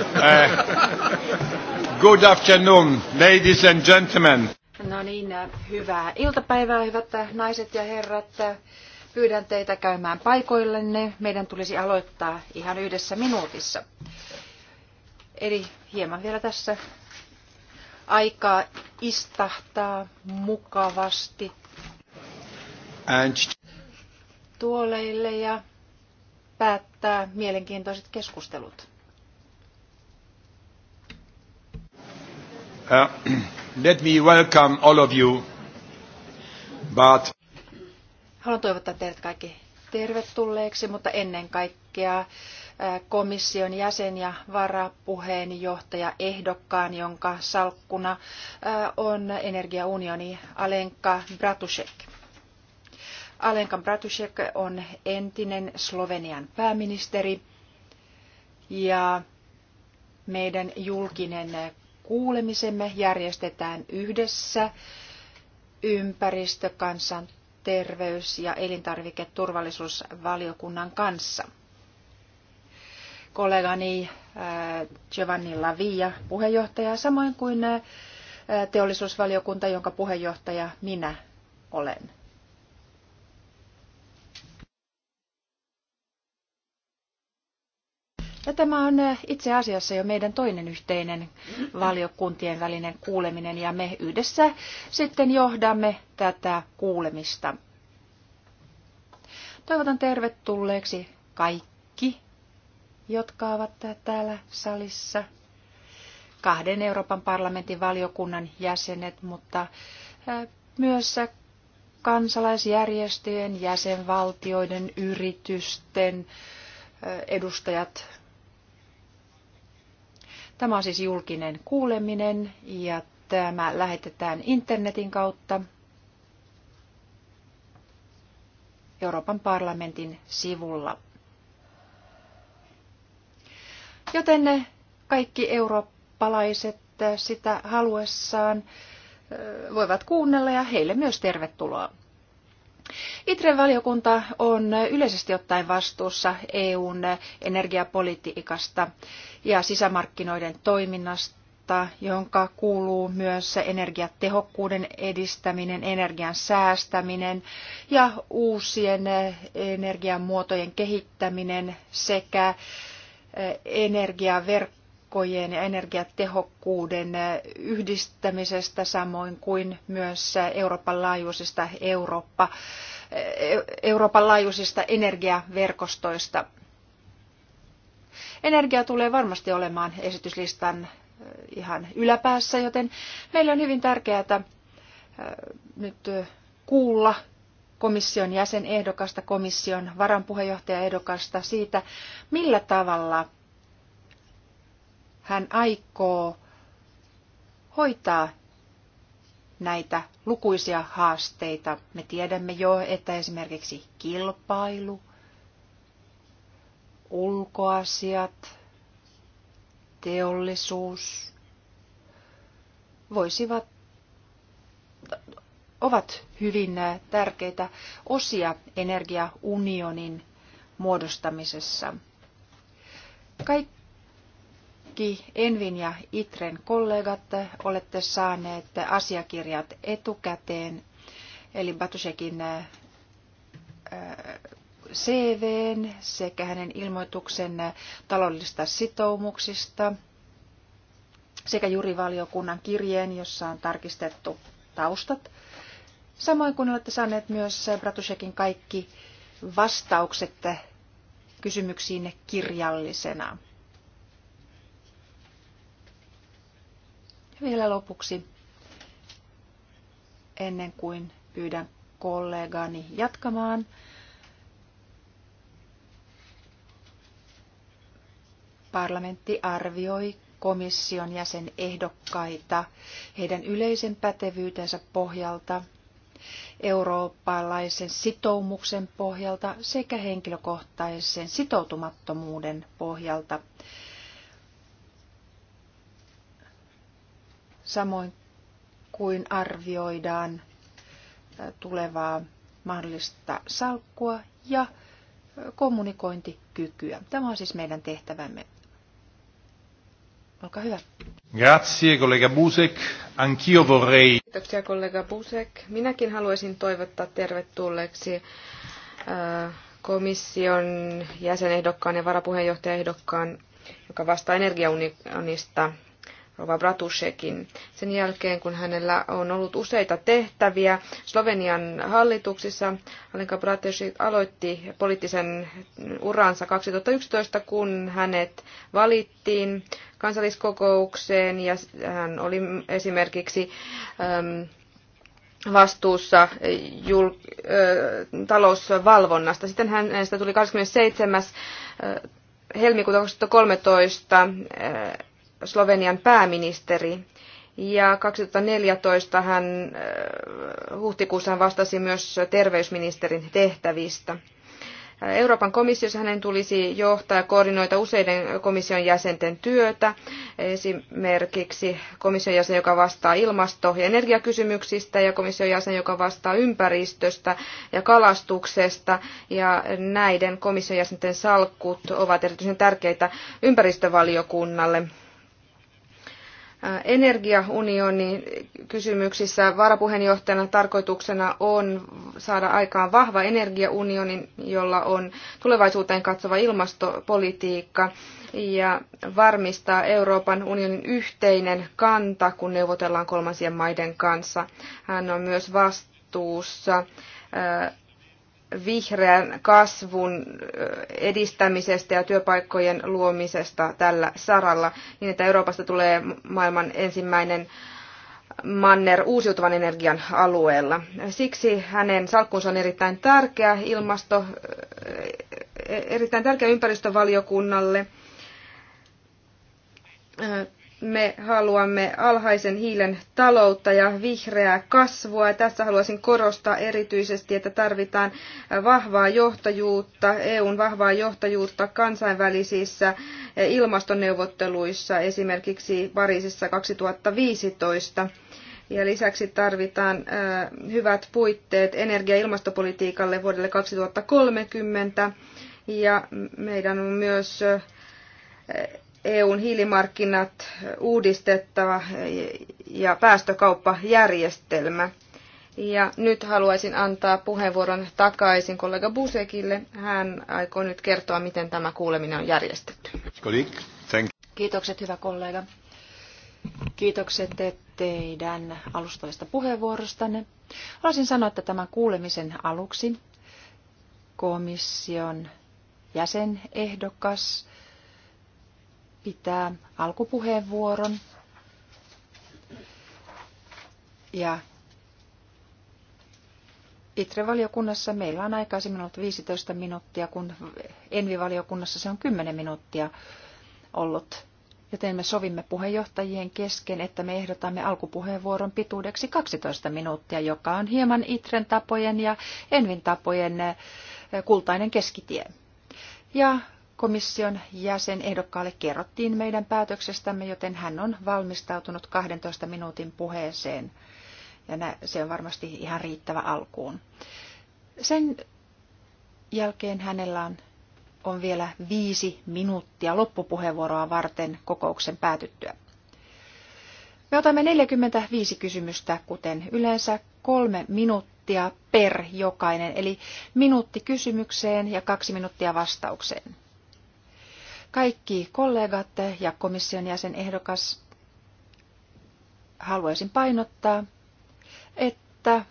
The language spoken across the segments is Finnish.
Eh, good afternoon, ladies and gentlemen. No niin, eh, hyvää iltapäivää, hyvät eh, naiset ja herrat. Pyydän teitä käymään paikoillenne. Meidän tulisi aloittaa ihan yhdessä minuutissa. Eli hieman vielä tässä aikaa istahtaa mukavasti and... tuoleille ja päättää mielenkiintoiset keskustelut. Uh, let me welcome all of you. But... Haluan toivottaa teidät kaikki tervetulleeksi, mutta ennen kaikkea uh, komission jäsen ja varapuheenjohtaja ehdokkaan, jonka salkkuna uh, on energiaunioni Alenka Bratusek. Alenka Bratusek on entinen Slovenian pääministeri ja meidän julkinen kuulemisemme järjestetään yhdessä ympäristö, kansan terveys- ja elintarviketurvallisuusvaliokunnan kanssa. Kollegani äh, Giovanni Lavia puheenjohtaja, samoin kuin äh, teollisuusvaliokunta, jonka puheenjohtaja minä olen. Ja tämä on eh, itse asiassa jo meidän toinen yhteinen valiokuntien välinen kuuleminen ja me yhdessä sitten johdamme tätä kuulemista. Toivotan tervetulleeksi kaikki, jotka ovat täällä salissa. Kahden Euroopan parlamentin valiokunnan jäsenet, mutta eh, myös kansalaisjärjestöjen, jäsenvaltioiden, yritysten eh, edustajat Tämä on siis julkinen kuuleminen ja tämä lähetetään internetin kautta Euroopan parlamentin sivulla. Joten kaikki eurooppalaiset sitä haluessaan voivat kuunnella ja heille myös tervetuloa itre valiokunta on yleisesti ottaen vastuussa EUn energiapolitiikasta ja sisämarkkinoiden toiminnasta, jonka kuuluu myös energiatehokkuuden edistäminen, energian säästäminen ja uusien energiamuotojen kehittäminen sekä energiaverkkojen verkkojen ja energiatehokkuuden yhdistämisestä, samoin kuin myös Euroopan laajuisista, Eurooppa, Euroopan laajuisista energiaverkostoista. Energia tulee varmasti olemaan esityslistan ihan yläpäässä, joten meillä on hyvin tärkeää äh, nyt kuulla komission jäsenehdokasta, komission varanpuheenjohtajaehdokasta siitä, millä tavalla hän aikoo hoitaa näitä lukuisia haasteita. Me tiedämme jo, että esimerkiksi kilpailu, ulkoasiat, teollisuus voisivat, ovat hyvin tärkeitä osia energiaunionin muodostamisessa. Kaikki kaikki Envin ja Itren kollegat olette saaneet asiakirjat etukäteen, eli Batusekin äh, CVn sekä hänen ilmoituksen taloudellisista sitoumuksista sekä jurivaliokunnan kirjeen, jossa on tarkistettu taustat. Samoin kuin olette saaneet myös Bratusekin kaikki vastaukset kysymyksiin kirjallisena. Ja vielä lopuksi, ennen kuin pyydän kollegani jatkamaan, parlamentti arvioi komission ehdokkaita heidän yleisen pätevyytensä pohjalta, eurooppalaisen sitoumuksen pohjalta sekä henkilökohtaisen sitoutumattomuuden pohjalta samoin kuin arvioidaan tulevaa mahdollista salkkua ja kommunikointikykyä. Tämä on siis meidän tehtävämme. Olkaa hyvä. Grazie, kollega Busek. Anch'io vorrei. Kiitoksia, kollega Busek. Minäkin haluaisin toivottaa tervetulleeksi komission jäsenehdokkaan ja varapuheenjohtajaehdokkaan, joka vastaa energiaunionista Rova Bratusekin. Sen jälkeen, kun hänellä on ollut useita tehtäviä Slovenian hallituksissa, Alenka Bratusek aloitti poliittisen uransa 2011, kun hänet valittiin kansalliskokoukseen ja hän oli esimerkiksi äm, vastuussa jul, äh, talousvalvonnasta. Sitten hänestä tuli 27. Äh, helmikuuta 2013 äh, Slovenian pääministeri. Ja 2014 hän äh, huhtikuussa hän vastasi myös terveysministerin tehtävistä. Äh, Euroopan komissiossa hänen tulisi johtaa ja koordinoida useiden komission jäsenten työtä, esimerkiksi komission jäsen, joka vastaa ilmasto- ja energiakysymyksistä ja komission jäsen, joka vastaa ympäristöstä ja kalastuksesta. Ja näiden komission jäsenten salkut ovat erityisen tärkeitä ympäristövaliokunnalle energiaunionin kysymyksissä varapuheenjohtajana tarkoituksena on saada aikaan vahva energiaunionin, jolla on tulevaisuuteen katsova ilmastopolitiikka ja varmistaa Euroopan unionin yhteinen kanta, kun neuvotellaan kolmansien maiden kanssa. Hän on myös vastuussa vihreän kasvun edistämisestä ja työpaikkojen luomisesta tällä saralla, niin että Euroopasta tulee maailman ensimmäinen manner uusiutuvan energian alueella. Siksi hänen salkkunsa on erittäin tärkeä ilmasto, e, erittäin tärkeä ympäristövaliokunnalle me haluamme alhaisen hiilen taloutta ja vihreää kasvua. ja Tässä haluaisin korostaa erityisesti, että tarvitaan vahvaa johtajuutta, EUn vahvaa johtajuutta kansainvälisissä ilmastoneuvotteluissa, esimerkiksi Pariisissa 2015. Ja lisäksi tarvitaan hyvät puitteet energia- ja ilmastopolitiikalle vuodelle 2030. Ja meidän on myös EUn hiilimarkkinat uudistettava ja päästökauppajärjestelmä. Ja nyt haluaisin antaa puheenvuoron takaisin kollega Busekille. Hän aikoo nyt kertoa, miten tämä kuuleminen on järjestetty. Kiitokset, hyvä kollega. Kiitokset teidän alustavista puheenvuorostanne. Haluaisin sanoa, että tämän kuulemisen aluksi komission jäsenehdokas pitää alkupuheenvuoron. Ja ITRE-valiokunnassa meillä on aikaisemmin ollut 15 minuuttia, kun ENVI-valiokunnassa se on 10 minuuttia ollut. Joten me sovimme puheenjohtajien kesken, että me ehdotamme alkupuheenvuoron pituudeksi 12 minuuttia, joka on hieman ITREn tapojen ja ENVin tapojen kultainen keskitie. Ja Komission jäsenehdokkaalle kerrottiin meidän päätöksestämme, joten hän on valmistautunut 12 minuutin puheeseen. Ja se on varmasti ihan riittävä alkuun. Sen jälkeen hänellä on, on vielä viisi minuuttia loppupuheenvuoroa varten kokouksen päätyttyä. Me otamme 45 kysymystä, kuten yleensä kolme minuuttia per jokainen, eli minuutti kysymykseen ja kaksi minuuttia vastaukseen. Kaikki kollegat ja komission jäsenehdokas haluaisin painottaa, että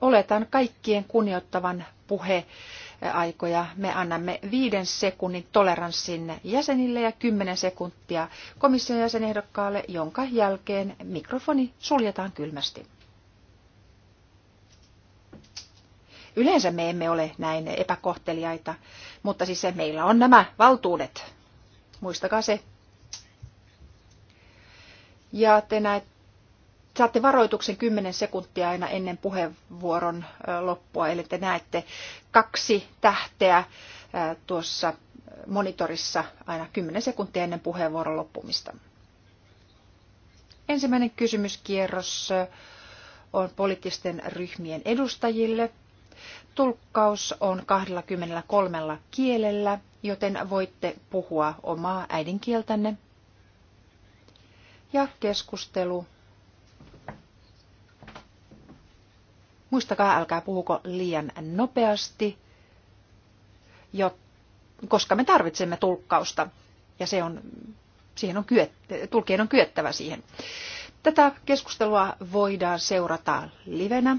oletan kaikkien kunnioittavan puheaikoja. Me annamme viiden sekunnin toleranssin jäsenille ja kymmenen sekuntia komission jäsenehdokkaalle, jonka jälkeen mikrofoni suljetaan kylmästi. Yleensä me emme ole näin epäkohteliaita, mutta siis meillä on nämä valtuudet. Muistakaa se. Ja te näet, saatte varoituksen 10 sekuntia aina ennen puheenvuoron loppua, eli te näette kaksi tähteä tuossa monitorissa aina 10 sekuntia ennen puheenvuoron loppumista. Ensimmäinen kysymyskierros on poliittisten ryhmien edustajille. Tulkkaus on 23 kielellä joten voitte puhua omaa äidinkieltänne. Ja keskustelu. Muistakaa, älkää puhuko liian nopeasti, koska me tarvitsemme tulkkausta ja se on, siihen on kyet, tulkien on kyettävä siihen. Tätä keskustelua voidaan seurata livenä,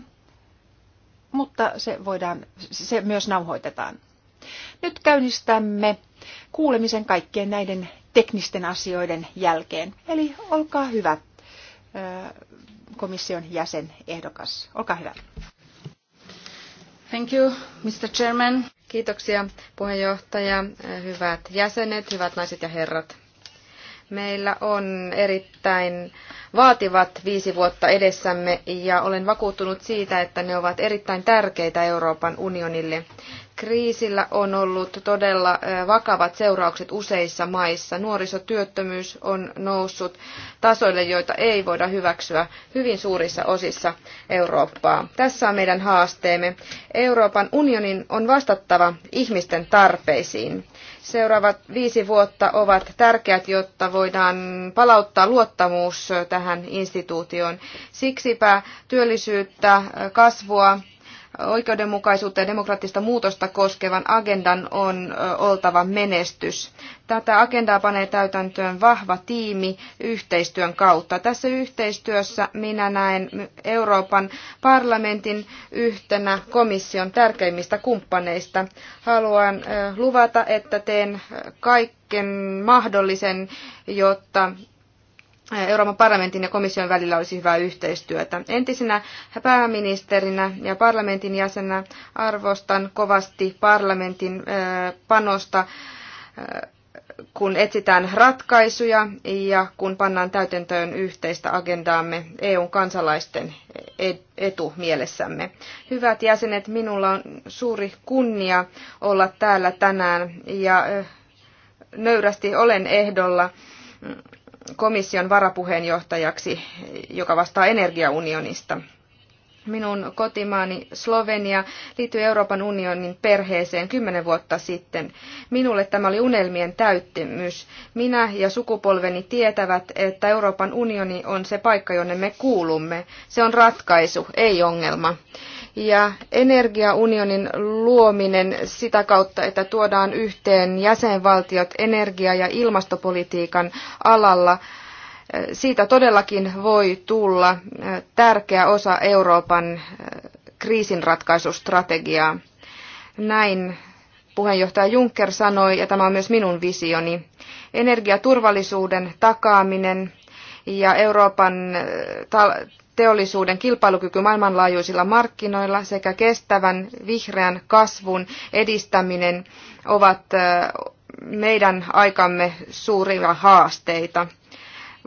mutta se, voidaan, se myös nauhoitetaan. Nyt käynnistämme kuulemisen kaikkien näiden teknisten asioiden jälkeen. Eli olkaa hyvä, komission jäsen ehdokas. Olkaa hyvä. Thank you, Mr. Chairman. Kiitoksia puheenjohtaja, hyvät jäsenet, hyvät naiset ja herrat. Meillä on erittäin vaativat viisi vuotta edessämme ja olen vakuuttunut siitä, että ne ovat erittäin tärkeitä Euroopan unionille. Kriisillä on ollut todella vakavat seuraukset useissa maissa. Nuorisotyöttömyys on noussut tasoille, joita ei voida hyväksyä hyvin suurissa osissa Eurooppaa. Tässä on meidän haasteemme. Euroopan unionin on vastattava ihmisten tarpeisiin. Seuraavat viisi vuotta ovat tärkeät, jotta voidaan palauttaa luottamus tähän instituutioon. Siksipä työllisyyttä, kasvua, oikeudenmukaisuutta ja demokraattista muutosta koskevan agendan on oltava menestys. Tätä agendaa panee täytäntöön vahva tiimi yhteistyön kautta. Tässä yhteistyössä minä näen Euroopan parlamentin yhtenä komission tärkeimmistä kumppaneista. Haluan luvata, että teen kaiken mahdollisen, jotta Euroopan parlamentin ja komission välillä olisi hyvää yhteistyötä. Entisenä pääministerinä ja parlamentin jäsenä arvostan kovasti parlamentin panosta, kun etsitään ratkaisuja ja kun pannaan täytäntöön yhteistä agendaamme EUn kansalaisten e-, etu mielessämme. Hyvät jäsenet, minulla on suuri kunnia olla täällä tänään ja nöyrästi olen ehdolla komission varapuheenjohtajaksi, joka vastaa energiaunionista minun kotimaani Slovenia liittyi Euroopan unionin perheeseen kymmenen vuotta sitten. Minulle tämä oli unelmien täyttymys. Minä ja sukupolveni tietävät, että Euroopan unioni on se paikka, jonne me kuulumme. Se on ratkaisu, ei ongelma. Ja energiaunionin luominen sitä kautta, että tuodaan yhteen jäsenvaltiot energia- ja ilmastopolitiikan alalla, siitä todellakin voi tulla tärkeä osa Euroopan kriisinratkaisustrategiaa. Näin puheenjohtaja Juncker sanoi, ja tämä on myös minun visioni. Energiaturvallisuuden takaaminen ja Euroopan teollisuuden kilpailukyky maailmanlaajuisilla markkinoilla sekä kestävän vihreän kasvun edistäminen ovat meidän aikamme suuria haasteita.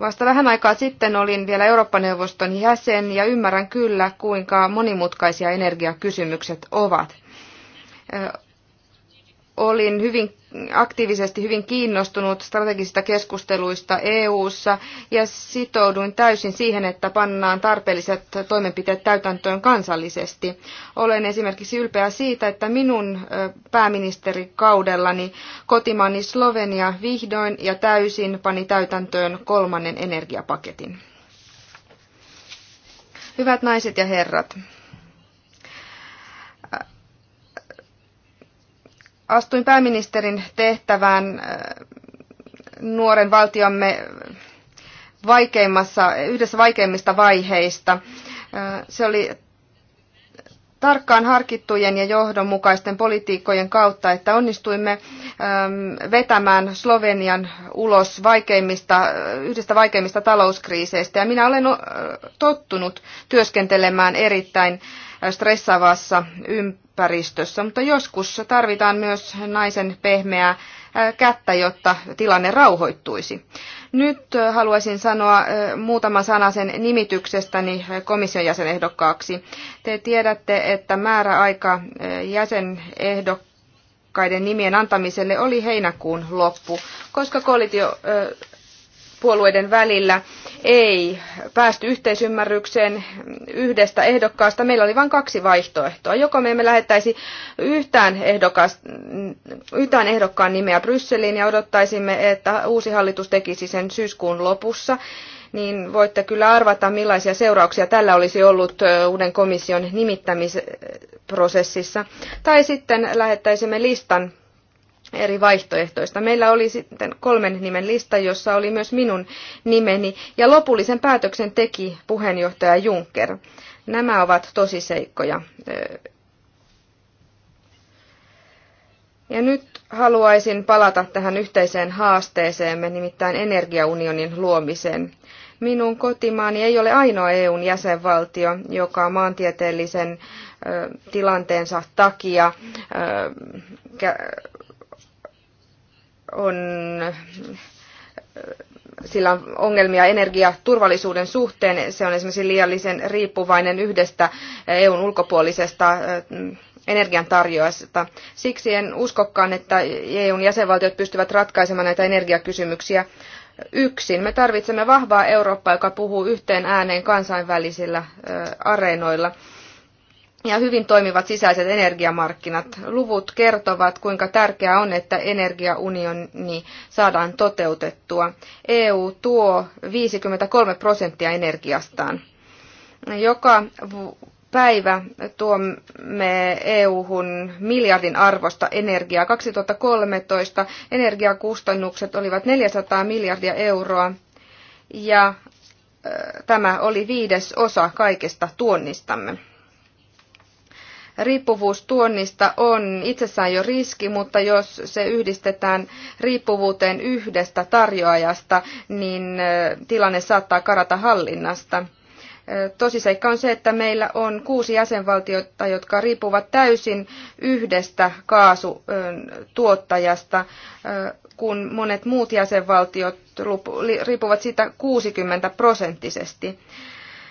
Vasta vähän aikaa sitten olin vielä Eurooppa-neuvoston jäsen ja ymmärrän kyllä, kuinka monimutkaisia energiakysymykset ovat. Olin hyvin aktiivisesti hyvin kiinnostunut strategisista keskusteluista EU-ssa ja sitouduin täysin siihen, että pannaan tarpeelliset toimenpiteet täytäntöön kansallisesti. Olen esimerkiksi ylpeä siitä, että minun pääministerikaudellani kotimaani Slovenia vihdoin ja täysin pani täytäntöön kolmannen energiapaketin. Hyvät naiset ja herrat, astuin pääministerin tehtävään äh, nuoren valtiomme vaikeimmassa, yhdessä vaikeimmista vaiheista. Äh, se oli tarkkaan harkittujen ja johdonmukaisten politiikkojen kautta, että onnistuimme ähm, vetämään Slovenian ulos vaikeimmista, äh, yhdestä vaikeimmista talouskriiseistä. Ja minä olen tottunut työskentelemään erittäin stressaavassa ympäristössä, mutta joskus tarvitaan myös naisen pehmeää kättä, jotta tilanne rauhoittuisi. Nyt haluaisin sanoa muutaman sanan sen nimityksestäni komission jäsenehdokkaaksi. Te tiedätte, että määräaika jäsenehdokkaiden nimien antamiselle oli heinäkuun loppu, koska koalitio puolueiden välillä ei päästy yhteisymmärrykseen yhdestä ehdokkaasta. Meillä oli vain kaksi vaihtoehtoa. Joko me emme lähettäisi yhtään, yhtään ehdokkaan nimeä Brysseliin ja odottaisimme, että uusi hallitus tekisi sen syyskuun lopussa, niin voitte kyllä arvata, millaisia seurauksia tällä olisi ollut uuden komission nimittämisprosessissa. Tai sitten lähettäisimme listan eri vaihtoehtoista. Meillä oli sitten kolmen nimen lista, jossa oli myös minun nimeni, ja lopullisen päätöksen teki puheenjohtaja Juncker. Nämä ovat tosi seikkoja. Ja nyt haluaisin palata tähän yhteiseen haasteeseemme, nimittäin energiaunionin luomiseen. Minun kotimaani ei ole ainoa EUn jäsenvaltio, joka maantieteellisen tilanteensa takia on sillä on ongelmia energiaturvallisuuden suhteen. Se on esimerkiksi liiallisen riippuvainen yhdestä EUn ulkopuolisesta energiantarjoajasta. Siksi en uskokaan, että EUn jäsenvaltiot pystyvät ratkaisemaan näitä energiakysymyksiä yksin. Me tarvitsemme vahvaa Eurooppaa, joka puhuu yhteen ääneen kansainvälisillä areenoilla ja hyvin toimivat sisäiset energiamarkkinat. Luvut kertovat, kuinka tärkeää on, että energiaunioni saadaan toteutettua. EU tuo 53 prosenttia energiastaan. Joka päivä tuomme EU-hun miljardin arvosta energiaa. 2013 energiakustannukset olivat 400 miljardia euroa ja tämä oli viides osa kaikesta tuonnistamme riippuvuus tuonnista on itsessään jo riski, mutta jos se yhdistetään riippuvuuteen yhdestä tarjoajasta, niin tilanne saattaa karata hallinnasta. Tosiseikka on se, että meillä on kuusi jäsenvaltiota, jotka riippuvat täysin yhdestä kaasutuottajasta, kun monet muut jäsenvaltiot riippuvat siitä 60 prosenttisesti.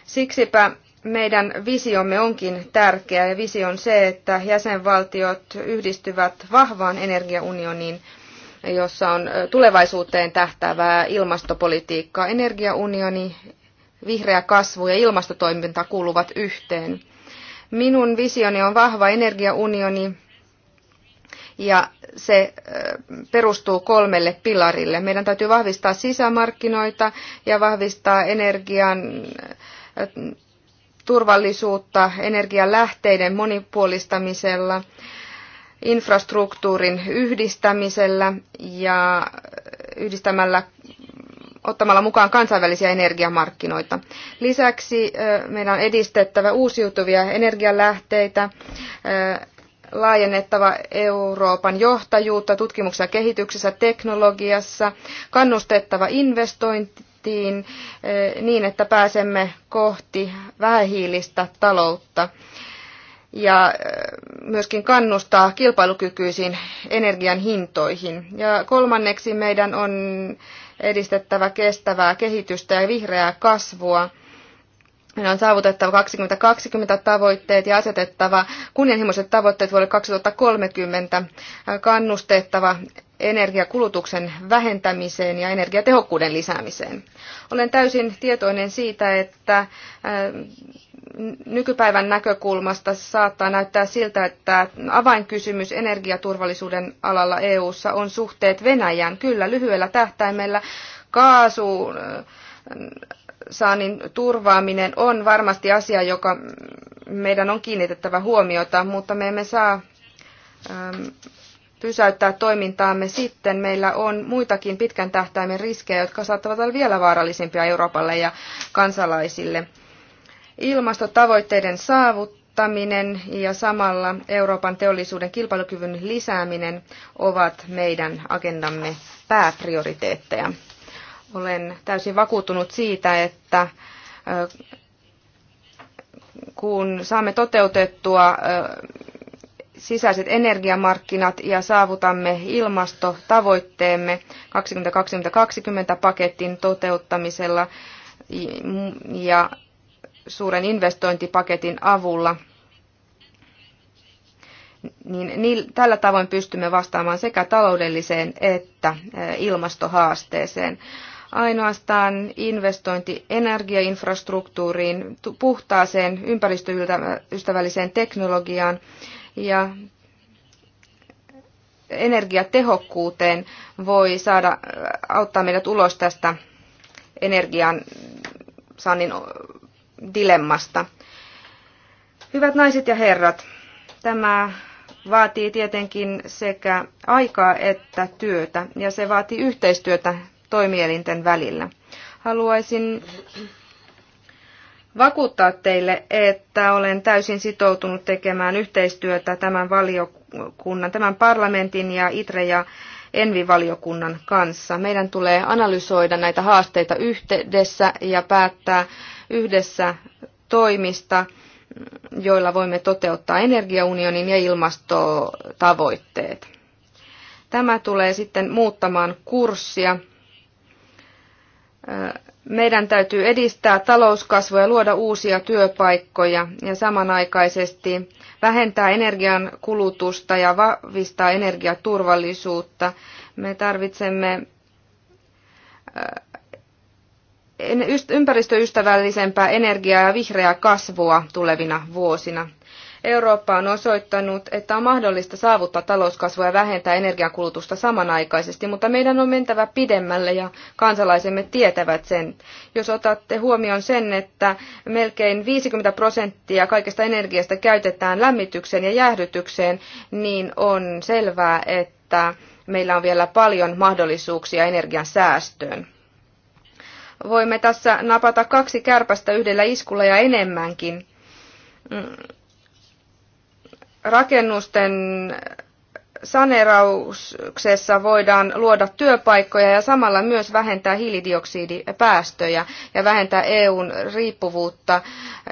Siksipä meidän visiomme onkin tärkeä ja visio on se, että jäsenvaltiot yhdistyvät vahvaan energiaunioniin, jossa on tulevaisuuteen tähtäävää ilmastopolitiikkaa. Energiaunioni, vihreä kasvu ja ilmastotoiminta kuuluvat yhteen. Minun visioni on vahva energiaunioni ja se perustuu kolmelle pilarille. Meidän täytyy vahvistaa sisämarkkinoita ja vahvistaa energian turvallisuutta energialähteiden monipuolistamisella, infrastruktuurin yhdistämisellä ja yhdistämällä ottamalla mukaan kansainvälisiä energiamarkkinoita. Lisäksi meidän on edistettävä uusiutuvia energialähteitä, laajennettava Euroopan johtajuutta tutkimuksessa ja kehityksessä, teknologiassa, kannustettava investointi prosenttiin eh, niin, että pääsemme kohti vähähiilistä taloutta ja eh, myöskin kannustaa kilpailukykyisiin energian hintoihin. Ja kolmanneksi meidän on edistettävä kestävää kehitystä ja vihreää kasvua meidän on saavutettava 2020 tavoitteet ja asetettava kunnianhimoiset tavoitteet vuodelle 2030, kannustettava energiakulutuksen vähentämiseen ja energiatehokkuuden lisäämiseen. Olen täysin tietoinen siitä, että äh, nykypäivän näkökulmasta saattaa näyttää siltä, että avainkysymys energiaturvallisuuden alalla EU:ssa on suhteet Venäjään. Kyllä lyhyellä tähtäimellä kaasu äh, saannin turvaaminen on varmasti asia, joka meidän on kiinnitettävä huomiota, mutta me emme saa ähm, pysäyttää toimintaamme sitten. Meillä on muitakin pitkän tähtäimen riskejä, jotka saattavat olla vielä vaarallisimpia Euroopalle ja kansalaisille. Ilmastotavoitteiden saavuttaminen ja samalla Euroopan teollisuuden kilpailukyvyn lisääminen ovat meidän agendamme pääprioriteetteja. Olen täysin vakuuttunut siitä, että kun saamme toteutettua sisäiset energiamarkkinat ja saavutamme ilmastotavoitteemme 2020-2020 paketin toteuttamisella ja suuren investointipaketin avulla, niin tällä tavoin pystymme vastaamaan sekä taloudelliseen että ilmastohaasteeseen ainoastaan investointi energiainfrastruktuuriin, puhtaaseen ympäristöystävälliseen teknologiaan ja energiatehokkuuteen voi saada, auttaa meidät ulos tästä energian saannin dilemmasta. Hyvät naiset ja herrat, tämä vaatii tietenkin sekä aikaa että työtä, ja se vaatii yhteistyötä toimielinten välillä. Haluaisin vakuuttaa teille, että olen täysin sitoutunut tekemään yhteistyötä tämän valiokunnan, tämän parlamentin ja ITRE ja Envi-valiokunnan kanssa. Meidän tulee analysoida näitä haasteita yhdessä ja päättää yhdessä toimista, joilla voimme toteuttaa energiaunionin ja ilmastotavoitteet. Tämä tulee sitten muuttamaan kurssia meidän täytyy edistää talouskasvua ja luoda uusia työpaikkoja ja samanaikaisesti vähentää energian kulutusta ja vahvistaa energiaturvallisuutta. Me tarvitsemme ympäristöystävällisempää energiaa ja vihreää kasvua tulevina vuosina. Eurooppa on osoittanut, että on mahdollista saavuttaa talouskasvua ja vähentää energiankulutusta samanaikaisesti, mutta meidän on mentävä pidemmälle ja kansalaisemme tietävät sen. Jos otatte huomioon sen, että melkein 50 prosenttia kaikesta energiasta käytetään lämmitykseen ja jäähdytykseen, niin on selvää, että meillä on vielä paljon mahdollisuuksia energian säästöön voimme tässä napata kaksi kärpästä yhdellä iskulla ja enemmänkin. Mm, rakennusten saneerauksessa voidaan luoda työpaikkoja ja samalla myös vähentää hiilidioksidipäästöjä ja vähentää EUn riippuvuutta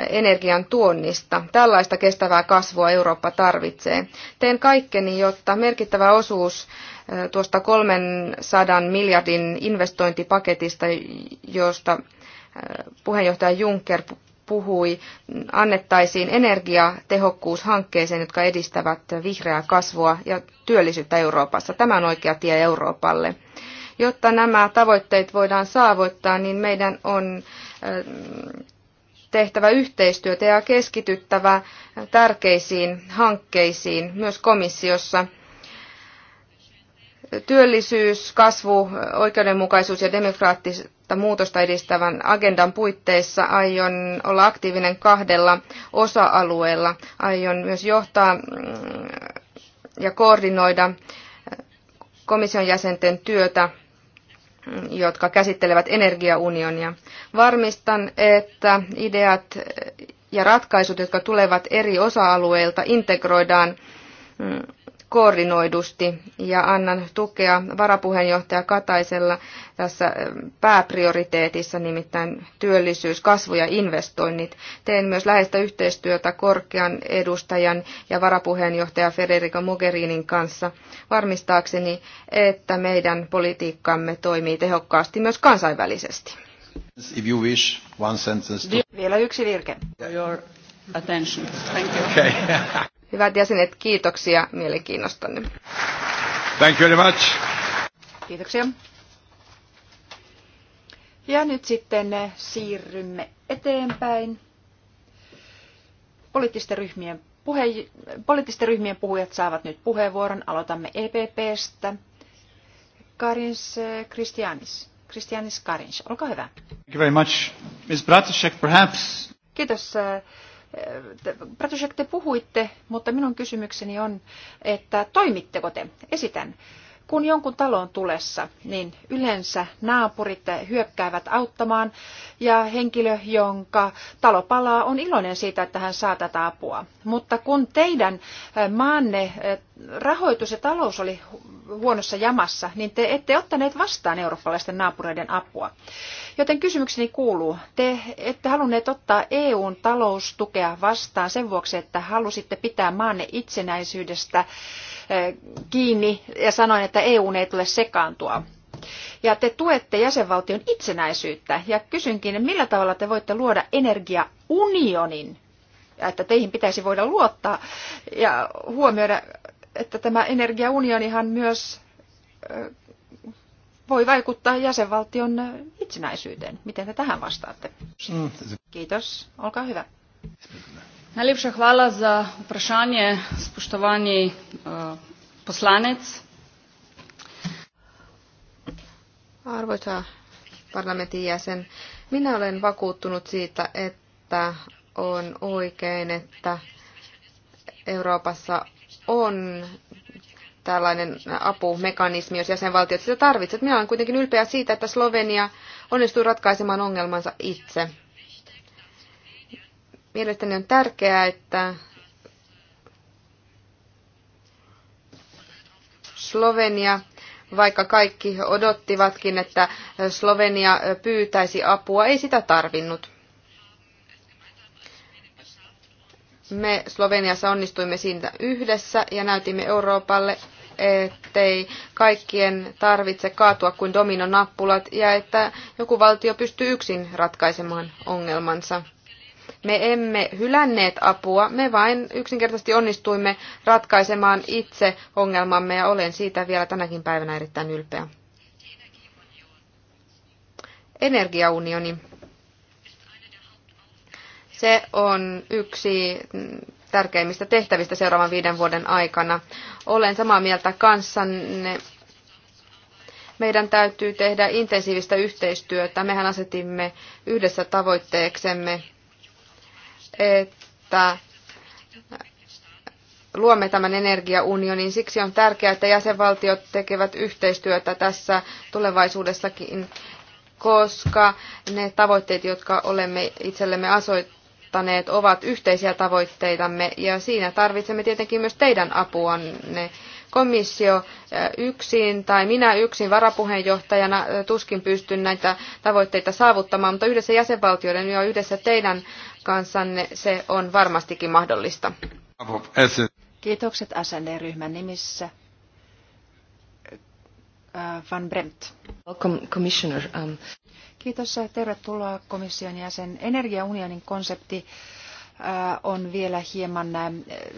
energian tuonnista. Tällaista kestävää kasvua Eurooppa tarvitsee. Teen kaikkeni, jotta merkittävä osuus eh, tuosta 300 miljardin investointipaketista, josta eh, puheenjohtaja Juncker puhui, annettaisiin energiatehokkuushankkeeseen, jotka edistävät vihreää kasvua ja työllisyyttä Euroopassa. Tämä on oikea tie Euroopalle. Jotta nämä tavoitteet voidaan saavuttaa, niin meidän on eh, tehtävä yhteistyötä ja keskityttävä tärkeisiin hankkeisiin myös komissiossa työllisyys, kasvu, oikeudenmukaisuus ja demokraattista muutosta edistävän agendan puitteissa aion olla aktiivinen kahdella osa-alueella. Aion myös johtaa mm, ja koordinoida äh, komission jäsenten työtä, mm, jotka käsittelevät energiaunionia. Varmistan, että ideat ja ratkaisut, jotka tulevat eri osa-alueilta, integroidaan mm, koordinoidusti ja annan tukea varapuheenjohtaja Kataisella tässä eh, pääprioriteetissa, nimittäin työllisyys, kasvu ja investoinnit. Teen myös läheistä yhteistyötä korkean edustajan ja varapuheenjohtaja Federica Mogherinin kanssa varmistaakseni, että meidän politiikkamme toimii tehokkaasti myös kansainvälisesti. If you wish, one sentence to... Vielä yksi virke. Your attention. Thank you. Okay. Hyvät jäsenet, kiitoksia mielenkiinnostanne. Thank you very much. Kiitoksia. Ja nyt sitten eh, siirrymme eteenpäin. Poliittisten ryhmien, puhe, poliittisten ryhmien puhujat saavat nyt puheenvuoron. Aloitamme EPPstä. Karins Kristianis. Eh, Kristianis Karins, olkaa hyvä. Thank you very much. Ms. Bratushek, perhaps. Kiitos eh, Bratusek, te puhuitte, mutta minun kysymykseni on, että toimitteko te? Esitän kun jonkun talo on tulessa, niin yleensä naapurit hyökkäävät auttamaan ja henkilö, jonka talo palaa, on iloinen siitä, että hän saa tätä apua. Mutta kun teidän maanne rahoitus ja talous oli huonossa jamassa, niin te ette ottaneet vastaan eurooppalaisten naapureiden apua. Joten kysymykseni kuuluu, te ette halunneet ottaa EUn taloustukea vastaan sen vuoksi, että halusitte pitää maanne itsenäisyydestä Eh, kiinni ja sanoin, että EU ei tule sekaantua. Ja te tuette jäsenvaltion itsenäisyyttä ja kysynkin, millä tavalla te voitte luoda energiaunionin, ja että teihin pitäisi voida luottaa ja huomioida, että tämä energiaunionihan myös eh, voi vaikuttaa jäsenvaltion itsenäisyyteen. Miten te tähän vastaatte? Mm. Kiitos. Olkaa hyvä. Najlepša hvala za vprašanje, spoštovani eh, poslanec. Arvoisa parlamentin jäsen, minä olen vakuuttunut siitä, että on oikein, että Euroopassa on tällainen apumekanismi, jos jäsenvaltiot sitä tarvitsevat. Minä olen kuitenkin ylpeä siitä, että Slovenia onnistuu ratkaisemaan ongelmansa itse. Mielestäni on tärkeää, että Slovenia, vaikka kaikki odottivatkin, että Slovenia pyytäisi apua, ei sitä tarvinnut. Me Sloveniassa onnistuimme siitä yhdessä ja näytimme Euroopalle, ettei kaikkien tarvitse kaatua kuin dominonappulat ja että joku valtio pystyy yksin ratkaisemaan ongelmansa. Me emme hylänneet apua, me vain yksinkertaisesti onnistuimme ratkaisemaan itse ongelmamme ja olen siitä vielä tänäkin päivänä erittäin ylpeä. Energiaunioni. Se on yksi tärkeimmistä tehtävistä seuraavan viiden vuoden aikana. Olen samaa mieltä kanssanne. Meidän täytyy tehdä intensiivistä yhteistyötä. Mehän asetimme yhdessä tavoitteeksemme että luomme tämän energiaunionin. Siksi on tärkeää, että jäsenvaltiot tekevät yhteistyötä tässä tulevaisuudessakin, koska ne tavoitteet, jotka olemme itsellemme asoittaneet, ovat yhteisiä tavoitteitamme ja siinä tarvitsemme tietenkin myös teidän apuanne komissio yksin tai minä yksin varapuheenjohtajana tuskin pystyn näitä tavoitteita saavuttamaan, mutta yhdessä jäsenvaltioiden ja yhdessä teidän kanssanne se on varmastikin mahdollista. Kiitokset SND-ryhmän nimissä. Van Bremt. Welcome, Commissioner. Um, Kiitos ja tervetuloa komission jäsen. Energiaunionin konsepti Äh, on vielä hieman äh,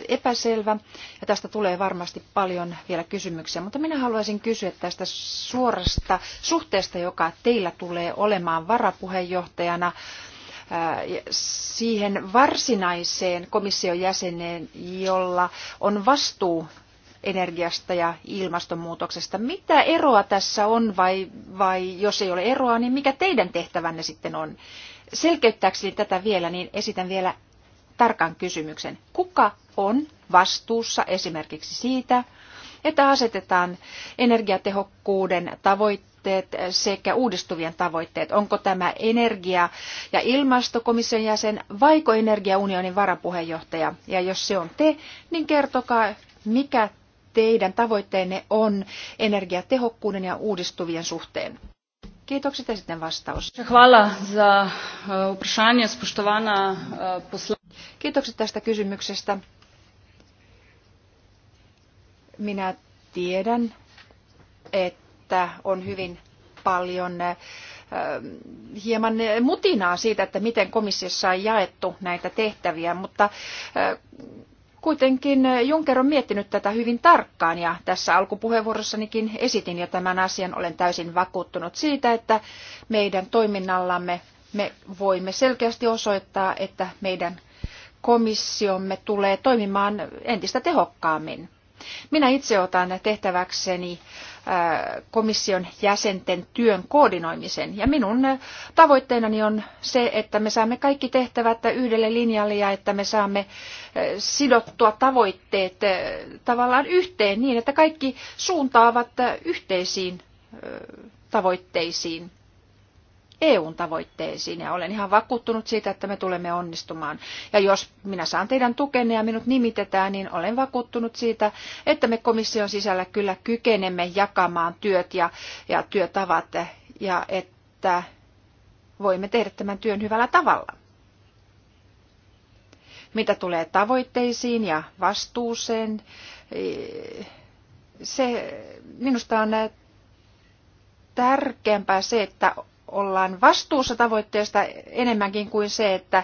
epäselvä ja tästä tulee varmasti paljon vielä kysymyksiä, mutta minä haluaisin kysyä tästä suorasta suhteesta, joka teillä tulee olemaan varapuheenjohtajana äh, siihen varsinaiseen komission jäseneen, jolla on vastuu energiasta ja ilmastonmuutoksesta. Mitä eroa tässä on vai, vai jos ei ole eroa, niin mikä teidän tehtävänne sitten on? Selkeyttääkseni tätä vielä, niin esitän vielä tarkan kysymyksen. Kuka on vastuussa esimerkiksi siitä, että asetetaan energiatehokkuuden tavoitteet sekä uudistuvien tavoitteet. Onko tämä energia- ja ilmastokomission jäsen vaiko energiaunionin varapuheenjohtaja? Ja jos se on te, niin kertokaa, mikä teidän tavoitteenne on energiatehokkuuden ja uudistuvien suhteen. Kiitokset ja sitten vastaus. Hvala za eh, spoštovana eh, posla... Kiitokset tästä kysymyksestä. Minä tiedän, että on hyvin paljon hieman mutinaa siitä, että miten komissiossa on jaettu näitä tehtäviä, mutta kuitenkin Juncker on miettinyt tätä hyvin tarkkaan ja tässä alkupuheenvuorossanikin esitin jo tämän asian. Olen täysin vakuuttunut siitä, että meidän toiminnallamme me voimme selkeästi osoittaa, että meidän komissiomme tulee toimimaan entistä tehokkaammin. Minä itse otan tehtäväkseni komission jäsenten työn koordinoimisen. Ja minun tavoitteenani on se, että me saamme kaikki tehtävät yhdelle linjalle ja että me saamme sidottua tavoitteet tavallaan yhteen niin, että kaikki suuntaavat yhteisiin tavoitteisiin. EUn tavoitteisiin ja olen ihan vakuuttunut siitä, että me tulemme onnistumaan. Ja jos minä saan teidän tukenne ja minut nimitetään, niin olen vakuuttunut siitä, että me komission sisällä kyllä kykenemme jakamaan työt ja, ja työtavat ja että voimme tehdä tämän työn hyvällä tavalla. Mitä tulee tavoitteisiin ja vastuuseen, se minusta on tärkeämpää se, että ollaan vastuussa tavoitteesta enemmänkin kuin se, että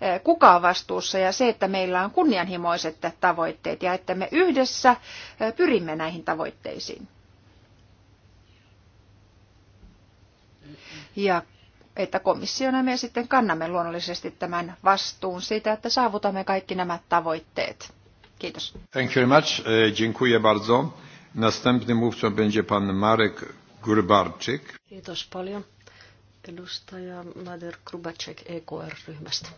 eh, kuka on vastuussa ja se, että meillä on kunnianhimoiset tavoitteet ja että me yhdessä eh, pyrimme näihin tavoitteisiin. Ja että komissiona me sitten kannamme luonnollisesti tämän vastuun siitä, että saavutamme kaikki nämä tavoitteet. Kiitos. Thank you very much. E, dziękuję bardzo. Następny mówca będzie pan Marek Grybarczyk. Kiitos paljon. Edustaja Nader Krubacek EKR-ryhmästä.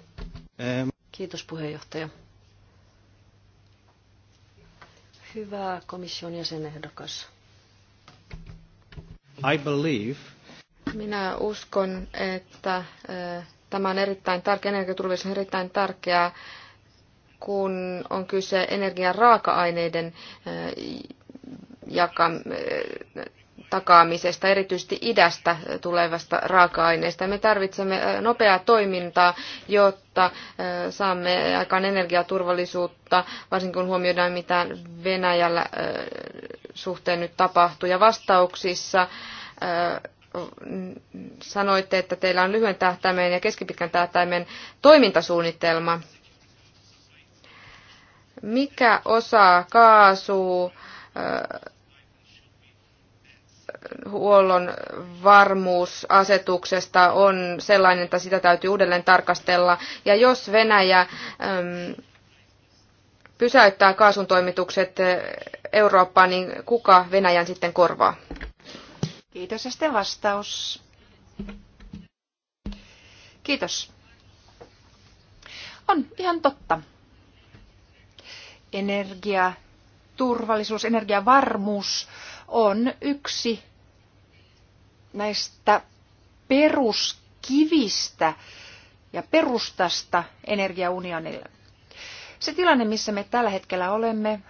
Kiitos puheenjohtaja. Hyvä komission jäsenehdokas. I believe. Minä uskon, että tämä on erittäin tärkeä, energiaturvallisuus on erittäin tärkeää, kun on kyse energian raaka-aineiden jakamisesta takaamisesta, erityisesti idästä tulevasta raaka-aineesta. Me tarvitsemme nopeaa toimintaa, jotta saamme aikaan energiaturvallisuutta, varsinkin kun huomioidaan, mitä Venäjällä suhteen nyt tapahtuu. Ja vastauksissa sanoitte, että teillä on lyhyen tähtäimen ja keskipitkän tähtäimen toimintasuunnitelma. Mikä osa kaasua, huollon varmuusasetuksesta on sellainen, että sitä täytyy uudelleen tarkastella. Ja jos Venäjä pysäyttää kaasuntoimitukset Eurooppaan, niin kuka Venäjän sitten korvaa? Kiitos ja sitten vastaus. Kiitos. On ihan totta. Energia, turvallisuus, energiavarmuus on yksi näistä peruskivistä ja perustasta energiaunionille. Se tilanne, missä me tällä hetkellä olemme,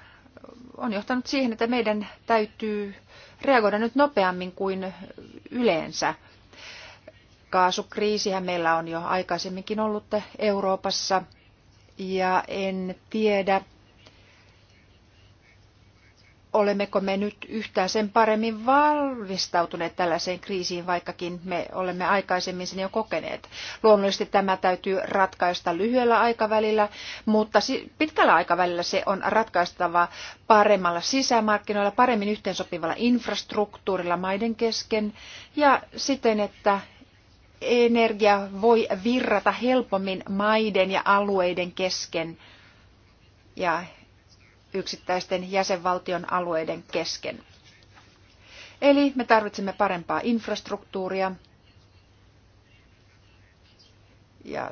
on johtanut siihen, että meidän täytyy reagoida nyt nopeammin kuin yleensä. Kaasukriisihän meillä on jo aikaisemminkin ollut Euroopassa, ja en tiedä, olemmeko me nyt yhtään sen paremmin valmistautuneet tällaiseen kriisiin, vaikkakin me olemme aikaisemmin sen jo kokeneet. Luonnollisesti tämä täytyy ratkaista lyhyellä aikavälillä, mutta pitkällä aikavälillä se on ratkaistava paremmalla sisämarkkinoilla, paremmin yhteensopivalla infrastruktuurilla maiden kesken ja siten, että energia voi virrata helpommin maiden ja alueiden kesken ja yksittäisten jäsenvaltion alueiden kesken. Eli me tarvitsemme parempaa infrastruktuuria. Ja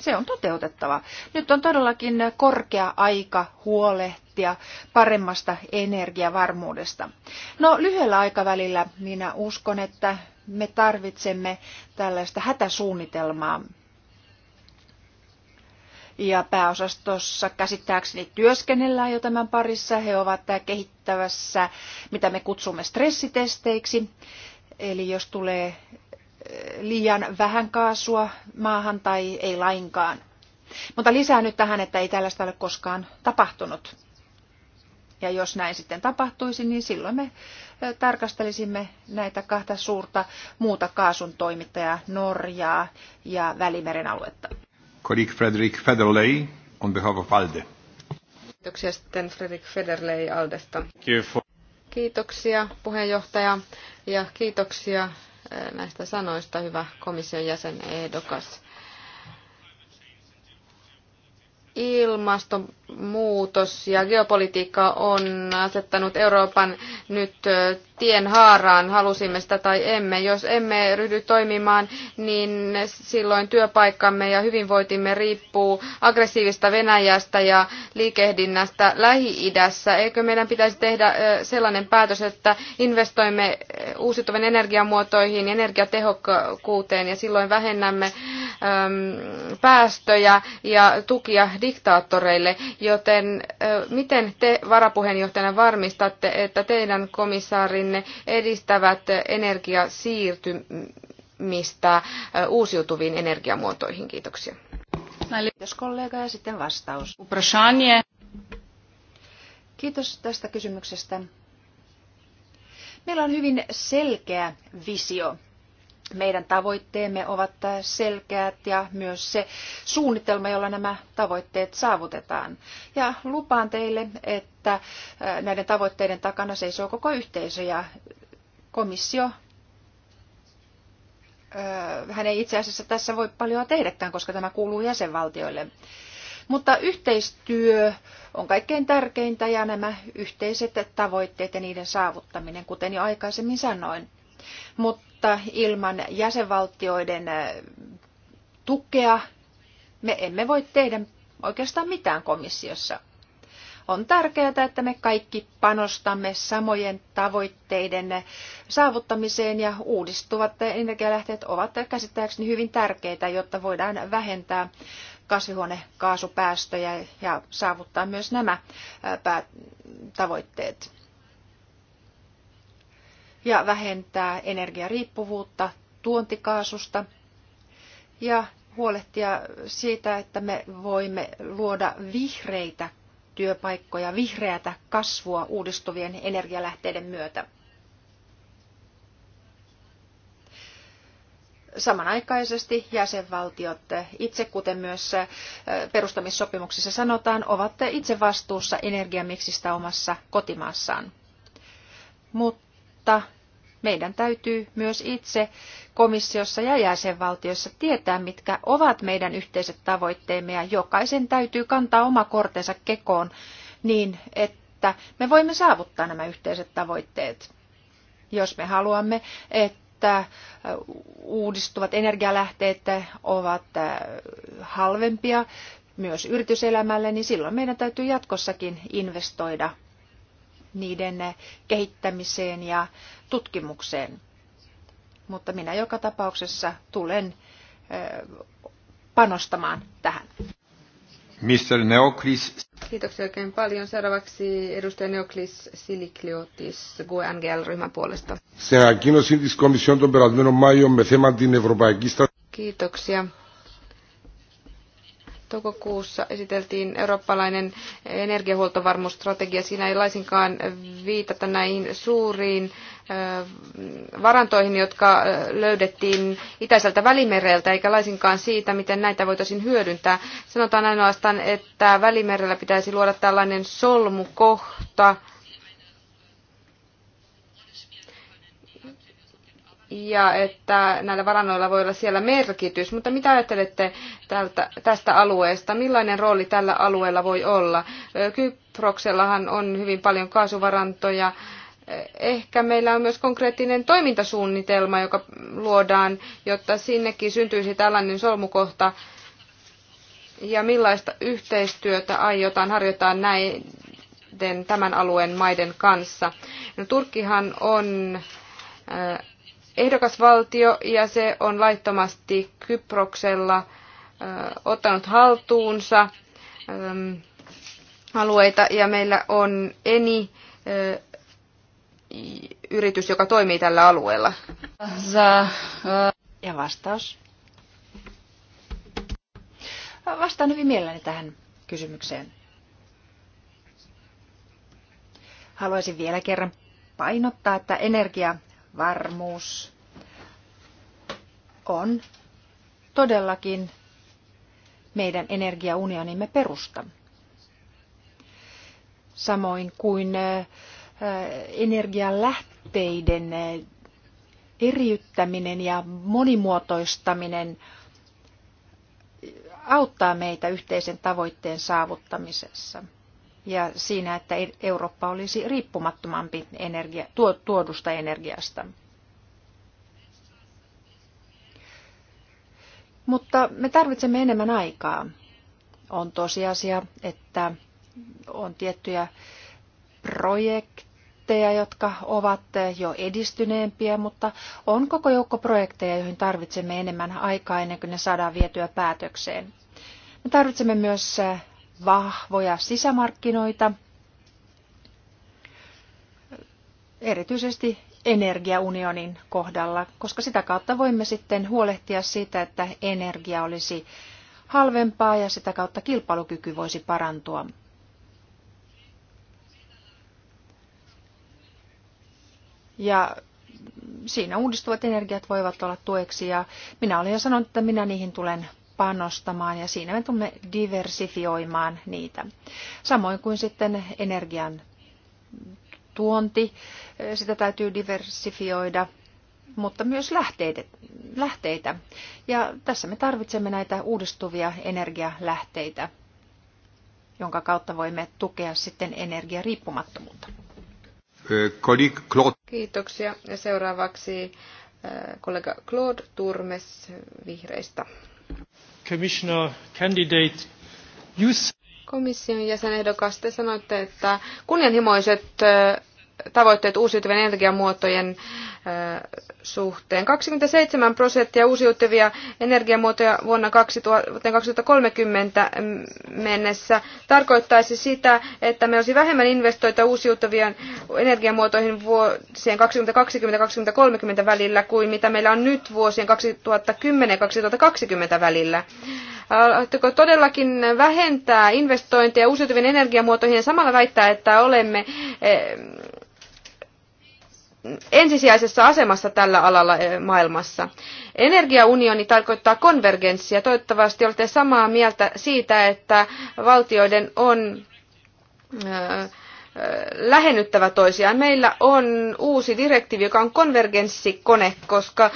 se on toteutettava. Nyt on todellakin korkea aika huolehtia paremmasta energiavarmuudesta. No lyhyellä aikavälillä minä uskon, että me tarvitsemme tällaista hätäsuunnitelmaa ja pääosastossa käsittääkseni työskennellään jo tämän parissa. He ovat kehittävässä, mitä me kutsumme stressitesteiksi. Eli jos tulee eh, liian vähän kaasua maahan tai ei lainkaan. Mutta lisää nyt tähän, että ei tällaista ole koskaan tapahtunut. Ja jos näin sitten tapahtuisi, niin silloin me eh, tarkastelisimme näitä kahta suurta muuta kaasun toimittajaa, Norjaa ja Välimeren aluetta colleague Frederick Federley on behalf of ALDE. Kiitoksia sitten Fredrik Federley Aldesta. Kiitoksia puheenjohtaja ja kiitoksia eh, näistä sanoista, hyvä komission jäsen ehdokas. Ilmaston muutos ja geopolitiikka on asettanut Euroopan nyt tien haaraan, halusimme sitä tai emme. Jos emme ryhdy toimimaan, niin silloin työpaikkamme ja hyvinvointimme riippuu aggressiivista Venäjästä ja liikehdinnästä Lähi-idässä. Eikö meidän pitäisi tehdä sellainen päätös, että investoimme uusiutuvan energiamuotoihin ja energiatehokkuuteen ja silloin vähennämme päästöjä ja tukia diktaattoreille. Joten miten te varapuheenjohtajana varmistatte, että teidän komissaarinne edistävät energiasiirtymistä uusiutuviin energiamuotoihin? Kiitoksia. Kiitos kollega ja sitten vastaus. Kiitos tästä kysymyksestä. Meillä on hyvin selkeä visio meidän tavoitteemme ovat selkeät ja myös se suunnitelma, jolla nämä tavoitteet saavutetaan. Ja lupaan teille, että äh, näiden tavoitteiden takana seisoo koko yhteisö ja komissio äh, hän ei itse asiassa tässä voi paljon tehdäkään, koska tämä kuuluu jäsenvaltioille. Mutta yhteistyö on kaikkein tärkeintä ja nämä yhteiset tavoitteet ja niiden saavuttaminen, kuten jo aikaisemmin sanoin mutta ilman jäsenvaltioiden tukea me emme voi tehdä oikeastaan mitään komissiossa. On tärkeää, että me kaikki panostamme samojen tavoitteiden saavuttamiseen ja uudistuvat energialähteet ovat käsittääkseni hyvin tärkeitä, jotta voidaan vähentää kasvihuonekaasupäästöjä ja saavuttaa myös nämä tavoitteet ja vähentää energiariippuvuutta tuontikaasusta ja huolehtia siitä, että me voimme luoda vihreitä työpaikkoja, vihreätä kasvua uudistuvien energialähteiden myötä. samanaikaisesti jäsenvaltiot itse, kuten myös äh, perustamissopimuksissa sanotaan, ovat itse vastuussa energiamiksistä omassa kotimaassaan. Mutta meidän täytyy myös itse komissiossa ja jäsenvaltioissa tietää, mitkä ovat meidän yhteiset tavoitteemme ja jokaisen täytyy kantaa oma kortensa kekoon niin, että me voimme saavuttaa nämä yhteiset tavoitteet. Jos me haluamme, että äh, uudistuvat energialähteet ovat äh, halvempia myös yrityselämälle, niin silloin meidän täytyy jatkossakin investoida niiden kehittämiseen ja tutkimukseen. Mutta minä joka tapauksessa tulen panostamaan tähän. Mr. Neoklis. Kiitoksia oikein paljon. Seuraavaksi edustaja Neoklis Silikliotis gngl ryhmän puolesta. Se on της Κομισιόν τον Kiitoksia toukokuussa esiteltiin eurooppalainen energiahuoltovarmuusstrategia. Siinä ei laisinkaan viitata näihin suuriin varantoihin, jotka löydettiin itäiseltä välimereltä, eikä laisinkaan siitä, miten näitä voitaisiin hyödyntää. Sanotaan ainoastaan, että välimerellä pitäisi luoda tällainen solmukohta, ja että näillä varannoilla voi olla siellä merkitys. Mutta mitä ajattelette tältä, tästä alueesta? Millainen rooli tällä alueella voi olla? Kyproksellahan on hyvin paljon kaasuvarantoja. Ehkä meillä on myös konkreettinen toimintasuunnitelma, joka luodaan, jotta sinnekin syntyisi tällainen solmukohta. Ja millaista yhteistyötä aiotaan harjoittaa näiden tämän alueen maiden kanssa? No, Turkkihan on ehdokasvaltio ja se on laittomasti Kyproksella ottanut haltuunsa alueita ja meillä on eni yritys, joka toimii tällä alueella. Ja vastaus. Vastaan hyvin mielelläni tähän kysymykseen. Haluaisin vielä kerran painottaa, että energia varmuus on todellakin meidän energiaunionimme perusta. Samoin kuin energialähteiden eriyttäminen ja monimuotoistaminen auttaa meitä yhteisen tavoitteen saavuttamisessa – ja siinä, että Eurooppa olisi riippumattomampi energia, tuodusta energiasta. Mutta me tarvitsemme enemmän aikaa. On tosiasia, että on tiettyjä projekteja, jotka ovat jo edistyneempiä, mutta on koko joukko projekteja, joihin tarvitsemme enemmän aikaa ennen kuin ne saadaan vietyä päätökseen. Me tarvitsemme myös vahvoja sisämarkkinoita, erityisesti energiaunionin kohdalla, koska sitä kautta voimme sitten huolehtia siitä, että energia olisi halvempaa ja sitä kautta kilpailukyky voisi parantua. Ja siinä uudistuvat energiat voivat olla tueksi ja minä olen jo sanonut, että minä niihin tulen panostamaan ja siinä me tulemme diversifioimaan niitä. Samoin kuin sitten energian tuonti, sitä täytyy diversifioida, mutta myös lähteitä. Ja tässä me tarvitsemme näitä uudistuvia energialähteitä, jonka kautta voimme tukea sitten energiariippumattomuutta. Kiitoksia. Ja seuraavaksi äh, kollega Claude Turmes vihreistä komission jäsenehdokas, te sanoitte, että kunnianhimoiset tavoitteet uusiutuvien energiamuotojen suhteen. 27 prosenttia uusiutuvia energiamuotoja vuonna 2030 mennessä tarkoittaisi sitä, että meillä olisi vähemmän investoita uusiutuvien energiamuotoihin vuosien 2020-2030 välillä kuin mitä meillä on nyt vuosien 2010-2020 välillä. Haluatteko todellakin vähentää investointeja uusiutuvien energiamuotoihin ja samalla väittää, että olemme eh, ensisijaisessa asemassa tällä alalla eh, maailmassa. Energiaunioni tarkoittaa konvergenssia. Toivottavasti olette samaa mieltä siitä, että valtioiden on eh, eh, lähennyttävä toisiaan. Meillä on uusi direktiivi, joka on konvergenssikone, koska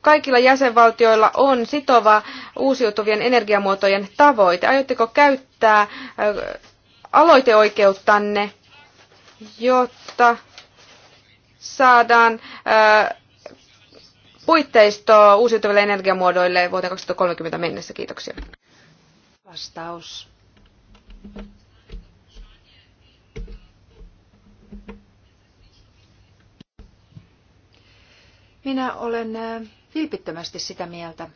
kaikilla jäsenvaltioilla on sitova uusiutuvien energiamuotojen tavoite. Aiotteko käyttää aloiteoikeuttanne, jotta saadaan puitteisto uusiutuville energiamuodoille vuoteen 2030 mennessä? Kiitoksia. Vastaus. Minä olen vilpittömästi sitä mieltä,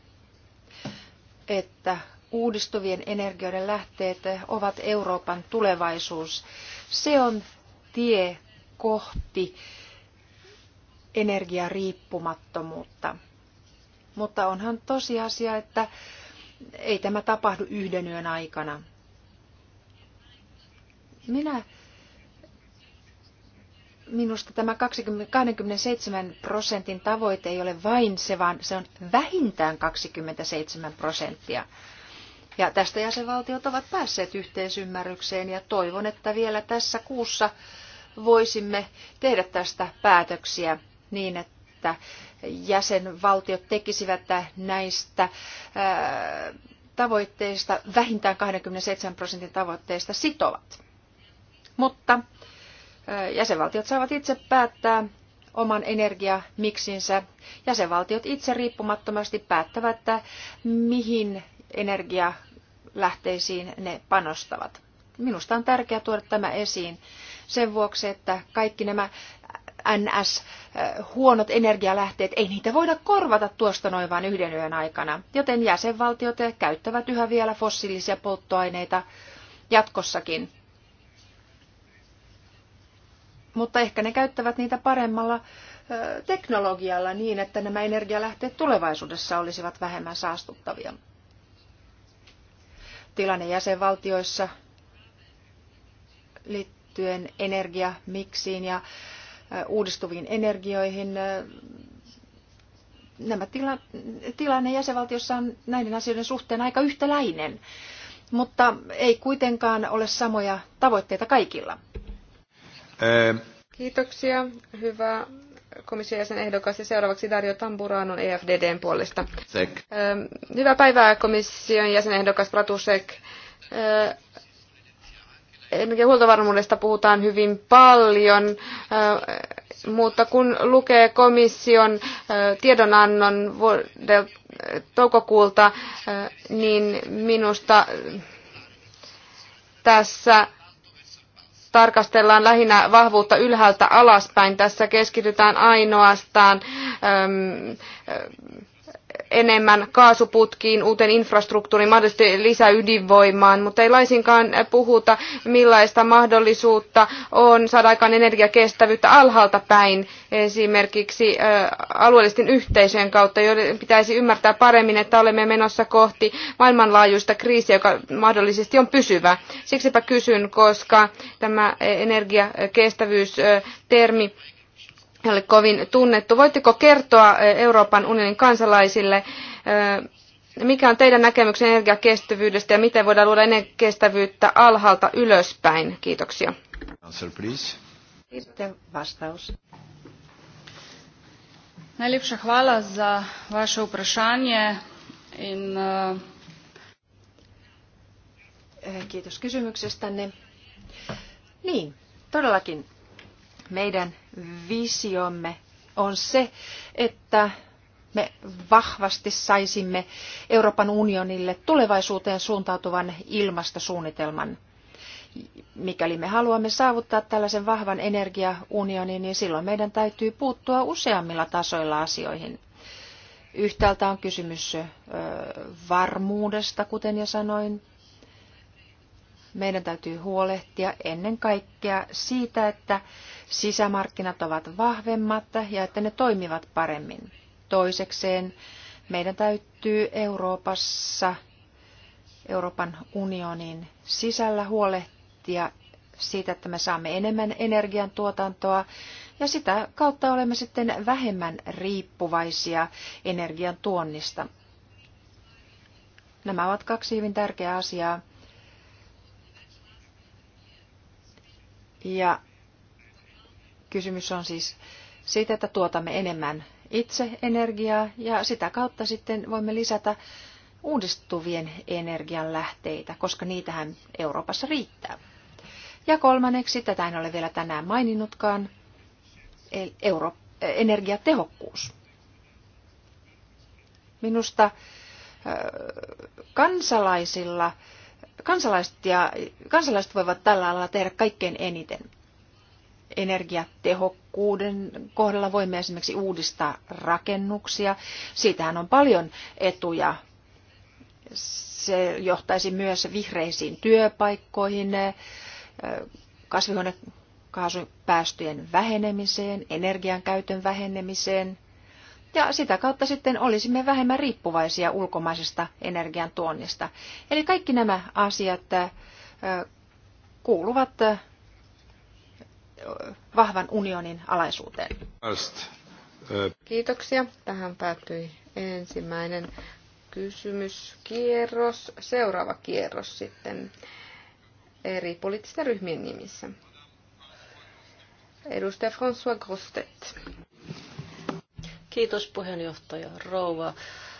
että uudistuvien energioiden lähteet ovat Euroopan tulevaisuus. Se on tie kohti äh, energiariippumattomuutta. Mutta onhan tosiasia, että ei tämä tapahdu yhden yön aikana. Minä minusta tämä 20, 27 prosentin tavoite ei ole vain se, vaan se on vähintään 27 prosenttia. Ja tästä jäsenvaltiot ovat päässeet yhteisymmärrykseen ja toivon, että vielä tässä kuussa voisimme tehdä tästä päätöksiä niin, että jäsenvaltiot tekisivät näistä äh, tavoitteista, vähintään 27 prosentin tavoitteista sitovat. Mutta äh, jäsenvaltiot saavat itse päättää oman energiamiksinsä. Jäsenvaltiot itse riippumattomasti päättävät, että mihin energialähteisiin ne panostavat. Minusta on tärkeää tuoda tämä esiin sen vuoksi, että kaikki nämä NS eh, huonot energialähteet, ei niitä voida korvata tuosta noin vain yhden yön aikana, joten jäsenvaltiot eh, käyttävät yhä vielä fossiilisia polttoaineita jatkossakin. Mutta ehkä ne käyttävät niitä paremmalla eh, teknologialla niin, että nämä energialähteet tulevaisuudessa olisivat vähemmän saastuttavia. Tilanne jäsenvaltioissa liittyen energiamiksiin ja uudistuviin energioihin. Nämä tila, tilanne jäsenvaltiossa on näiden asioiden suhteen aika yhtäläinen, mutta ei kuitenkaan ole samoja tavoitteita kaikilla. Ää... Eh. Kiitoksia. Hyvä komission jäsen ehdokas ja seuraavaksi Dario Tamburano EFDDn puolesta. Sek. Eh, hyvää päivää komission jäsen ehdokas Pratusek. Eh, huoltovarmuudesta puhutaan hyvin paljon, mutta kun lukee komission tiedonannon toukokuulta, niin minusta tässä tarkastellaan lähinnä vahvuutta ylhäältä alaspäin. Tässä keskitytään ainoastaan enemmän kaasuputkiin, uuteen infrastruktuuriin, mahdollisesti lisäydinvoimaan, mutta ei laisinkaan puhuta, millaista mahdollisuutta on saada aikaan energiakestävyyttä alhaalta päin, esimerkiksi alueellisten yhteisöjen kautta, joiden pitäisi ymmärtää paremmin, että olemme menossa kohti maailmanlaajuista kriisiä, joka mahdollisesti on pysyvä. Siksipä kysyn, koska tämä energiakestävyystermi termi ole kovin tunnettu. Voitteko kertoa eh, Euroopan unionin kansalaisille, eh, mikä on teidän näkemyksenne energiakestävyydestä ja miten voidaan luoda energiakestävyyttä alhaalta ylöspäin? Kiitoksia. Answer, please. vastaus. Najlepša hvala za vaše vprašanje in eh, Kiitos kysymyksestänne. Niin, todellakin meidän visiomme on se, että me vahvasti saisimme Euroopan unionille tulevaisuuteen suuntautuvan ilmastosuunnitelman. Mikäli me haluamme saavuttaa tällaisen vahvan energiaunionin, niin silloin meidän täytyy puuttua useammilla tasoilla asioihin. Yhtäältä on kysymys varmuudesta, kuten jo sanoin, meidän täytyy huolehtia ennen kaikkea siitä, että sisämarkkinat ovat vahvemmat ja että ne toimivat paremmin. Toisekseen meidän täytyy Euroopassa, Euroopan unionin sisällä huolehtia siitä, että me saamme enemmän energiantuotantoa ja sitä kautta olemme sitten vähemmän riippuvaisia energian tuonnista. Nämä ovat kaksi hyvin tärkeää asiaa Ja kysymys on siis siitä, että tuotamme enemmän itse energiaa ja sitä kautta sitten voimme lisätä uudistuvien energianlähteitä, koska niitähän Euroopassa riittää. Ja kolmanneksi, tätä en ole vielä tänään maininnutkaan, euro, eh, energiatehokkuus. Minusta kansalaisilla kansalaiset, ja, kansalaiset voivat tällä alalla tehdä kaikkein eniten. Energiatehokkuuden kohdalla voimme esimerkiksi uudistaa rakennuksia. Siitähän on paljon etuja. Se johtaisi myös vihreisiin työpaikkoihin, kasvihuonekaasupäästöjen vähenemiseen, energian käytön vähenemiseen – ja sitä kautta sitten olisimme vähemmän riippuvaisia ulkomaisesta energiantuonnista. Eli kaikki nämä asiat kuuluvat vahvan unionin alaisuuteen. Kiitoksia. Tähän päättyi ensimmäinen kysymyskierros. Seuraava kierros sitten eri poliittisten ryhmien nimissä. Edustaja François Grostet. Kiitos puheenjohtaja Rouva.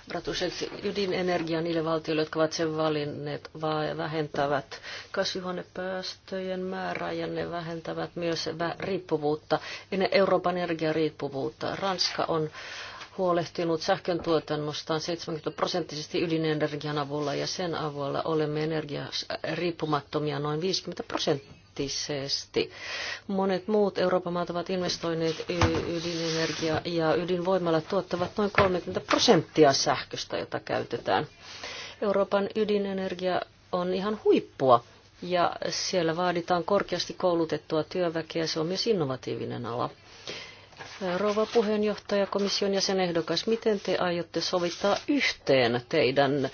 Ratuseksi ydinenergia niille valtioille, jotka ovat sen valinneet, vähentävät kasvihuonepäästöjen määrää ja ne vähentävät myös riippuvuutta, Euroopan energiariippuvuutta. Ranska on huolehtinut sähkön tuotannostaan 70 prosenttisesti ydinenergian avulla ja sen avulla olemme energiariippumattomia noin 50 prosenttia kriittisesti. Monet muut Euroopan maat ovat investoineet ydinenergiaa ja ydinvoimalla tuottavat noin 30 prosenttia sähköstä, jota käytetään. Euroopan ydinenergia on ihan huippua ja siellä vaaditaan korkeasti koulutettua työväkeä. Se on myös innovatiivinen ala. Rouva puheenjohtaja, komission jäsenehdokas, miten te aiotte sovittaa yhteen teidän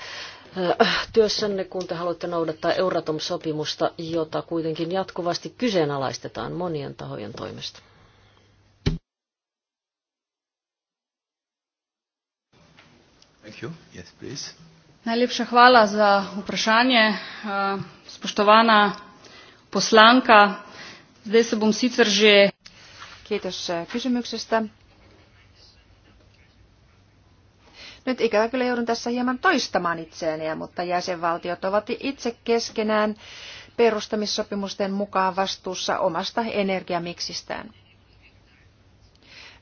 Äh, työssänne, kun te haluatte noudattaa Euratom-sopimusta, jota kuitenkin jatkuvasti kyseenalaistetaan monien tahojen toimesta? Thank you. Yes, please. Najlepša hvala za vprašanje. Eh, spoštovana poslanka, zdaj se bom sicer že... Kiitos eh, kysymyksestä. Nyt ikävä kyllä joudun tässä hieman toistamaan itseäni, mutta jäsenvaltiot ovat itse keskenään perustamissopimusten mukaan vastuussa omasta energiamiksistään.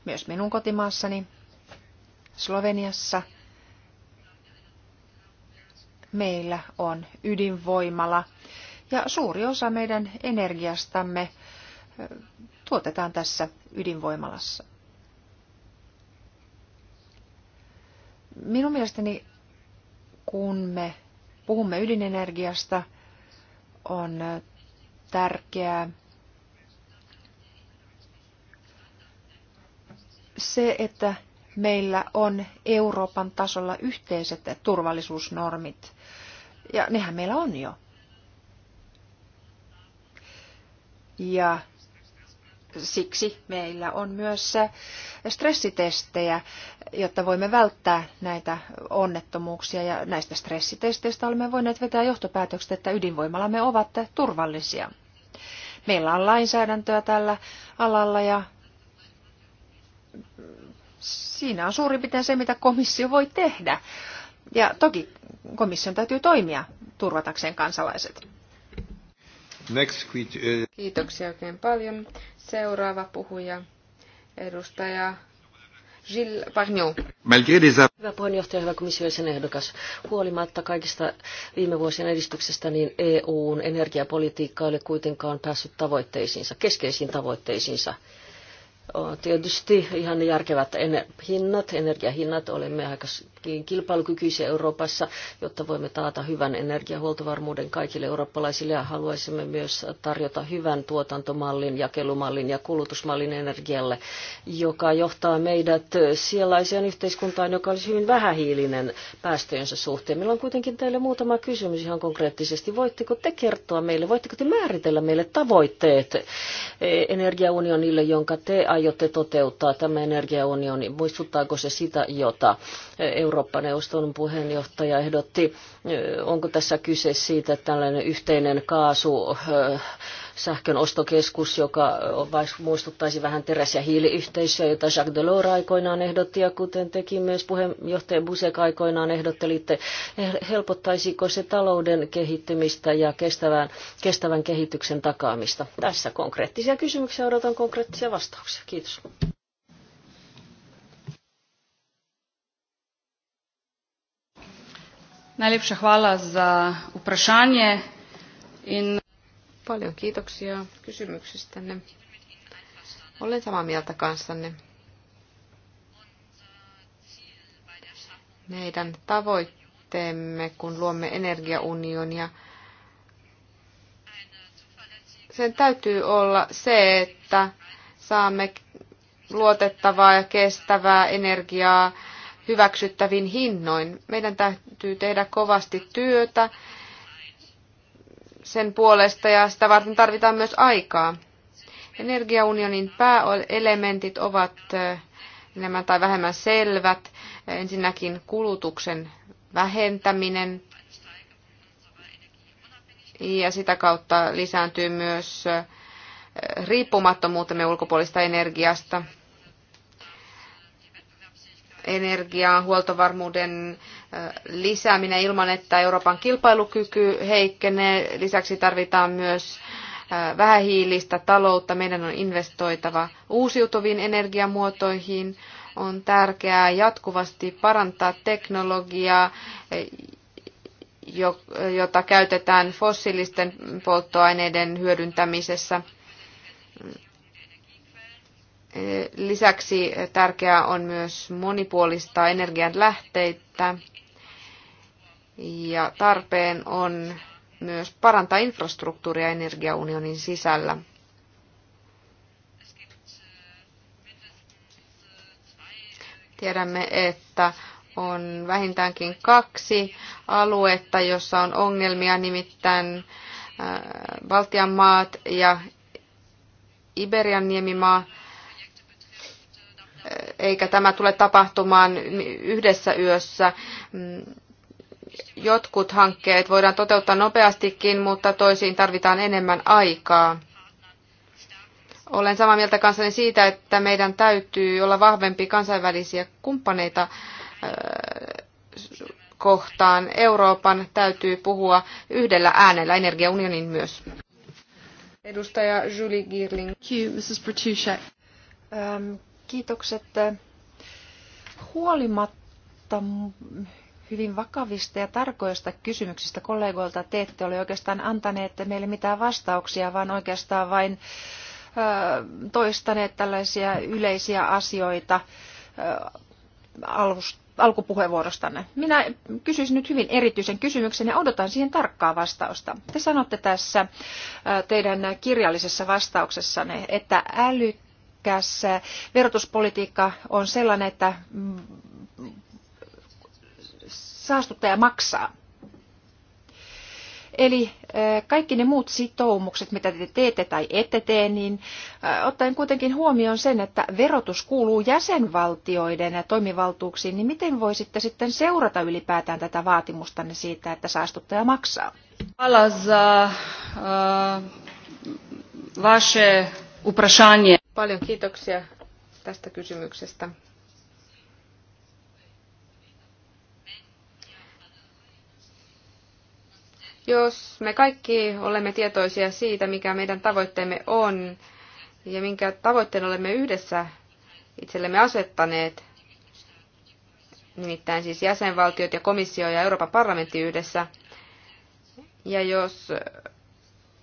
Myös minun kotimaassani, Sloveniassa, meillä on ydinvoimala ja suuri osa meidän energiastamme tuotetaan tässä ydinvoimalassa. Minun mielestäni, kun me puhumme ydinenergiasta, on tärkeää se, että meillä on Euroopan tasolla yhteiset turvallisuusnormit. Ja nehän meillä on jo. Ja siksi meillä on myös eh, stressitestejä, jotta voimme välttää näitä onnettomuuksia. Ja näistä stressitesteistä olemme voineet vetää johtopäätökset, että ydinvoimalamme ovat turvallisia. Meillä on lainsäädäntöä tällä alalla ja siinä on suurin piirtein se, mitä komissio voi tehdä. Ja toki komission täytyy toimia turvatakseen kansalaiset. Next, eh, Kiitoksia oikein paljon. Seuraava puhuja, edustaja Gilles Pagnon. Hyvä puheenjohtaja, hyvä komissioisen ehdokas. Huolimatta kaikista viime vuosien edistyksestä, niin EUn energiapolitiikka ei ole kuitenkaan päässyt tavoitteisiinsa, keskeisiin tavoitteisiinsa. Tietysti ihan järkevät hinnat, energiahinnat, olemme aika kilpailukykyisiä Euroopassa, jotta voimme taata hyvän energiahuoltovarmuuden kaikille eurooppalaisille ja haluaisimme myös tarjota hyvän tuotantomallin, jakelumallin ja kulutusmallin energialle, joka johtaa meidät sellaiseen yhteiskuntaan, joka olisi hyvin vähähiilinen päästöjensä suhteen. Meillä on kuitenkin teille muutama kysymys ihan konkreettisesti. Voitteko te kertoa meille, voitteko te määritellä meille tavoitteet energiaunionille, jonka te aiotte toteuttaa, tämä energiaunioni? Muistuttaako se sitä, jota Eurooppa-neuvoston puheenjohtaja ehdotti? Onko tässä kyse siitä, että tällainen yhteinen kaasu sähkön ostokeskus, joka muistuttaisi vähän teräs- ja hiiliyhteisöä, jota Jacques Delors aikoinaan ehdotti, ja kuten teki myös puheenjohtaja Busek aikoinaan ehdottelitte, eh, helpottaisiko se talouden kehittymistä ja kestävän, kestävän kehityksen takaamista? Tässä konkreettisia kysymyksiä, odotan konkreettisia vastauksia. Kiitos. Najlepša hvala za vprašanje. In Paljon kiitoksia kysymyksistänne. Olen samaa mieltä kanssanne. Meidän tavoitteemme, kun luomme energiaunionia, sen täytyy olla se, että saamme luotettavaa ja kestävää energiaa hyväksyttävin hinnoin. Meidän täytyy tehdä kovasti työtä sen puolesta ja sitä varten tarvitaan myös aikaa. Energiaunionin pääelementit ovat enemmän tai vähemmän selvät. Ensinnäkin kulutuksen vähentäminen ja sitä kautta lisääntyy myös riippumattomuutemme ulkopuolista energiasta energiaa, huoltovarmuuden lisääminen ilman, että Euroopan kilpailukyky heikkenee. Lisäksi tarvitaan myös vähähiilistä taloutta. Meidän on investoitava uusiutuviin energiamuotoihin. On tärkeää jatkuvasti parantaa teknologiaa, jota käytetään fossiilisten polttoaineiden hyödyntämisessä Lisäksi tärkeää on myös monipuolistaa energian lähteitä ja tarpeen on myös parantaa infrastruktuuria energiaunionin sisällä. Tiedämme, että on vähintäänkin kaksi aluetta, jossa on ongelmia, nimittäin Baltian maat ja Iberian niemimaa eikä tämä tule tapahtumaan yhdessä yössä. Jotkut hankkeet voidaan toteuttaa nopeastikin, mutta toisiin tarvitaan enemmän aikaa. Olen samaa mieltä kanssani siitä, että meidän täytyy olla vahvempi kansainvälisiä kumppaneita äh, kohtaan. Euroopan täytyy puhua yhdellä äänellä, energiaunionin myös. Edustaja Julie Girling. Thank you, Mrs. Um, kiitokset. Huolimatta hyvin vakavista ja tarkoista kysymyksistä kollegoilta te ette ole oikeastaan antaneet meille mitään vastauksia, vaan oikeastaan vain toistaneet tällaisia yleisiä asioita alkupuheenvuorostanne. Minä kysyisin nyt hyvin erityisen kysymyksen ja odotan siihen tarkkaa vastausta. Te sanotte tässä teidän kirjallisessa vastauksessanne, että älyt älykäs verotuspolitiikka on sellainen, että saastuttaja maksaa. Eli eh, kaikki ne muut sitoumukset, mitä te teette tai ette tee, niin eh, ottaen kuitenkin huomioon sen, että verotus kuuluu jäsenvaltioiden toimivaltuuksiin, niin miten voisitte sitten seurata ylipäätään tätä vaatimustanne siitä, että saastuttaja maksaa? Eh, vaše Paljon kiitoksia tästä kysymyksestä. Jos me kaikki olemme tietoisia siitä, mikä meidän tavoitteemme on ja minkä tavoitteen olemme yhdessä itsellemme asettaneet, nimittäin siis jäsenvaltiot ja komissio ja Euroopan parlamentti yhdessä, ja jos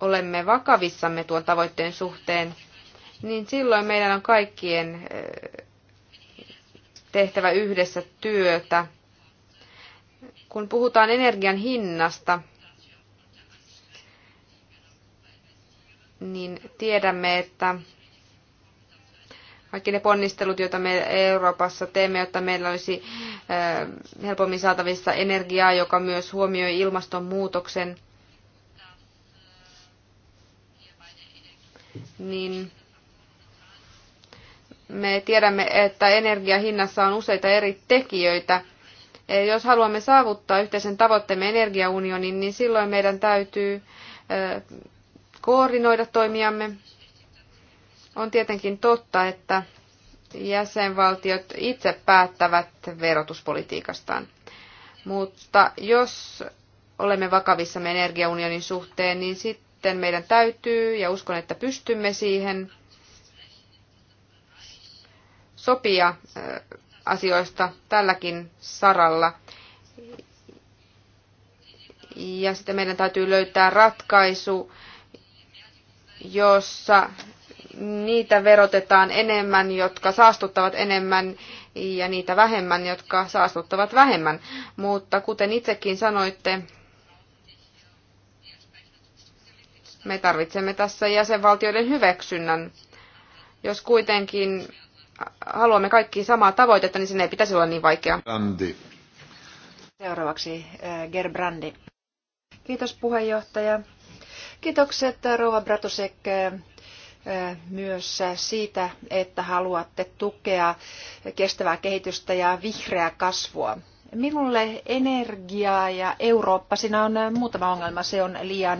olemme vakavissamme tuon tavoitteen suhteen, niin silloin meidän on kaikkien eh, tehtävä yhdessä työtä. Kun puhutaan energian hinnasta, niin tiedämme, että kaikki ne ponnistelut, joita me Euroopassa teemme, jotta meillä olisi eh, helpommin saatavissa energiaa, joka myös huomioi ilmastonmuutoksen, niin me tiedämme, että energiahinnassa on useita eri tekijöitä. Jos haluamme saavuttaa yhteisen tavoitteemme energiaunionin, niin silloin meidän täytyy koordinoida toimiamme. On tietenkin totta, että jäsenvaltiot itse päättävät verotuspolitiikastaan. Mutta jos olemme vakavissamme energiaunionin suhteen, niin sitten meidän täytyy, ja uskon, että pystymme siihen, sopia asioista tälläkin saralla. Ja sitten meidän täytyy löytää ratkaisu, jossa niitä verotetaan enemmän, jotka saastuttavat enemmän ja niitä vähemmän, jotka saastuttavat vähemmän. Mutta kuten itsekin sanoitte, me tarvitsemme tässä jäsenvaltioiden hyväksynnän. Jos kuitenkin haluamme kaikki samaa tavoitetta, niin sen ei pitäisi olla niin vaikeaa. Brandi. Seuraavaksi äh, Gerbrandi. Kiitos puheenjohtaja. Kiitokset äh, Rova Bratusek äh, myös siitä, että haluatte tukea kestävää kehitystä ja vihreää kasvua. Minulle energia ja Eurooppa, siinä on muutama ongelma. Se on liian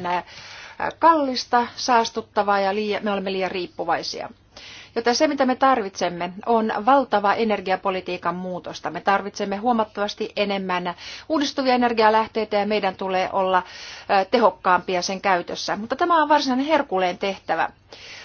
kallista, saastuttavaa ja liian, me olemme liian riippuvaisia. Joten se, mitä me tarvitsemme, on valtava energiapolitiikan muutosta. Me tarvitsemme huomattavasti enemmän uudistuvia energialähteitä ja meidän tulee olla tehokkaampia sen käytössä. Mutta tämä on varsinainen herkuleen tehtävä.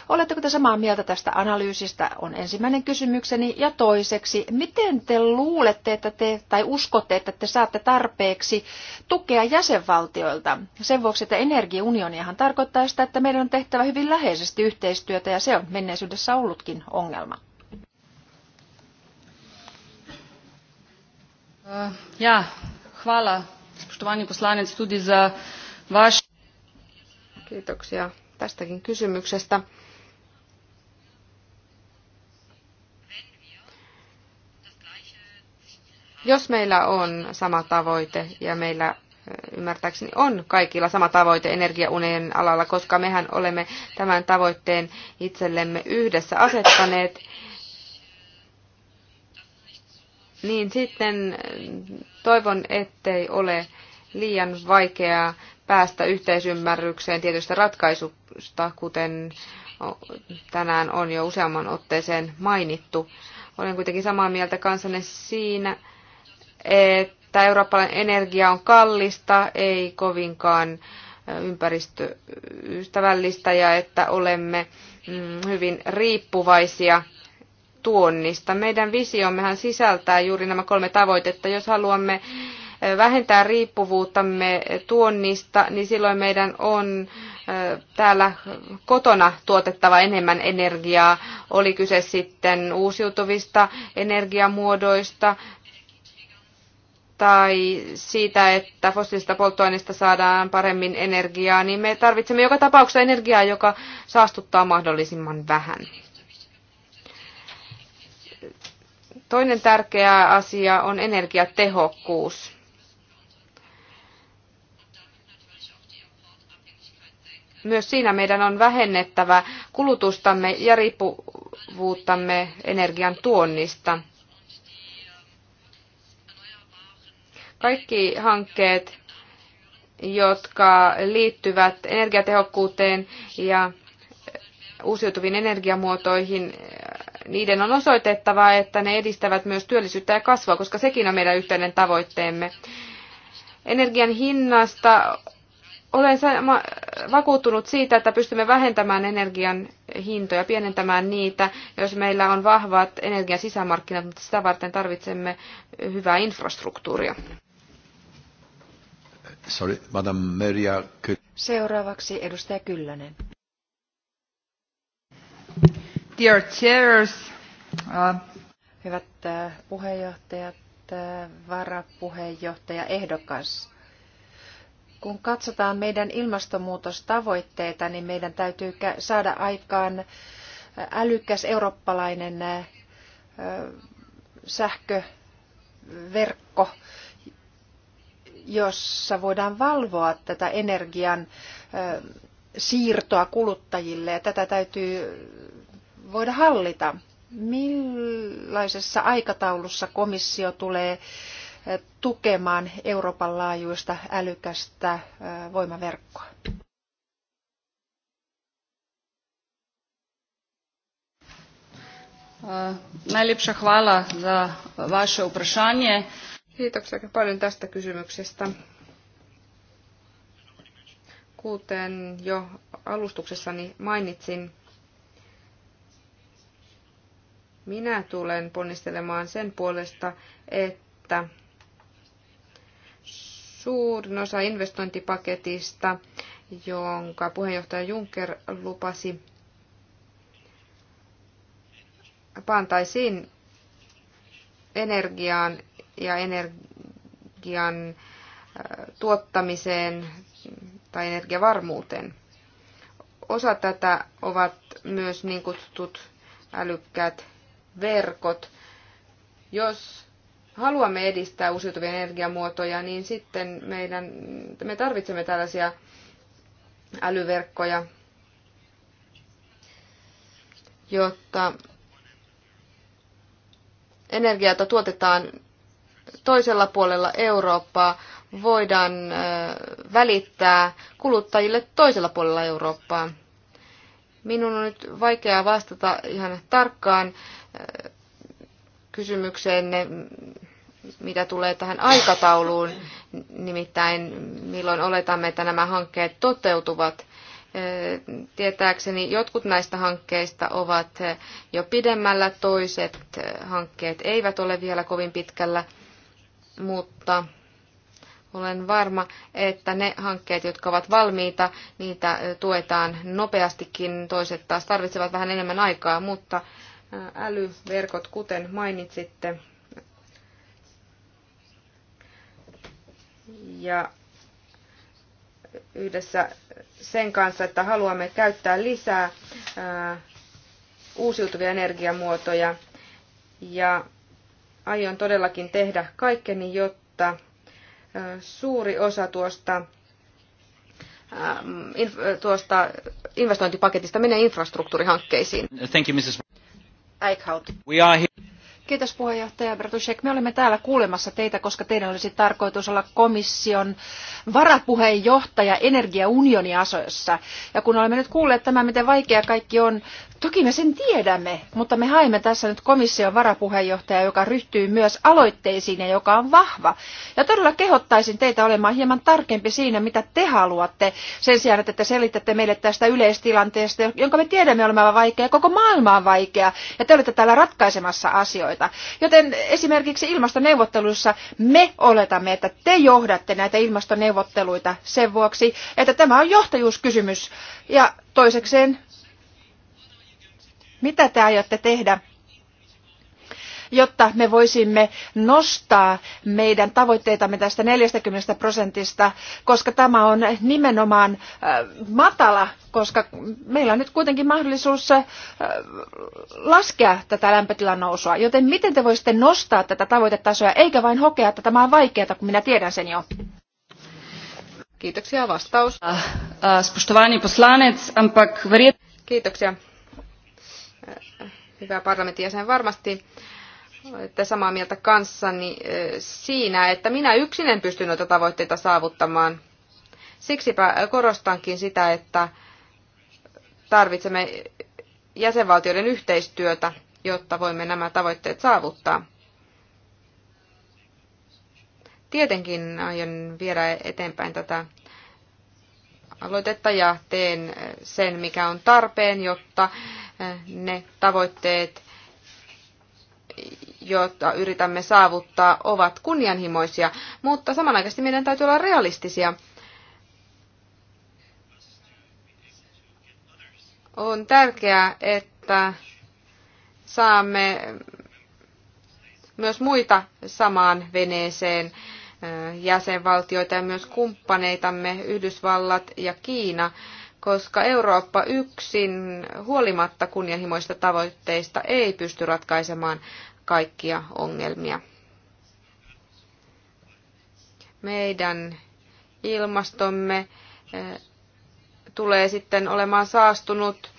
Oletteko te samaa mieltä tästä analyysistä, on ensimmäinen kysymykseni. Ja toiseksi, miten te luulette, että te, tai uskotte, että te saatte tarpeeksi tukea jäsenvaltioilta? Sen vuoksi, että energiaunioniahan tarkoittaa sitä, että meidän on tehtävä hyvin läheisesti yhteistyötä, ja se on menneisyydessä ollutkin ongelma. Eh, ja, hvala, spoštovani poslanec, tudi za vaš... Kiitoksia tästäkin kysymyksestä. Jos meillä on sama tavoite ja meillä ymmärtääkseni on kaikilla sama tavoite energiaunien alalla, koska mehän olemme tämän tavoitteen itsellemme yhdessä asettaneet, niin sitten toivon, ettei ole liian vaikeaa päästä yhteisymmärrykseen tietystä ratkaisusta, kuten tänään on jo useamman otteeseen mainittu. Olen kuitenkin samaa mieltä kanssanne siinä, että eurooppalainen energia on kallista, ei kovinkaan ympäristöystävällistä ja että olemme mm, hyvin riippuvaisia tuonnista. Meidän visiommehan sisältää juuri nämä kolme tavoitetta. Jos haluamme vähentää riippuvuuttamme tuonnista, niin silloin meidän on täällä kotona tuotettava enemmän energiaa, oli kyse sitten uusiutuvista energiamuodoista tai siitä, että fossiilisista polttoaineista saadaan paremmin energiaa, niin me tarvitsemme joka tapauksessa energiaa, joka saastuttaa mahdollisimman vähän. Toinen tärkeä asia on energiatehokkuus. Myös siinä meidän on vähennettävä kulutustamme ja riippuvuuttamme energian tuonnista – Kaikki hankkeet, jotka liittyvät energiatehokkuuteen ja uusiutuviin energiamuotoihin, niiden on osoitettava, että ne edistävät myös työllisyyttä ja kasvua, koska sekin on meidän yhteinen tavoitteemme. Energian hinnasta olen vakuuttunut siitä, että pystymme vähentämään energian hintoja, pienentämään niitä, jos meillä on vahvat energian sisämarkkinat, mutta sitä varten tarvitsemme hyvää infrastruktuuria. Sorry, Seuraavaksi edustaja Kyllönen. Dear chairs, uh... Hyvät uh, puheenjohtajat, uh, varapuheenjohtaja ehdokas. Kun katsotaan meidän ilmastonmuutostavoitteita, niin meidän täytyy saada aikaan uh, älykäs eurooppalainen sähköverkko, jossa voidaan valvoa tätä energian siirtoa kuluttajille ja tätä täytyy voida hallita. Millaisessa aikataulussa komissio tulee tukemaan Euroopan laajuista älykästä voimaverkkoa? Najlepša hvala za vaše vprašanje. Kiitoksia aika paljon tästä kysymyksestä. Kuten jo alustuksessani mainitsin, minä tulen ponnistelemaan sen puolesta, että suurin osa investointipaketista, jonka puheenjohtaja Juncker lupasi, pantaisiin energiaan ja energian tuottamiseen tai energiavarmuuteen. Osa tätä ovat myös niin kutsutut älykkäät verkot. Jos haluamme edistää uusiutuvia energiamuotoja, niin sitten meidän, me tarvitsemme tällaisia älyverkkoja, jotta energiaa tuotetaan toisella puolella Eurooppaa voidaan välittää kuluttajille toisella puolella Eurooppaa. Minun on nyt vaikea vastata ihan tarkkaan kysymykseenne, mitä tulee tähän aikatauluun, nimittäin milloin oletamme, että nämä hankkeet toteutuvat. Tietääkseni jotkut näistä hankkeista ovat jo pidemmällä, toiset hankkeet eivät ole vielä kovin pitkällä mutta olen varma, että ne hankkeet, jotka ovat valmiita, niitä tuetaan nopeastikin. Toiset taas tarvitsevat vähän enemmän aikaa, mutta älyverkot, kuten mainitsitte, ja yhdessä sen kanssa, että haluamme käyttää lisää uusiutuvia energiamuotoja ja aion todellakin tehdä kaikkeni, jotta suuri osa tuosta, tuosta investointipaketista menee infrastruktuurihankkeisiin. Thank you, Mrs. Eichhout. We are here. Kiitos puheenjohtaja Bratusek. Me olemme täällä kuulemassa teitä, koska teidän olisi tarkoitus olla komission varapuheenjohtaja energiaunionia-asioissa. Ja kun olemme nyt kuulleet tämän, miten vaikea kaikki on, toki me sen tiedämme, mutta me haemme tässä nyt komission varapuheenjohtajaa, joka ryhtyy myös aloitteisiin ja joka on vahva. Ja todella kehottaisin teitä olemaan hieman tarkempi siinä, mitä te haluatte, sen sijaan, että te selitätte meille tästä yleistilanteesta, jonka me tiedämme olemaan vaikea, koko maailma on vaikea, ja te olette täällä ratkaisemassa asioita puolesta. Joten esimerkiksi ilmastoneuvotteluissa me oletamme, että te johdatte näitä ilmastoneuvotteluita sen vuoksi, että tämä on johtajuuskysymys. Ja toisekseen, mitä te aiotte tehdä jotta me voisimme nostaa meidän tavoitteitamme tästä 40 prosentista, koska tämä on nimenomaan äh, matala, koska meillä on nyt kuitenkin mahdollisuus äh, laskea tätä lämpötilan nousua. Joten miten te voisitte nostaa tätä tavoitetasoa, eikä vain hokea, että tämä on vaikeaa, kun minä tiedän sen jo? Kiitoksia vastaus. Ah, ah, Spustovani poslanec, ampak Kiitoksia. Äh, hyvä parlamentin jäsen varmasti olette samaa mieltä kanssani eh, siinä, että minä yksin en pysty noita tavoitteita saavuttamaan. Siksipä korostankin sitä, että tarvitsemme jäsenvaltioiden yhteistyötä, jotta voimme nämä tavoitteet saavuttaa. Tietenkin aion viedä eteenpäin tätä aloitetta ja teen sen, mikä on tarpeen, jotta eh, ne tavoitteet, joita yritämme saavuttaa, ovat kunnianhimoisia, mutta samanaikaisesti meidän täytyy olla realistisia. On tärkeää, että saamme myös muita samaan veneeseen jäsenvaltioita ja myös kumppaneitamme Yhdysvallat ja Kiina, koska Eurooppa yksin huolimatta kunnianhimoista tavoitteista ei pysty ratkaisemaan kaikkia ongelmia. Meidän ilmastomme eh, tulee sitten olemaan saastunut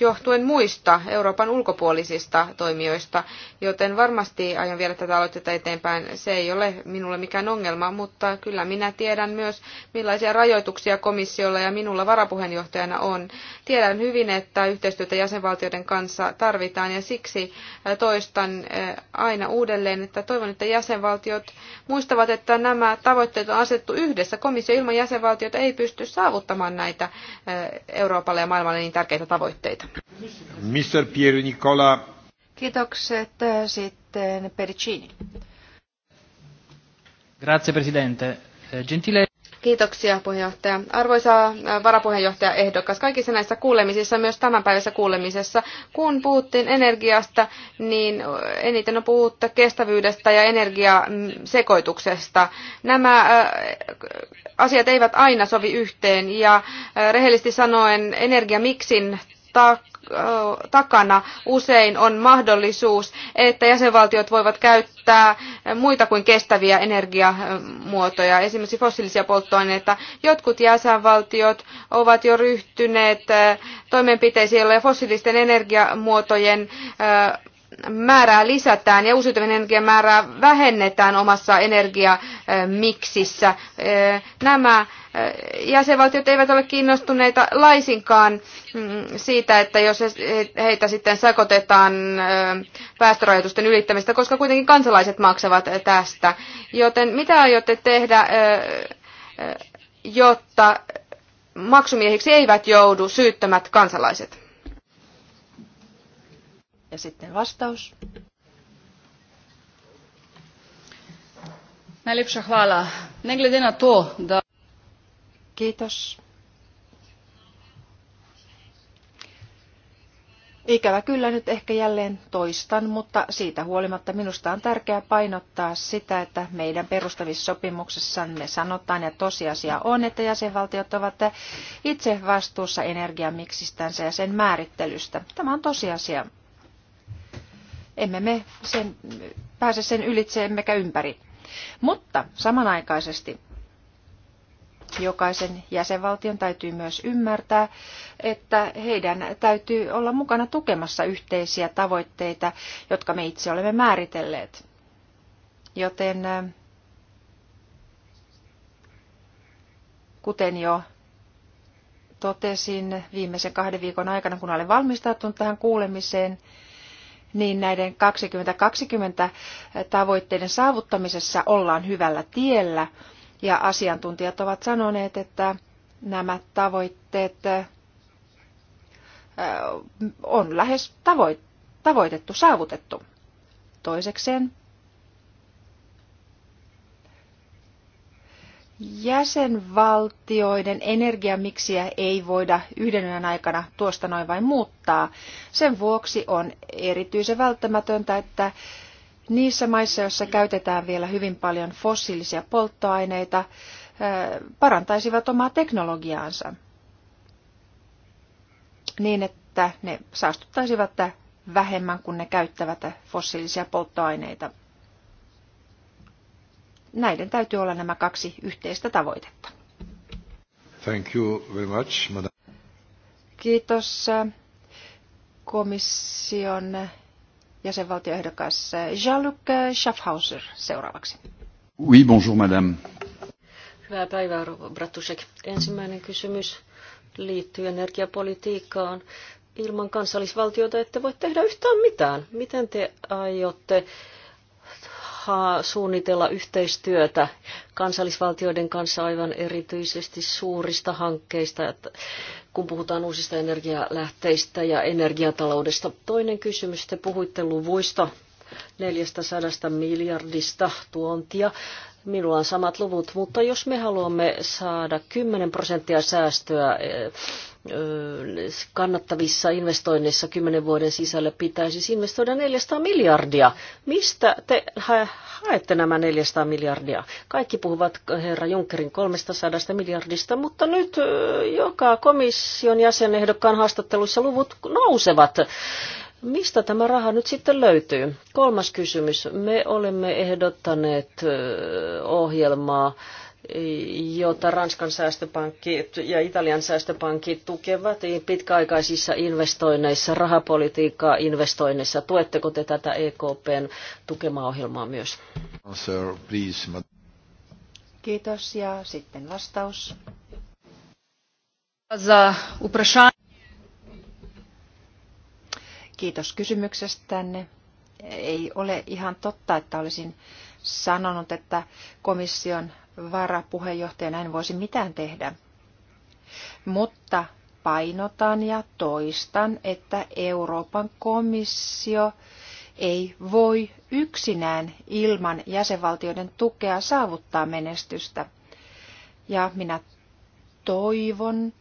johtuen muista Euroopan ulkopuolisista toimijoista, joten varmasti aion viedä tätä aloitetta eteenpäin. Se ei ole minulle mikään ongelma, mutta kyllä minä tiedän myös, millaisia rajoituksia komissiolla ja minulla varapuheenjohtajana on. Tiedän hyvin, että yhteistyötä jäsenvaltioiden kanssa tarvitaan ja siksi toistan aina uudelleen, että toivon, että jäsenvaltiot muistavat, että nämä tavoitteet on asettu yhdessä. Komissio ilman jäsenvaltiota ei pysty saavuttamaan näitä Euroopalle ja maailmalle niin tärkeitä tavoitteita aloitteita. Mr. Pier Nicola. Kiitokset. Äh, sitten Pericini. Grazie, Presidente. Eh, gentile Kiitoksia puheenjohtaja. Arvoisa äh, varapuheenjohtaja ehdokas, kaikissa näissä kuulemisissa, myös tämän päivässä kuulemisessa, kun puhuttiin energiasta, niin äh, eniten on puhuttu kestävyydestä ja energiasekoituksesta. Nämä asiat eivät aina sovi yhteen ja rehellisesti sanoen energiamiksin takana usein on mahdollisuus, että jäsenvaltiot voivat käyttää muita kuin kestäviä energiamuotoja, esimerkiksi fossiilisia polttoaineita. Jotkut jäsenvaltiot ovat jo ryhtyneet toimenpiteisiin, joilla fossiilisten energiamuotojen määrää lisätään ja uusiutuvien energian määrää vähennetään omassa energiamiksissä. Nämä jäsenvaltiot eivät ole kiinnostuneita laisinkaan mm, siitä, että jos heitä sitten sakotetaan päästörajoitusten ylittämistä, koska kuitenkin kansalaiset maksavat tästä. Joten mitä aiotte tehdä, jotta maksumiehiksi eivät joudu syyttömät kansalaiset? Ja sitten vastaus. Najlepša hvala. Ne glede na to, da... Kiitos. Ikävä kyllä nyt ehkä jälleen toistan, mutta siitä huolimatta minusta on tärkeää painottaa sitä, että meidän me sanotaan ja tosiasia on, että jäsenvaltiot ovat itse vastuussa energiamiksistänsä ja sen määrittelystä. Tämä on tosiasia. Emme me sen, pääse sen ylitse emmekä ympäri. Mutta samanaikaisesti jokaisen jäsenvaltion täytyy myös ymmärtää, että heidän täytyy olla mukana tukemassa yhteisiä tavoitteita, jotka me itse olemme määritelleet. Joten äh, kuten jo totesin viimeisen kahden viikon aikana, kun olen valmistautunut tähän kuulemiseen, niin näiden 2020 tavoitteiden saavuttamisessa ollaan hyvällä tiellä. Ja asiantuntijat ovat sanoneet, että nämä tavoitteet on lähes tavoitettu, saavutettu. Toisekseen jäsenvaltioiden energiamiksiä ei voida yhden yön aikana tuosta noin vain muuttaa. Sen vuoksi on erityisen välttämätöntä, että niissä maissa, joissa käytetään vielä hyvin paljon fossiilisia polttoaineita, parantaisivat omaa teknologiaansa niin, että ne saastuttaisivat vähemmän, kun ne käyttävät fossiilisia polttoaineita näiden täytyy olla nämä kaksi yhteistä tavoitetta. Thank you very much, madam. Kiitos äh, komission jäsenvaltioehdokas Jean-Luc Schaffhauser seuraavaksi. Oui, bonjour madame. Hyvää päivää, Bratusek. Ensimmäinen kysymys liittyy energiapolitiikkaan. Ilman kansallisvaltiota ette voi tehdä yhtään mitään. Miten te aiotte suunnitella yhteistyötä kansallisvaltioiden kanssa aivan erityisesti suurista hankkeista, kun puhutaan uusista energialähteistä ja energiataloudesta. Toinen kysymys, te puhuitte luvuista, 400 miljardista tuontia. Minulla on samat luvut, mutta jos me haluamme saada 10 prosenttia säästöä eh, eh, kannattavissa investoinneissa 10 vuoden sisällä, pitäisi investoida 400 miljardia. Mistä te haette nämä 400 miljardia? Kaikki puhuvat herra Junckerin 300 miljardista, mutta nyt eh, joka komission jäsenehdokkaan haastatteluissa luvut nousevat. Mistä tämä raha nyt sitten löytyy? Kolmas kysymys. Me olemme ehdottaneet ohjelmaa, jota Ranskan säästöpankki ja Italian säästöpankki tukevat pitkäaikaisissa investoinneissa, rahapolitiikkaa investoinneissa. Tuetteko te tätä EKPn tukemaa ohjelmaa myös? Kiitos ja sitten vastaus. Kiitos kysymyksestänne. Ei ole ihan totta, että olisin sanonut, että komission varapuheenjohtaja näin voisi mitään tehdä. Mutta painotan ja toistan, että Euroopan komissio ei voi yksinään ilman jäsenvaltioiden tukea saavuttaa menestystä. Ja minä toivon,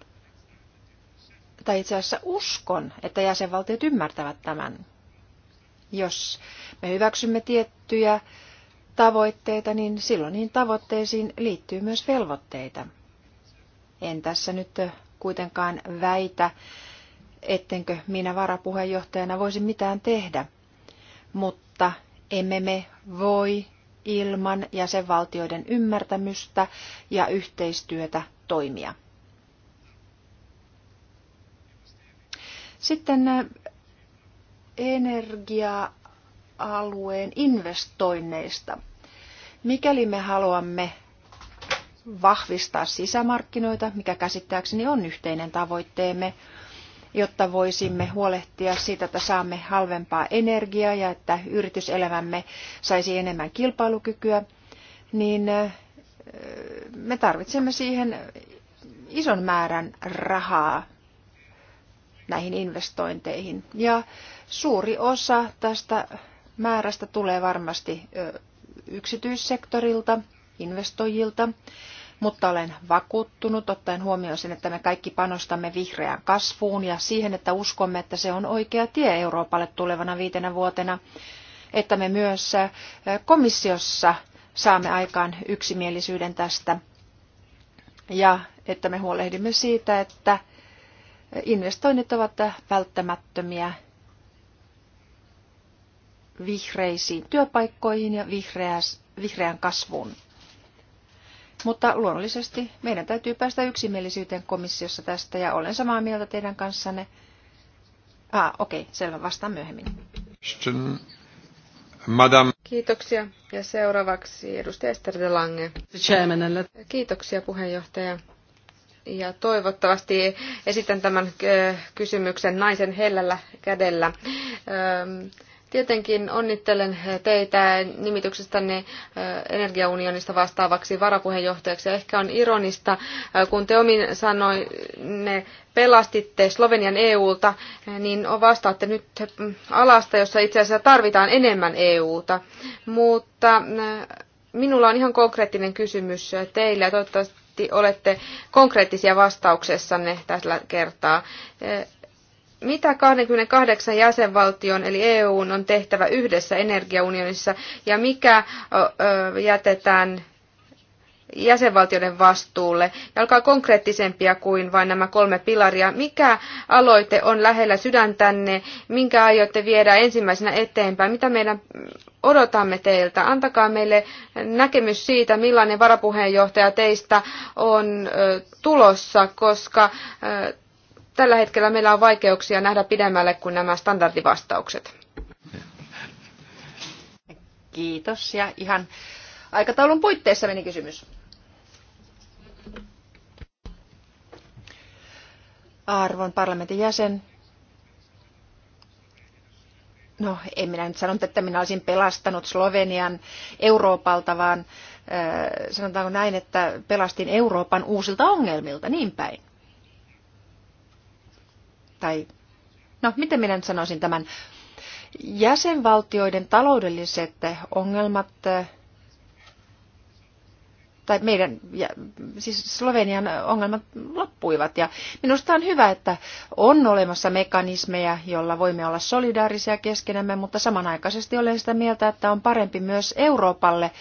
mutta itse asiassa uskon, että jäsenvaltiot ymmärtävät tämän. Jos me hyväksymme tiettyjä tavoitteita, niin silloin niihin tavoitteisiin liittyy myös velvoitteita. En tässä nyt kuitenkaan väitä, ettenkö minä varapuheenjohtajana voisi mitään tehdä, mutta emme me voi ilman jäsenvaltioiden ymmärtämystä ja yhteistyötä toimia. Sitten eh, energia-alueen investoinneista. Mikäli me haluamme vahvistaa sisämarkkinoita, mikä käsittääkseni on yhteinen tavoitteemme, jotta voisimme huolehtia siitä, että saamme halvempaa energiaa ja että yrityselämämme saisi enemmän kilpailukykyä, niin eh, me tarvitsemme siihen ison määrän rahaa näihin investointeihin. Ja suuri osa tästä määrästä tulee varmasti yksityissektorilta, investoijilta, mutta olen vakuuttunut ottaen huomioon sen, että me kaikki panostamme vihreään kasvuun ja siihen, että uskomme, että se on oikea tie Euroopalle tulevana viitenä vuotena, että me myös komissiossa saamme aikaan yksimielisyyden tästä ja että me huolehdimme siitä, että investoinnit ovat välttämättömiä vihreisiin työpaikkoihin ja vihreään kasvuun. Mutta luonnollisesti meidän täytyy päästä yksimielisyyteen komissiossa tästä ja olen samaa mieltä teidän kanssanne. Ah, okei, okay, selvä, vastaan myöhemmin. Madame. Kiitoksia. Ja seuraavaksi edustaja Ester de Lange. Kiitoksia puheenjohtaja ja toivottavasti esitän tämän kysymyksen naisen hellällä kädellä. Tietenkin onnittelen teitä nimityksestänne energiaunionista vastaavaksi varapuheenjohtajaksi. Ehkä on ironista, kun te omin sanoinne pelastitte Slovenian EUlta, niin vastaatte nyt alasta, jossa itse asiassa tarvitaan enemmän EUta. Mutta minulla on ihan konkreettinen kysymys teille ja toivottavasti konkreetti, olette konkreettisia vastauksessanne tällä kertaa. Mitä 28 jäsenvaltion eli EUn on tehtävä yhdessä energiaunionissa ja mikä jätetään jäsenvaltioiden vastuulle. Ja olkaa konkreettisempia kuin vain nämä kolme pilaria. Mikä aloite on lähellä sydäntänne? Minkä aiotte viedä ensimmäisenä eteenpäin? Mitä meidän odotamme teiltä? Antakaa meille näkemys siitä, millainen varapuheenjohtaja teistä on tulossa, koska tällä hetkellä meillä on vaikeuksia nähdä pidemmälle kuin nämä standardivastaukset. Kiitos ja ihan aikataulun puitteissa meni kysymys. arvon parlamentin jäsen. No, en minä nyt sanonut, että minä olisin pelastanut Slovenian Euroopalta, vaan äh, sanotaanko näin, että pelastin Euroopan uusilta ongelmilta, niin päin. Tai, no, miten minä nyt sanoisin tämän? Jäsenvaltioiden taloudelliset ongelmat äh, tai meidän, ja, siis Slovenian ongelmat loppuivat. Ja minusta on hyvä, että on olemassa mekanismeja, joilla voimme olla solidaarisia keskenämme, mutta samanaikaisesti olen sitä mieltä, että on parempi myös Euroopalle,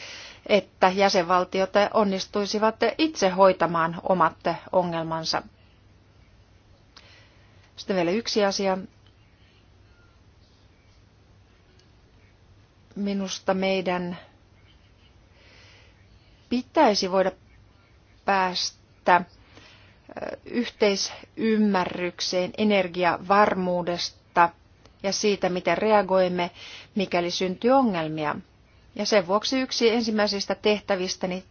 että jäsenvaltiot onnistuisivat itse hoitamaan omat ongelmansa. Sitten vielä yksi asia. Minusta meidän pitäisi voida päästä yhteisymmärrykseen energiavarmuudesta ja siitä, miten reagoimme, mikäli syntyy ongelmia. Ja sen vuoksi yksi ensimmäisistä tehtävistäni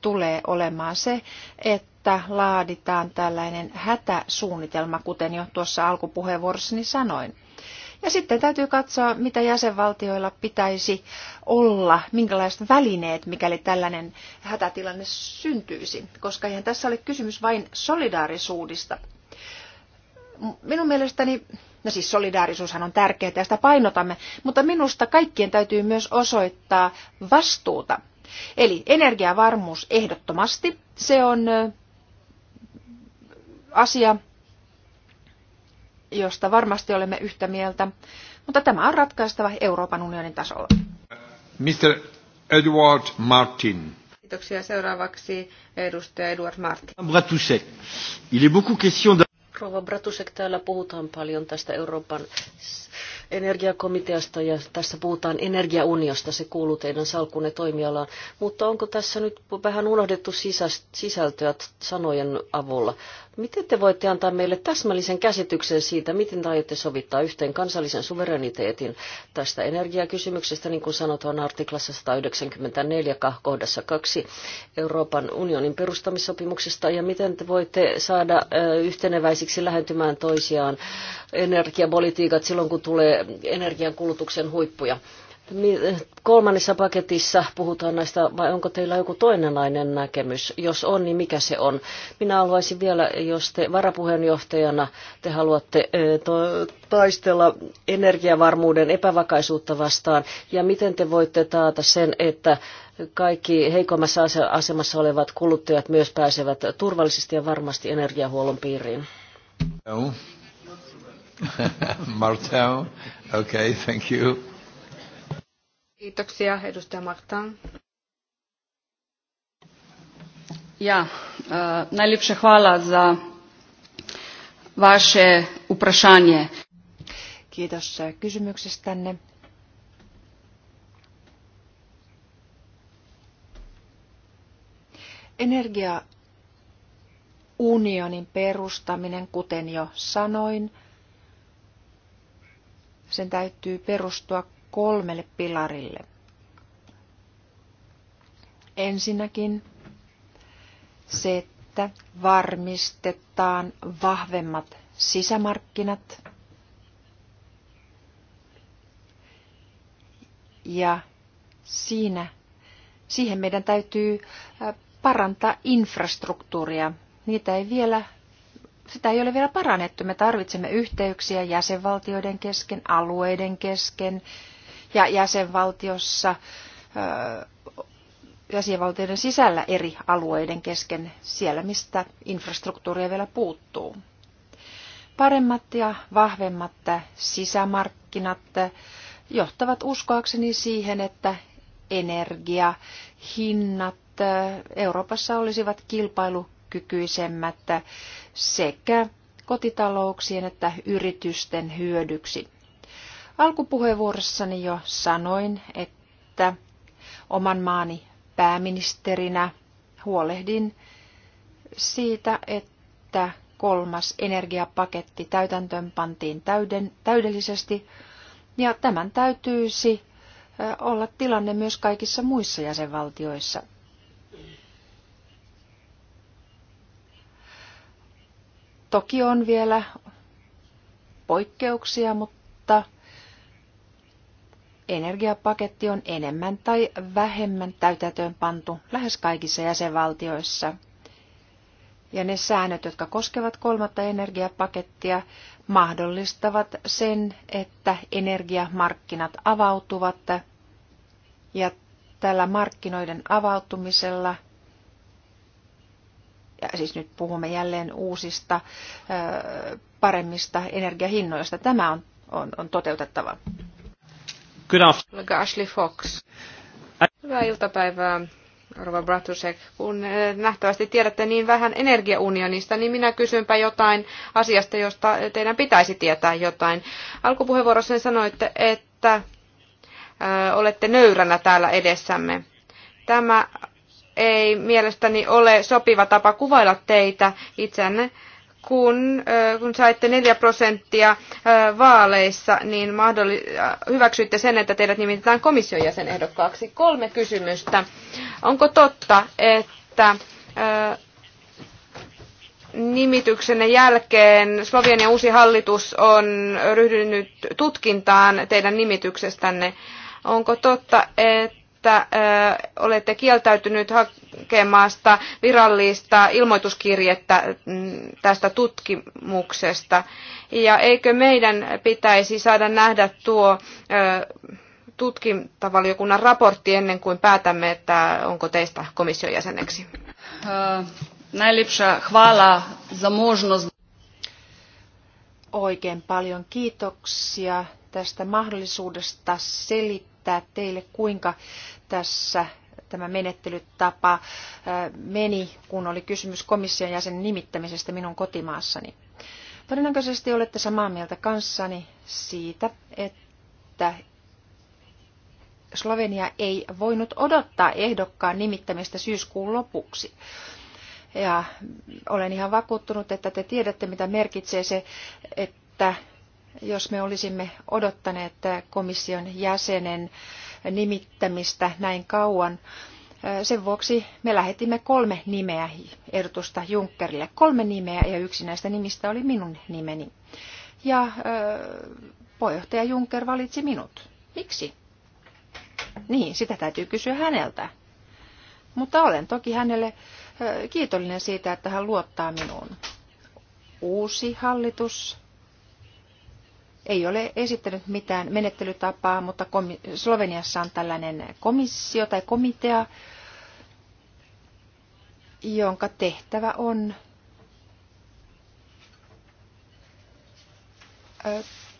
tulee olemaan se, että laaditaan tällainen hätäsuunnitelma, kuten jo tuossa alkupuheenvuorossani sanoin. Ja sitten täytyy katsoa, mitä jäsenvaltioilla pitäisi olla, minkälaiset välineet, mikäli tällainen hätätilanne syntyisi, koska eihän tässä ole kysymys vain solidaarisuudesta. Minun mielestäni, no siis solidaarisuushan on tärkeää ja sitä painotamme, mutta minusta kaikkien täytyy myös osoittaa vastuuta. Eli energiavarmuus ehdottomasti, se on asia, josta varmasti olemme yhtä mieltä, mutta tämä on ratkaistava Euroopan unionin tasolla. Mr. Edward Martin. Kiitoksia. Seuraavaksi edustaja Edward Martin. Bratusek. Il est beaucoup question de... Rouva Bratusek, täällä puhutaan paljon tästä Euroopan energiakomiteasta ja tässä puhutaan energiauniosta, se kuuluu teidän salkunne toimialaan. Mutta onko tässä nyt vähän unohdettu sisältöä sanojen avulla? Miten te voitte antaa meille täsmällisen käsityksen siitä, miten te aiotte sovittaa yhteen kansallisen suvereniteetin tästä energiakysymyksestä, niin kuin sanotaan artiklassa 194 kohdassa 2 Euroopan unionin perustamissopimuksesta, ja miten te voitte saada yhteneväisiksi lähentymään toisiaan energiapolitiikat silloin, kun tulee energiankulutuksen huippuja? Kolmannessa paketissa puhutaan näistä, vai onko teillä joku toinenlainen näkemys? Jos on, niin mikä se on? Minä haluaisin vielä, jos te varapuheenjohtajana te haluatte to, taistella energiavarmuuden epävakaisuutta vastaan, ja miten te voitte taata sen, että kaikki heikommassa asemassa olevat kuluttajat myös pääsevät turvallisesti ja varmasti energiahuollon piiriin? Martel. Okay, thank you. Kiitoksia, edustaja Martin. Ja, äh, najlepša hvala za vaše uprašanje. Kiitos kysymyksestänne. Energiaunionin perustaminen, kuten jo sanoin, sen täytyy perustua kolmelle pilarille. Ensinnäkin se, että varmistetaan vahvemmat sisämarkkinat ja siinä, siihen meidän täytyy parantaa infrastruktuuria. Niitä ei vielä, sitä ei ole vielä parannettu. Me tarvitsemme yhteyksiä jäsenvaltioiden kesken, alueiden kesken, ja jäsenvaltiossa jäsenvaltioiden sisällä eri alueiden kesken siellä, mistä infrastruktuuria vielä puuttuu. Paremmat ja vahvemmat sisämarkkinat johtavat uskoakseni siihen, että energia, hinnat Euroopassa olisivat kilpailukykyisemmät sekä kotitalouksien että yritysten hyödyksi. Alkupuheenvuorossani jo sanoin, että oman maani pääministerinä huolehdin siitä, että kolmas energiapaketti täytäntöön pantiin täyden, täydellisesti, ja tämän täytyisi olla tilanne myös kaikissa muissa jäsenvaltioissa. Toki on vielä poikkeuksia, mutta energiapaketti on enemmän tai vähemmän täytäntöön pantu lähes kaikissa jäsenvaltioissa. Ja ne säännöt, jotka koskevat kolmatta energiapakettia, mahdollistavat sen, että energiamarkkinat avautuvat ja tällä markkinoiden avautumisella ja siis nyt puhumme jälleen uusista paremmista energiahinnoista. Tämä on, on, on toteutettava. Good afternoon. Ashley Fox. Hyvää iltapäivää. Rova Bratusek, kun eh, nähtävästi tiedätte niin vähän energiaunionista, niin minä kysynpä jotain asiasta, josta teidän pitäisi tietää jotain. Alkupuheenvuorossa sanoitte, että eh, olette nöyränä täällä edessämme. Tämä ei mielestäni ole sopiva tapa kuvailla teitä itseänne kun, kun saitte 4 prosenttia vaaleissa, niin mahdolli, hyväksyitte sen, että teidät nimitetään komission jäsenehdokkaaksi. Kolme kysymystä. Onko totta, että nimityksenne jälkeen Slovenian uusi hallitus on ryhdynyt tutkintaan teidän nimityksestänne? Onko totta, että että olette kieltäytynyt hakemasta virallista ilmoituskirjettä mm, tästä tutkimuksesta. Ja eikö meidän pitäisi saada nähdä tuo tutkintavaliokunnan raportti ennen kuin päätämme, että onko teistä komission jäseneksi? Oikein paljon kiitoksia tästä mahdollisuudesta selittää teille, kuinka tässä tämä menettelytapa meni, kun oli kysymys komission jäsenen nimittämisestä minun kotimaassani. Todennäköisesti olette samaa mieltä kanssani siitä, että Slovenia ei voinut odottaa ehdokkaan nimittämistä syyskuun lopuksi. Ja olen ihan vakuuttunut, että te tiedätte, mitä merkitsee se, että jos me olisimme odottaneet komission jäsenen äh, nimittämistä näin kauan. Sen vuoksi me lähetimme kolme nimeä ehdotusta Junckerille. Kolme nimeä ja yksi näistä nimistä oli minun nimeni. Ja pojohtaja puheenjohtaja Juncker valitsi minut. Miksi? Niin, sitä täytyy kysyä häneltä. Mutta olen toki hänelle kiitollinen siitä, että hän luottaa minuun. Uusi hallitus ei ole esittänyt mitään menettelytapaa, mutta Sloveniassa on tällainen komissio tai komitea, jonka tehtävä on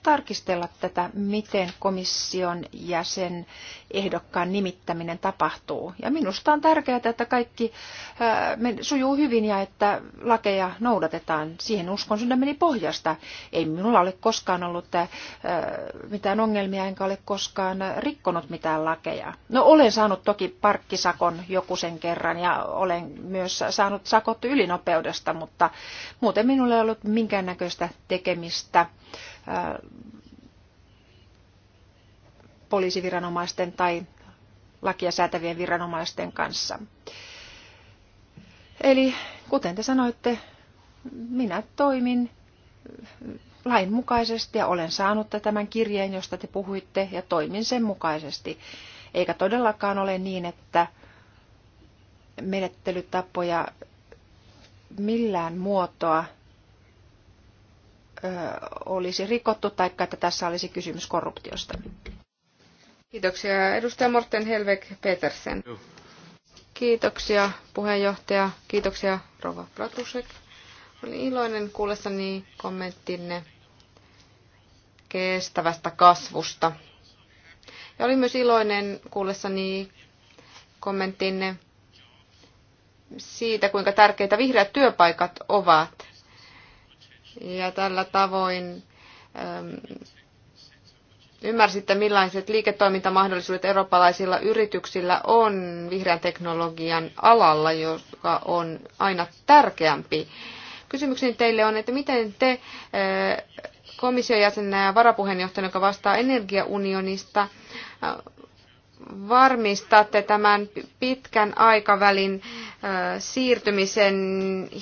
tarkistella tätä, miten komission jäsen ehdokkaan nimittäminen tapahtuu. Ja minusta on tärkeää, että kaikki sujuu hyvin ja että lakeja noudatetaan. Siihen uskon sydämeni pohjasta. Ei minulla ole koskaan ollut mitään ongelmia, enkä ole koskaan rikkonut mitään lakeja. No olen saanut toki parkkisakon joku sen kerran ja olen myös saanut sakot ylinopeudesta, mutta muuten minulla ei ollut minkäännäköistä tekemistä poliisiviranomaisten tai lakia säätävien viranomaisten kanssa. Eli kuten te sanoitte, minä toimin lain mukaisesti ja olen saanut tämän kirjeen, josta te puhuitte, ja toimin sen mukaisesti. Eikä todellakaan ole niin, että menettelytapoja millään muotoa olisi rikottu tai että tässä olisi kysymys korruptiosta. Kiitoksia. Edustaja Morten Helvek Petersen. Kiitoksia puheenjohtaja. Kiitoksia Rova Platusek. Olin iloinen kuullessani kommenttinne kestävästä kasvusta. Ja olin myös iloinen kuullessani kommenttinne siitä, kuinka tärkeitä vihreät työpaikat ovat. Ja tällä tavoin ähm, ymmärsitte, millaiset liiketoimintamahdollisuudet eurooppalaisilla yrityksillä on vihreän teknologian alalla, joka on aina tärkeämpi. Kysymykseni teille on, että miten te äh, komission jäsenä ja varapuheenjohtajana, joka vastaa energiaunionista, äh, varmistatte tämän pitkän aikavälin siirtymisen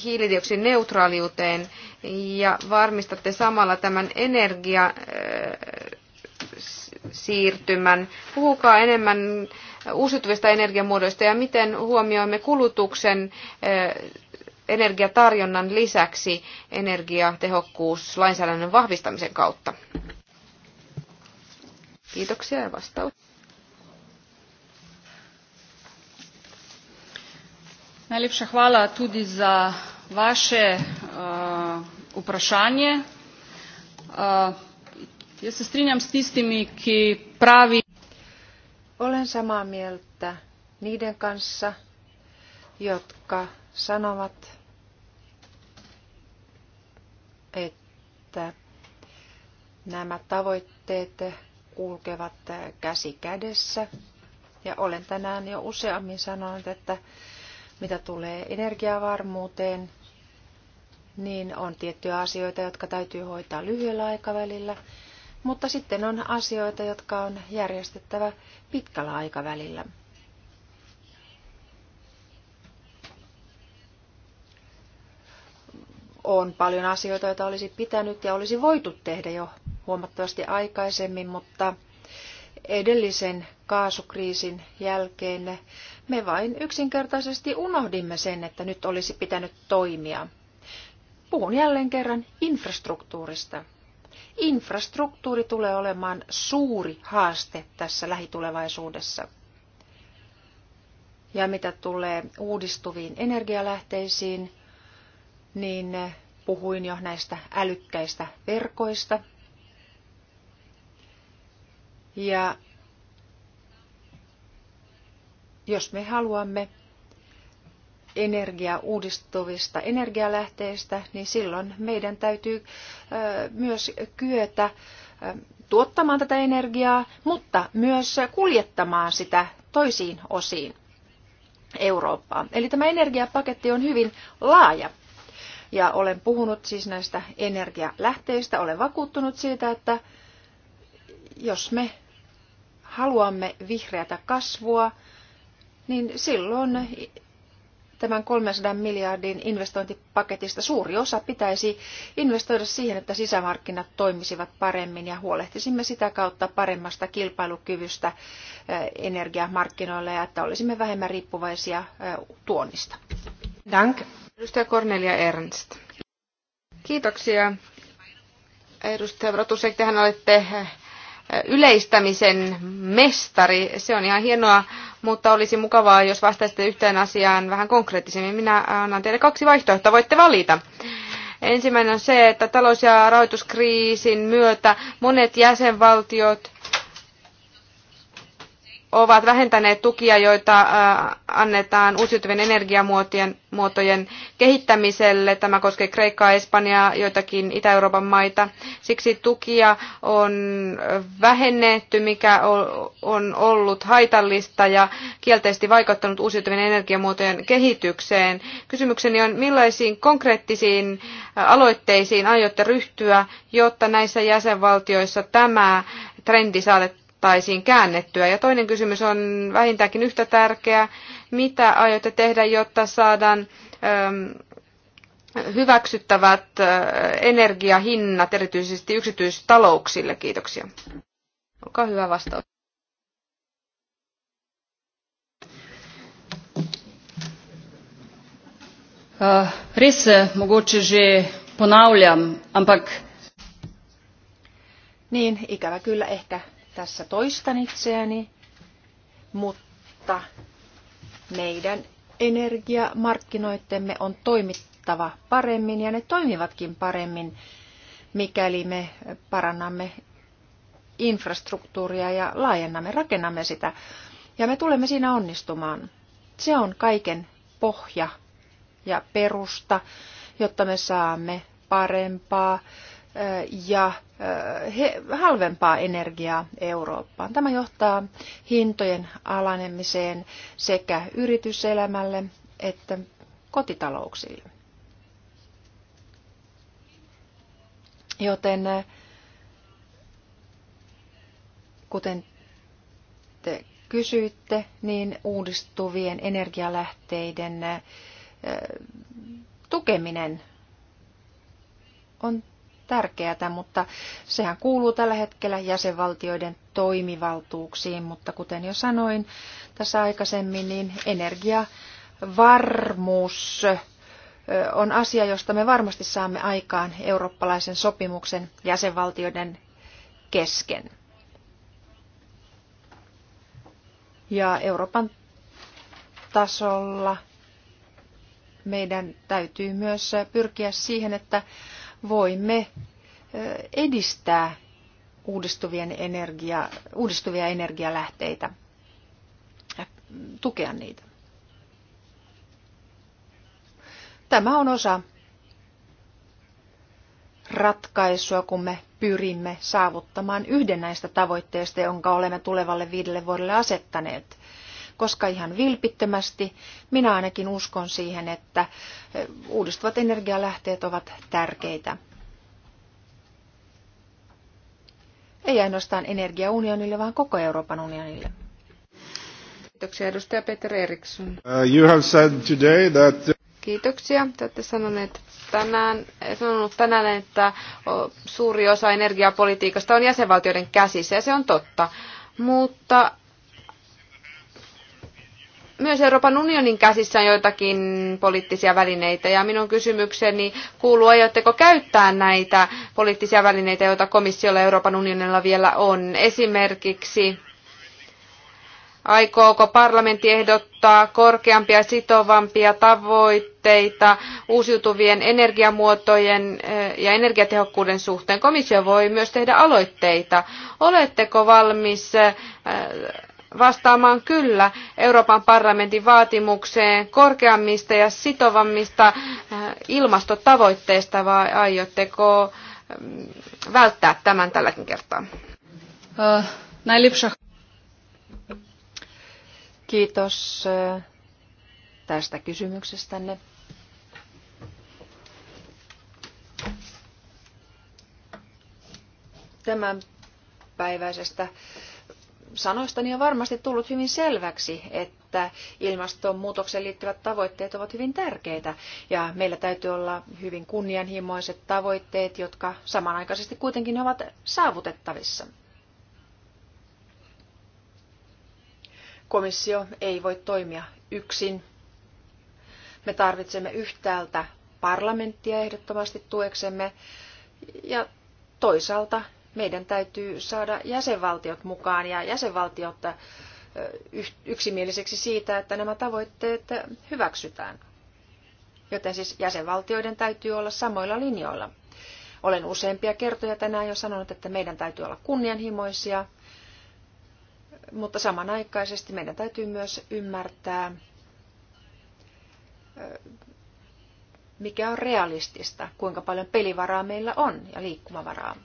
hiilidioksidineutraaliuteen ja varmistatte samalla tämän energiasiirtymän? Puhukaa enemmän uusiutuvista energiamuodoista ja miten huomioimme kulutuksen energiatarjonnan lisäksi energiatehokkuuslainsäädännön vahvistamisen kautta? Kiitoksia ja vastaus. Najlepša hvala tudi za vaše uh, vprašanje. Uh, jaz se strinjam s tistimi, ki pravi. Olen sama mieltä niiden kanssa, jotka sanovat, että nämä tavoitteet kulkevat käsi kädessä. Ja olen tänään jo useammin sanonut, että mitä tulee energiavarmuuteen, niin on tiettyjä asioita, jotka täytyy hoitaa lyhyellä aikavälillä, mutta sitten on asioita, jotka on järjestettävä pitkällä aikavälillä. On paljon asioita, joita olisi pitänyt ja olisi voitu tehdä jo huomattavasti aikaisemmin, mutta edellisen kaasukriisin jälkeen me vain yksinkertaisesti unohdimme sen, että nyt olisi pitänyt toimia. Puhun jälleen kerran infrastruktuurista. Infrastruktuuri tulee olemaan suuri haaste tässä lähitulevaisuudessa. Ja mitä tulee uudistuviin energialähteisiin, niin puhuin jo näistä älykkäistä verkoista. Ja jos me haluamme energiaa uudistuvista energialähteistä, niin silloin meidän täytyy myös kyetä tuottamaan tätä energiaa, mutta myös kuljettamaan sitä toisiin osiin Eurooppaa. Eli tämä energiapaketti on hyvin laaja. Ja olen puhunut siis näistä energialähteistä. Olen vakuuttunut siitä, että jos me haluamme vihreätä kasvua, niin silloin tämän 300 miljardin investointipaketista suuri osa pitäisi investoida siihen, että sisämarkkinat toimisivat paremmin ja huolehtisimme sitä kautta paremmasta kilpailukyvystä eh, energiamarkkinoilla ja että olisimme vähemmän riippuvaisia eh, tuonnista. Dank. Edustaja Cornelia Ernst. Kiitoksia. Edustaja Rotusek, tehän olette eh, yleistämisen mestari. Se on ihan hienoa, mutta olisi mukavaa, jos vastaisitte yhteen asiaan vähän konkreettisemmin. Minä annan teille kaksi vaihtoehtoa, voitte valita. Ensimmäinen on se, että talous- ja rahoituskriisin myötä monet jäsenvaltiot ovat vähentäneet tukia, joita äh, annetaan uusiutuvien energiamuotojen kehittämiselle. Tämä koskee Kreikkaa, Espanjaa, joitakin Itä-Euroopan maita. Siksi tukia on vähennetty, mikä on ollut haitallista ja kielteisesti vaikuttanut uusiutuvien energiamuotojen kehitykseen. Kysymykseni on, millaisiin konkreettisiin äh, aloitteisiin aiotte ryhtyä, jotta näissä jäsenvaltioissa tämä trendi saatetaan saataisiin käännettyä? Ja toinen kysymys on vähintäänkin yhtä tärkeä. Mitä aiotte tehdä, jotta saadaan ähm, hyväksyttävät äh, energiahinnat, erityisesti yksityistalouksille? Kiitoksia. Olkaa hyvä vastaus. Äh, res se äh, mogoče že ponavljam ampak. niin ikävä kyllä ehkä tässä toistan itseäni, mutta meidän energiamarkkinoittemme on toimittava paremmin ja ne toimivatkin paremmin, mikäli me parannamme infrastruktuuria ja laajennamme, rakennamme sitä. Ja me tulemme siinä onnistumaan. Se on kaiken pohja ja perusta, jotta me saamme parempaa ja halvempaa energiaa Eurooppaan. Tämä johtaa hintojen alanemiseen sekä yrityselämälle että kotitalouksille. Joten kuten te kysyitte, niin uudistuvien energialähteiden tukeminen on tärkeää, mutta sehän kuuluu tällä hetkellä jäsenvaltioiden toimivaltuuksiin, mutta kuten jo sanoin tässä aikaisemmin, niin energiavarmuus on asia, josta me varmasti saamme aikaan eurooppalaisen sopimuksen jäsenvaltioiden kesken. Ja Euroopan tasolla meidän täytyy myös pyrkiä siihen, että voimme edistää uudistuvien energia, uudistuvia energialähteitä ja tukea niitä. Tämä on osa ratkaisua, kun me pyrimme saavuttamaan yhden näistä tavoitteista, jonka olemme tulevalle viidelle vuodelle asettaneet koska ihan vilpittömästi minä ainakin uskon siihen, että uudistuvat energialähteet ovat tärkeitä. Ei ainoastaan energiaunionille, vaan koko Euroopan unionille. Kiitoksia edustaja Peter Eriksson. Uh, that... Kiitoksia. Te olette sanoneet tänään, sanonut tänään, että suuri osa energiapolitiikasta on jäsenvaltioiden käsissä ja se on totta. Mutta myös Euroopan unionin käsissä on joitakin poliittisia välineitä ja minun kysymykseni kuuluu, aiotteko käyttää näitä poliittisia välineitä, joita komissiolla ja Euroopan unionilla vielä on. Esimerkiksi aikooko parlamentti ehdottaa korkeampia sitovampia tavoitteita uusiutuvien energiamuotojen eh, ja energiatehokkuuden suhteen. Komissio voi myös tehdä aloitteita. Oletteko valmis eh, vastaamaan kyllä Euroopan parlamentin vaatimukseen korkeammista ja sitovammista äh, ilmastotavoitteista vai aiotteko ähm, välttää tämän tälläkin kertaa? Uh, äh, najlipša. Kiitos äh, tästä kysymyksestänne. Tämän päiväisestä sanoistani on varmasti tullut hyvin selväksi, että ilmastonmuutokseen liittyvät tavoitteet ovat hyvin tärkeitä ja meillä täytyy olla hyvin kunnianhimoiset tavoitteet, jotka samanaikaisesti kuitenkin ovat saavutettavissa. Komissio ei voi toimia yksin. Me tarvitsemme yhtäältä parlamenttia ehdottomasti tueksemme ja toisaalta meidän täytyy saada jäsenvaltiot mukaan ja jäsenvaltiot yksimieliseksi siitä, että nämä tavoitteet hyväksytään. Joten siis jäsenvaltioiden täytyy olla samoilla linjoilla. Olen useampia kertoja tänään jo sanonut, että meidän täytyy olla kunnianhimoisia, mutta samanaikaisesti meidän täytyy myös ymmärtää, mikä on realistista, kuinka paljon pelivaraa meillä on ja liikkumavaraa.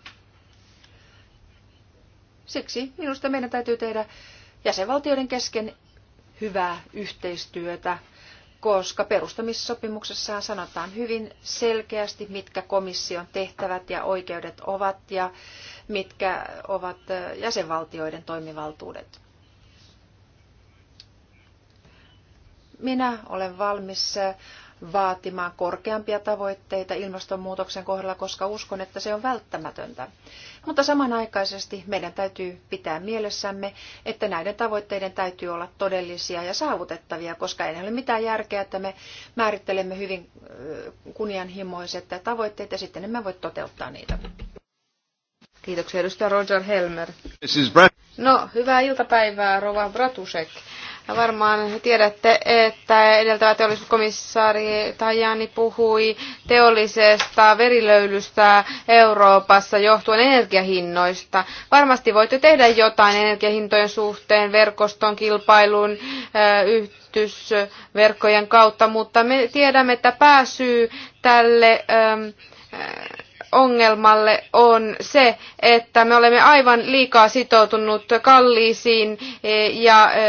Siksi minusta meidän täytyy tehdä jäsenvaltioiden kesken hyvää yhteistyötä, koska perustamissopimuksessaan sanotaan hyvin selkeästi, mitkä komission tehtävät ja oikeudet ovat ja mitkä ovat jäsenvaltioiden toimivaltuudet. Minä olen valmis vaatimaan korkeampia tavoitteita ilmastonmuutoksen kohdalla, koska uskon, että se on välttämätöntä. Mutta samanaikaisesti meidän täytyy pitää mielessämme, että näiden tavoitteiden täytyy olla todellisia ja saavutettavia, koska ei ole mitään järkeä, että me määrittelemme hyvin kunnianhimoiset tavoitteet ja sitten emme voi toteuttaa niitä. Kiitoksia edustaja Roger Helmer. No, hyvää iltapäivää, Rova Bratusek. Ja varmaan tiedätte, että edeltävä teollisuuskomissaari Tajani puhui teollisesta verilöylystä Euroopassa johtuen energiahinnoista. Varmasti voitte tehdä jotain energiahintojen suhteen, verkoston, kilpailun, yhtysverkkojen kautta, mutta me tiedämme, että pääsyy tälle ongelmalle on se, että me olemme aivan liikaa sitoutunut kalliisiin e, ja e,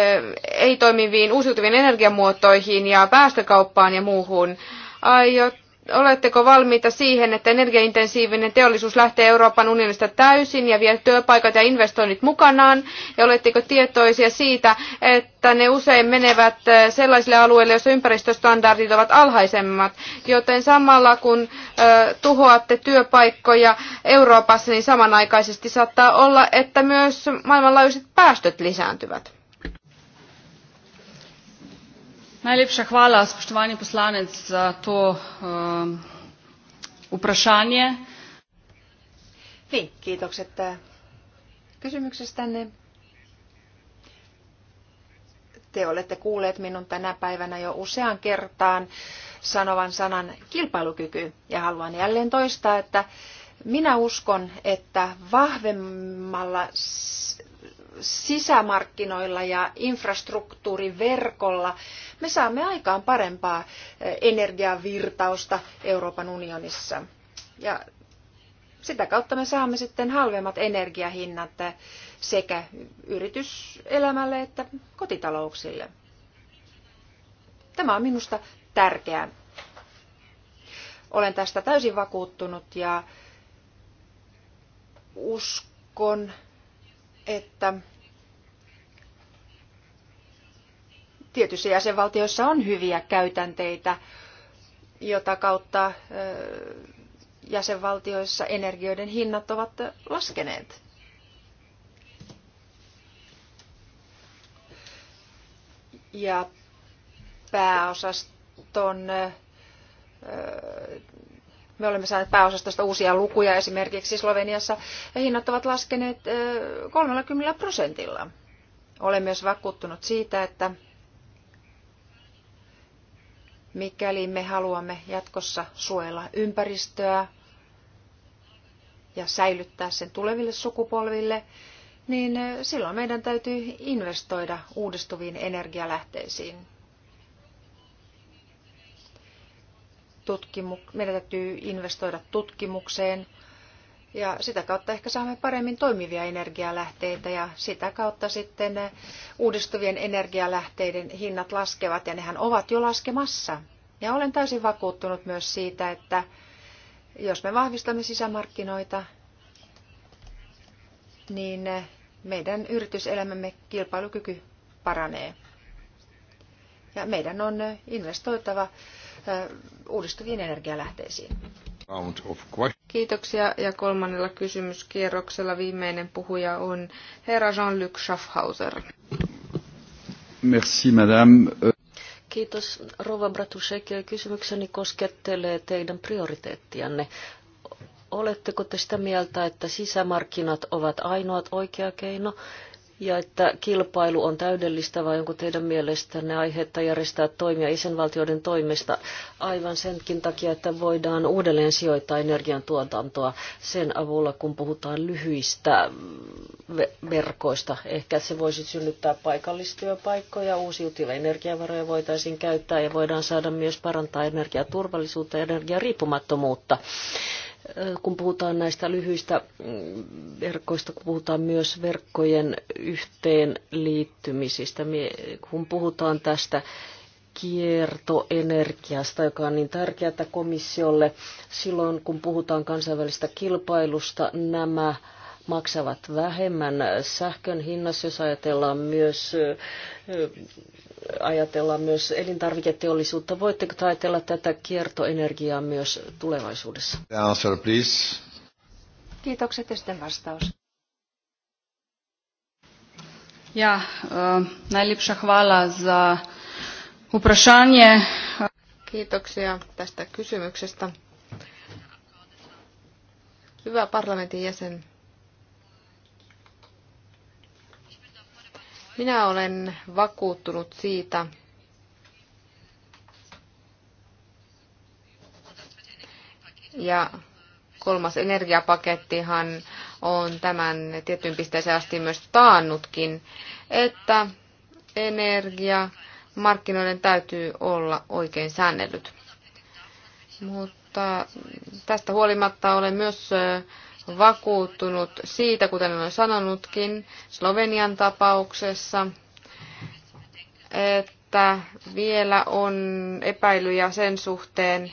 ei toimiviin uusiutuviin energiamuotoihin ja päästökauppaan ja muuhun. Aiot oletteko valmiita siihen, että energiaintensiivinen teollisuus lähtee Euroopan unionista täysin ja vie työpaikat ja investoinnit mukanaan? Ja oletteko tietoisia siitä, että ne usein menevät eh, sellaisille alueille, joissa ympäristöstandardit ovat alhaisemmat? Joten samalla kun eh, tuhoatte työpaikkoja Euroopassa, niin samanaikaisesti saattaa olla, että myös maailmanlaajuiset päästöt lisääntyvät. Najlepša hvala, spoštovani poslanec, za to um, vprašanje. Niin, kiitokset äh, kysymyksestänne. Te olette kuulleet minun tänä päivänä jo usean kertaan sanovan sanan kilpailukyky. Ja haluan jälleen toistaa, että minä uskon, että vahvemmalla sisämarkkinoilla ja infrastruktuuriverkolla me saamme aikaan parempaa eh, energiavirtausta Euroopan unionissa. Ja sitä kautta me saamme sitten halvemmat energiahinnat eh, sekä yrityselämälle että kotitalouksille. Tämä on minusta tärkeää. Olen tästä täysin vakuuttunut ja uskon, että tietyissä jäsenvaltioissa on hyviä käytänteitä, jota kautta jäsenvaltioissa energioiden hinnat ovat laskeneet. Ja pääosaston, me olemme saaneet pääosastosta uusia lukuja esimerkiksi Sloveniassa, ja hinnat ovat laskeneet 30 prosentilla. Olen myös vakuuttunut siitä, että mikäli me haluamme jatkossa suojella ympäristöä ja säilyttää sen tuleville sukupolville, niin eh, silloin meidän täytyy investoida uudistuviin energialähteisiin. Tutkimu- meidän täytyy investoida tutkimukseen – ja sitä kautta ehkä saamme paremmin toimivia energialähteitä ja sitä kautta sitten eh, uudistuvien energialähteiden hinnat laskevat ja nehän ovat jo laskemassa. Ja olen täysin vakuuttunut myös siitä, että jos me vahvistamme sisämarkkinoita, niin eh, meidän yrityselämämme kilpailukyky paranee. Ja meidän on eh, investoitava uudistuviin energialähteisiin. Kiitoksia. Ja kolmannella kysymyskierroksella viimeinen puhuja on herra Jean-Luc Schaffhauser. Merci, madame. Kiitos, Rova Bratusek. Kysymykseni koskettelee teidän prioriteettianne. Oletteko te sitä mieltä, että sisämarkkinat ovat ainoat oikea keino ja että kilpailu on täydellistä vai onko teidän mielestänne aihetta järjestää toimia isänvaltioiden toimesta aivan senkin takia, että voidaan uudelleen sijoittaa energiantuotantoa sen avulla, kun puhutaan lyhyistä verkoista. Ehkä se voisi synnyttää paikallistyöpaikkoja, uusiutuvia energiavaroja voitaisiin käyttää ja voidaan saada myös parantaa energiaturvallisuutta ja energiariippumattomuutta. riippumattomuutta kun puhutaan näistä lyhyistä mm, verkoista, kun puhutaan myös verkkojen yhteenliittymisistä, kun puhutaan tästä kiertoenergiasta, joka on niin tärkeää komissiolle. Silloin kun puhutaan kansainvälistä kilpailusta, nämä maksavat vähemmän sähkön hinnassa, jos ajatellaan myös ajatella myös elintarviketeollisuutta. Voitteko ajatella tätä kiertoenergiaa myös tulevaisuudessa? Answer, please. Kiitokset ja sitten vastaus. Ja, uh, e, najlipša hvala za uprašanje. Kiitoksia tästä kysymyksestä. Hyvä parlamentin jäsen. Minä olen vakuuttunut siitä, ja kolmas energiapakettihan on tämän tietyn pisteeseen asti myös taannutkin, että energia markkinoiden täytyy olla oikein säännellyt. Mutta tästä huolimatta olen myös vakuuttunut siitä, kuten olen sanonutkin Slovenian tapauksessa, että vielä on epäilyjä sen suhteen,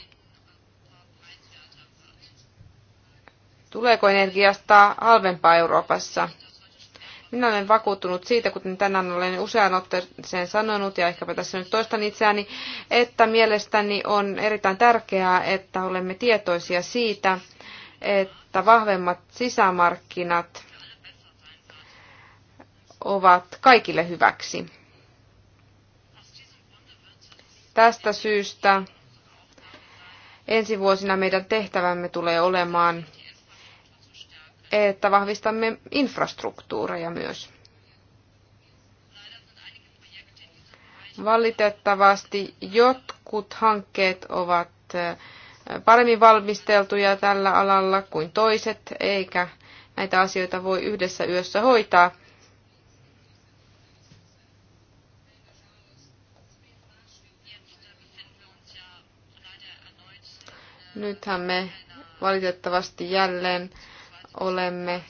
tuleeko energiasta halvempaa Euroopassa. Minä olen vakuuttunut siitä, kuten tänään olen usean otteeseen sanonut, ja ehkäpä tässä nyt toistan itseäni, että mielestäni on erittäin tärkeää, että olemme tietoisia siitä, että vahvemmat sisämarkkinat ovat kaikille hyväksi. Tästä syystä ensi vuosina meidän tehtävämme tulee olemaan, että vahvistamme infrastruktuureja myös. Valitettavasti jotkut hankkeet ovat paremmin valmisteltuja tällä alalla kuin toiset, eikä näitä asioita voi yhdessä yössä hoitaa. Nythän me valitettavasti jälleen olemme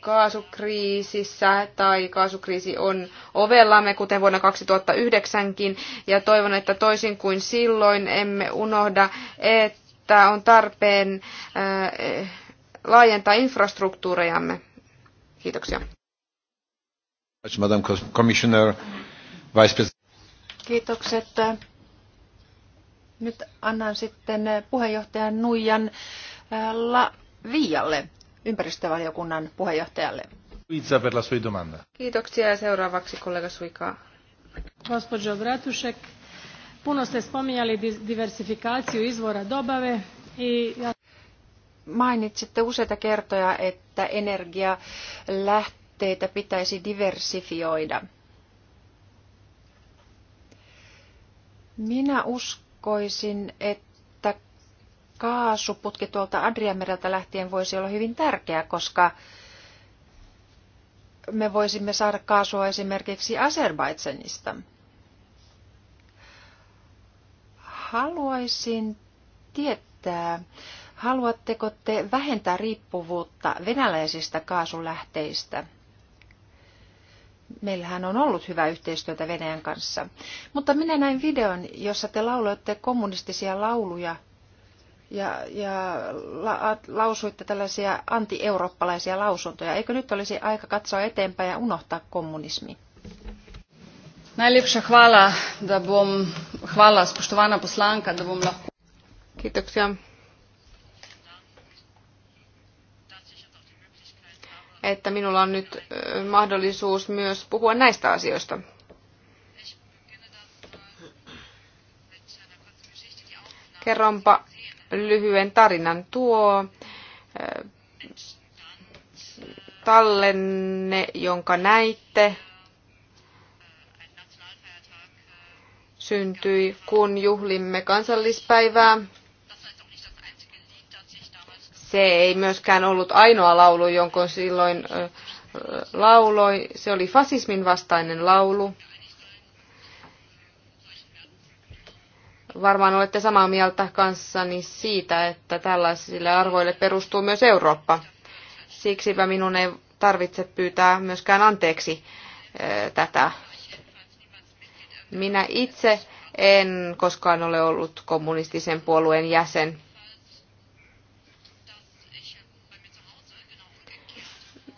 kaasukriisissä tai kaasukriisi on ovellamme, kuten vuonna 2009kin, ja toivon, että toisin kuin silloin emme unohda, että on tarpeen äh, laajentaa infrastruktuurejamme. Kiitoksia. Madam Commissioner, Vice President. Kiitokset. Nyt annan sitten puheenjohtajan Nuijan äh, La Vialle ympäristövaliokunnan puheenjohtajalle. Kiitoksia ja seuraavaksi kollega Suika. Gospodžo Bratušek, puno ste spominjali diversifikaciju izvora dobave i mainitsitte useita kertoja, että energialähteitä pitäisi diversifioida. Minä uskoisin, että kaasuputki tuolta Adriamereltä lähtien voisi olla hyvin tärkeä, koska me voisimme saada kaasua esimerkiksi Azerbaidsenista. Haluaisin tietää, haluatteko te vähentää riippuvuutta venäläisistä kaasulähteistä? Meillähän on ollut hyvää yhteistyötä Venäjän kanssa. Mutta minä näin videon, jossa te lauloitte kommunistisia lauluja ja, ja la, lausuitte tällaisia anti-eurooppalaisia lausuntoja. Eikö nyt olisi aika katsoa eteenpäin ja unohtaa kommunismi? Najlepša hvala, da bom, hvala spoštovana poslanka, da bom lahko. Kiitoksia. Että minulla on nyt mahdollisuus myös puhua näistä asioista. Kerronpa lyhyen tarinan. Tuo eh, tallenne, jonka näitte, syntyi, kun juhlimme kansallispäivää. Se ei myöskään ollut ainoa laulu, jonka silloin eh, lauloi. Se oli fasismin vastainen laulu. Varmaan olette samaa mieltä kanssani siitä, että tällaisille arvoille perustuu myös Eurooppa. Siksipä minun ei tarvitse pyytää myöskään anteeksi tätä. Minä itse en koskaan ole ollut kommunistisen puolueen jäsen.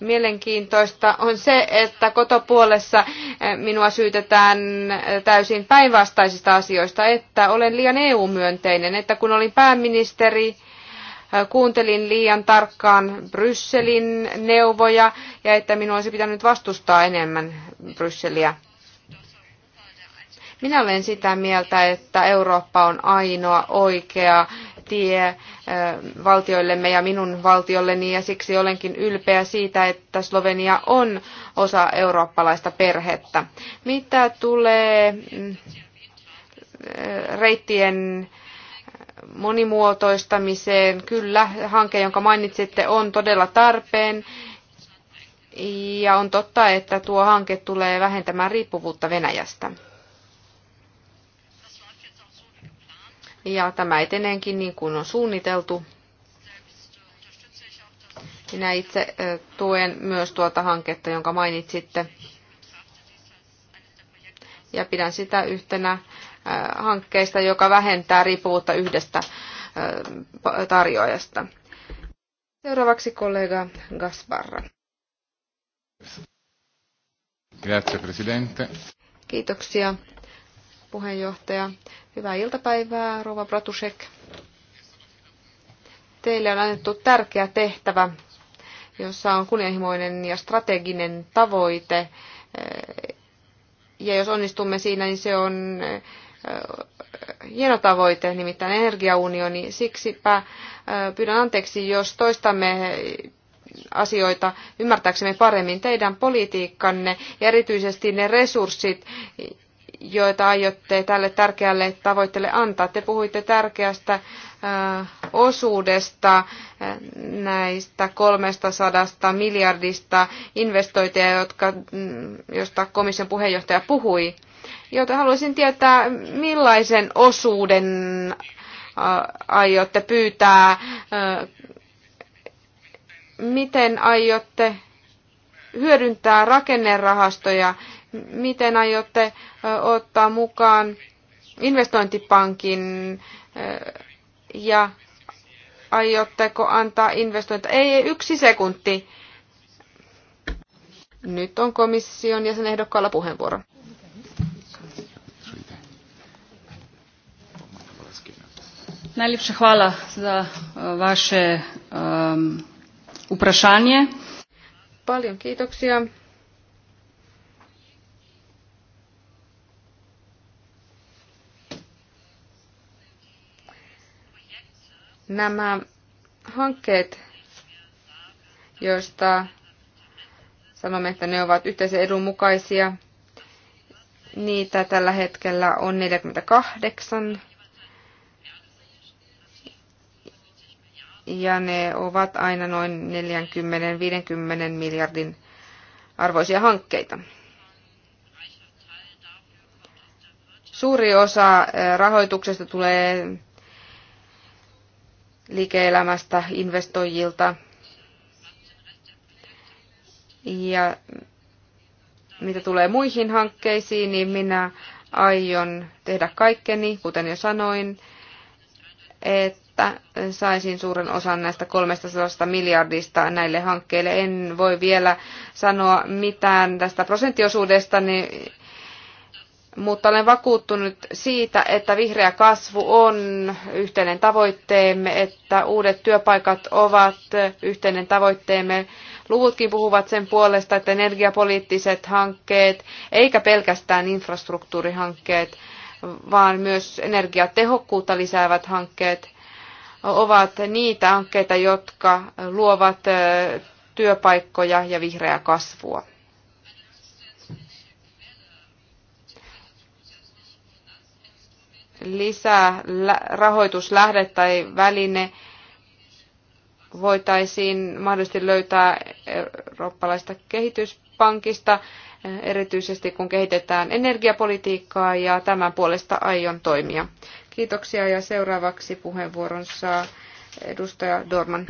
mielenkiintoista on se, että kotopuolessa eh, minua syytetään eh, täysin päinvastaisista asioista, että olen liian EU-myönteinen, että kun olin pääministeri, eh, kuuntelin liian tarkkaan Brysselin neuvoja ja että minun olisi pitänyt vastustaa enemmän Brysseliä. Minä olen sitä mieltä, että Eurooppa on ainoa oikea tie valtioillemme ja minun valtiolleni ja siksi olenkin ylpeä siitä, että Slovenia on osa eurooppalaista perhettä. Mitä tulee mm, reittien monimuotoistamiseen, kyllä hanke, jonka mainitsitte, on todella tarpeen. Ja on totta, että tuo hanke tulee vähentämään riippuvuutta Venäjästä. Ja tämä eteneekin niin kuin on suunniteltu. Minä itse tuen myös tuota hanketta, jonka mainitsitte. Ja pidän sitä yhtenä hankkeista, joka vähentää riippuvuutta yhdestä tarjoajasta. Seuraavaksi kollega Gasparra. Grazie, Presidente. Kiitoksia puheenjohtaja. Hyvää iltapäivää, Rova Bratusek. Teille on annettu tärkeä tehtävä, jossa on kunnianhimoinen ja strateginen tavoite. Ja jos onnistumme siinä, niin se on eh, hieno tavoite, nimittäin energiaunioni. Siksipä eh, pyydän anteeksi, jos toistamme asioita ymmärtääksemme paremmin teidän politiikkanne ja erityisesti ne resurssit, joita aiotte tälle tärkeälle tavoitteelle antaa. Te puhuitte tärkeästä äh, osuudesta äh, näistä 300 miljardista investointeja, jotka, mm, josta komission puheenjohtaja puhui. Joten haluaisin tietää, millaisen osuuden äh, aiotte pyytää, miten aiotte hyödyntää rakennerahastoja miten aiotte ottaa mukaan investointipankin ja aiotteko antaa investointia Ei, ei, yksi sekunti. Nyt on komission ja sen ehdokkaalla puheenvuoro. Najlepša hvala za vaše um, uprašanje. Paljon kiitoksia Nämä hankkeet, joista sanomme, että ne ovat yhteisen edun mukaisia, niitä tällä hetkellä on 48. Ja ne ovat aina noin 40-50 miljardin arvoisia hankkeita. Suuri osa eh, rahoituksesta tulee liike-elämästä, investoijilta. Ja mitä tulee muihin hankkeisiin, niin minä aion tehdä kaikkeni, kuten jo sanoin, että saisin suuren osan näistä 300 miljardista näille hankkeille. En voi vielä sanoa mitään tästä prosenttiosuudesta, niin mutta olen vakuuttunut siitä, että vihreä kasvu on yhteinen tavoitteemme, että uudet työpaikat ovat yhteinen tavoitteemme. Luvutkin puhuvat sen puolesta, että energiapoliittiset hankkeet, eikä pelkästään infrastruktuurihankkeet, vaan myös energiatehokkuutta lisäävät hankkeet ovat niitä hankkeita, jotka luovat työpaikkoja ja vihreää kasvua. lisää rahoituslähde tai väline voitaisiin mahdollisesti löytää eurooppalaista kehityspankista, erityisesti kun kehitetään energiapolitiikkaa ja tämän puolesta aion toimia. Kiitoksia ja seuraavaksi puheenvuoron saa edustaja Dorman.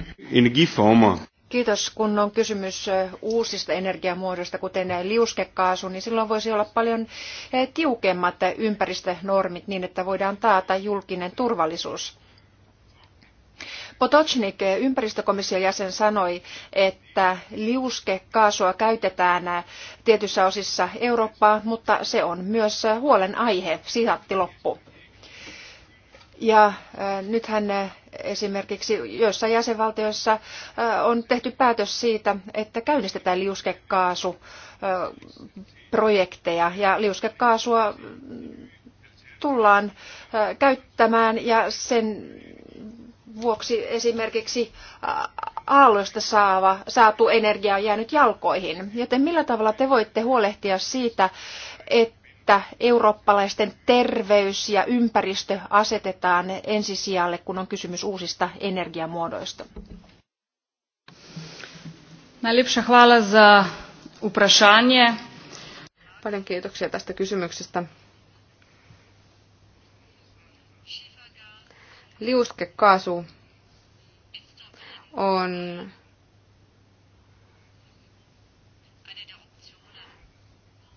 Kiitos, kun on kysymys uusista energiamuodoista, kuten liuskekaasu, niin silloin voisi olla paljon tiukemmat ympäristönormit niin, että voidaan taata julkinen turvallisuus. Potocnik, ympäristökomission jäsen, sanoi, että liuskekaasua käytetään tietyissä osissa Eurooppaa, mutta se on myös huolenaihe, sihatti loppu. Ja nythän Esimerkiksi joissain jäsenvaltioissa äh, on tehty päätös siitä, että käynnistetään liuskekaasuprojekteja ja liuskekaasua tullaan äh, käyttämään ja sen vuoksi esimerkiksi äh, aalloista saava, saatu energia on jäänyt jalkoihin. Joten millä tavalla te voitte huolehtia siitä, että että eurooppalaisten terveys ja ympäristö asetetaan ensisijalle, kun on kysymys uusista energiamuodoista? Najlepša hvala za uprašanje. Paljon kiitoksia tästä kysymyksestä. Liuskekaasu on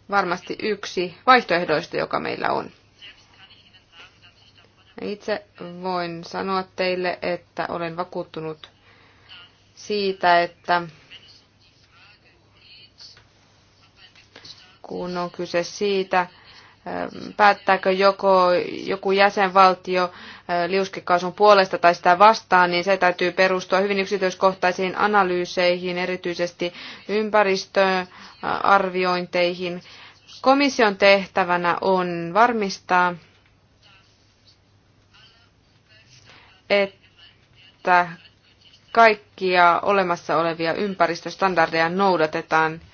varmasti yksi vaihtoehdoista, joka meillä on. Itse voin sanoa teille, että olen vakuuttunut siitä, että kun on kyse siitä, päättääkö joko joku jäsenvaltio liuskekaasun puolesta tai sitä vastaan, niin se täytyy perustua hyvin yksityiskohtaisiin analyyseihin, erityisesti ympäristöarviointeihin. Komission tehtävänä on varmistaa, että kaikkia olemassa olevia ympäristöstandardeja noudatetaan –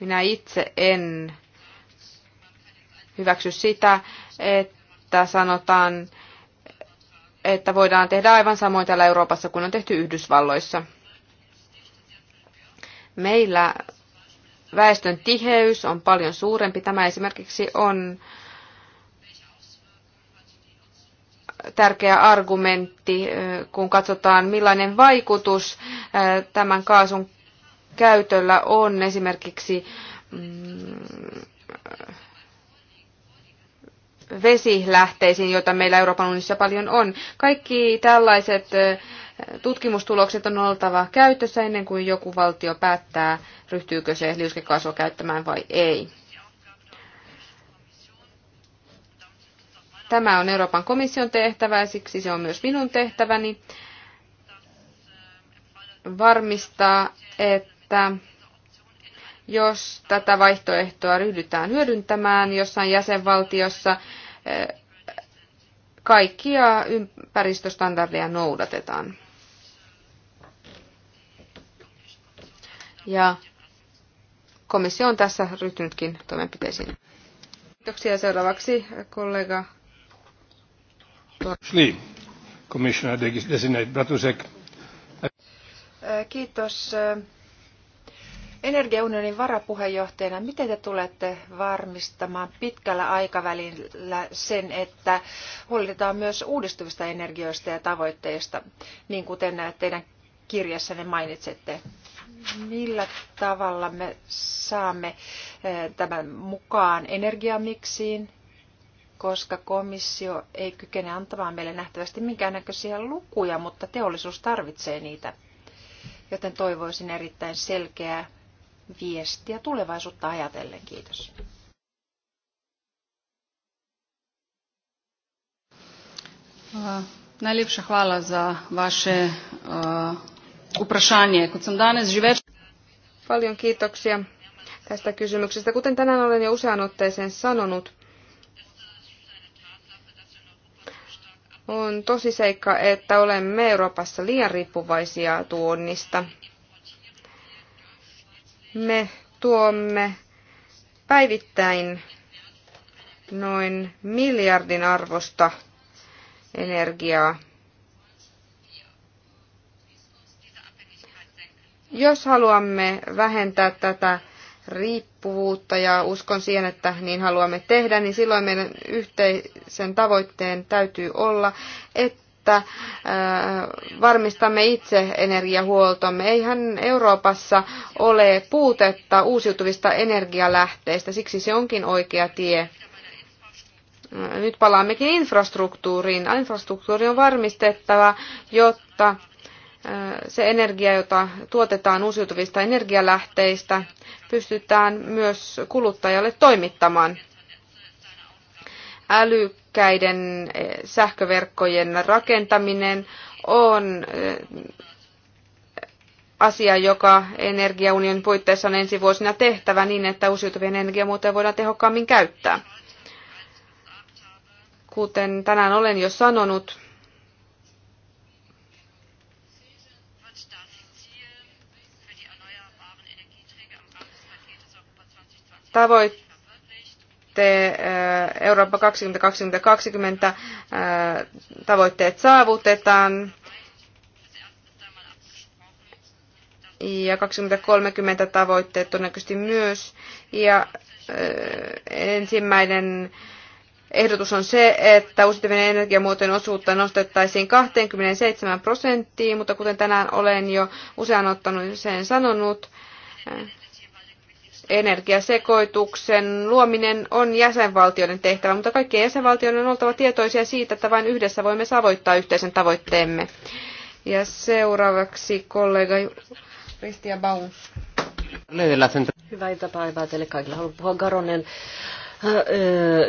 Minä itse en hyväksy sitä, että sanotaan, että voidaan tehdä aivan samoin täällä Euroopassa kuin on tehty Yhdysvalloissa. Meillä väestön tiheys on paljon suurempi. Tämä esimerkiksi on tärkeä argumentti, kun katsotaan millainen vaikutus tämän kaasun käytöllä on esimerkiksi mm, vesilähteisiin, joita meillä Euroopan unionissa paljon on. Kaikki tällaiset tutkimustulokset on oltava käytössä ennen kuin joku valtio päättää, ryhtyykö se liuskekaasua käyttämään vai ei. Tämä on Euroopan komission tehtävä ja siksi se on myös minun tehtäväni varmistaa, että että jos tätä vaihtoehtoa ryhdytään hyödyntämään jossain jäsenvaltiossa, eh, kaikkia ympäristöstandardeja noudatetaan. Ja komissio on tässä ryhtynytkin toimenpiteisiin. Kiitoksia. Seuraavaksi kollega Commissioner Designate Bratusek. Eh, kiitos Energiaunionin varapuheenjohtajana, miten te tulette varmistamaan pitkällä aikavälillä sen, että huolehditaan myös uudistuvista energioista ja tavoitteista, niin kuten teidän kirjassanne mainitsette? Millä tavalla me saamme eh, tämän mukaan energiamiksiin, koska komissio ei kykene antamaan meille nähtävästi minkäännäköisiä lukuja, mutta teollisuus tarvitsee niitä. Joten toivoisin erittäin selkeää viestiä tulevaisuutta ajatellen. Kiitos. Uh, najlepša hvala za vaše uprašanje. Uh, Kot sam danes živeč... Paljon kiitoksia tästä kysymyksestä. Kuten tänään olen jo usean otteeseen sanonut, on tosi seikka, että olemme Euroopassa liian riippuvaisia tuonnista. Me tuomme päivittäin noin miljardin arvosta energiaa. Jos haluamme vähentää tätä riippuvuutta ja uskon siihen, että niin haluamme tehdä, niin silloin meidän yhteisen tavoitteen täytyy olla, että että äh, varmistamme itse energiahuoltomme. Eihän Euroopassa ole puutetta uusiutuvista energialähteistä, siksi se onkin oikea tie. Äh, nyt palaammekin infrastruktuuriin. Infrastruktuuri on varmistettava, jotta äh, se energia, jota tuotetaan uusiutuvista energialähteistä, pystytään myös kuluttajalle toimittamaan. Äly älykkäiden eh, sähköverkkojen rakentaminen on eh, asia, joka energiaunion puitteissa on ensi vuosina tehtävä niin, että uusiutuvien energiamuotoja voidaan tehokkaammin käyttää. Kuten tänään olen jo sanonut, tavoitteet te Eurooppa 2020 tavoitteet saavutetaan ja 2030 tavoitteet todennäköisesti myös. Ja ensimmäinen ehdotus on se, että uusiutuvien energiamuotojen osuutta nostettaisiin 27 prosenttiin, mutta kuten tänään olen jo usean ottanut sen sanonut, Energiasekoituksen luominen on jäsenvaltioiden tehtävä, mutta kaikkien jäsenvaltioiden on oltava tietoisia siitä, että vain yhdessä voimme savoittaa yhteisen tavoitteemme. Ja seuraavaksi kollega Ristia Baun. Hyvää iltapäivää teille kaikille. Haluan puhua Garonen äh,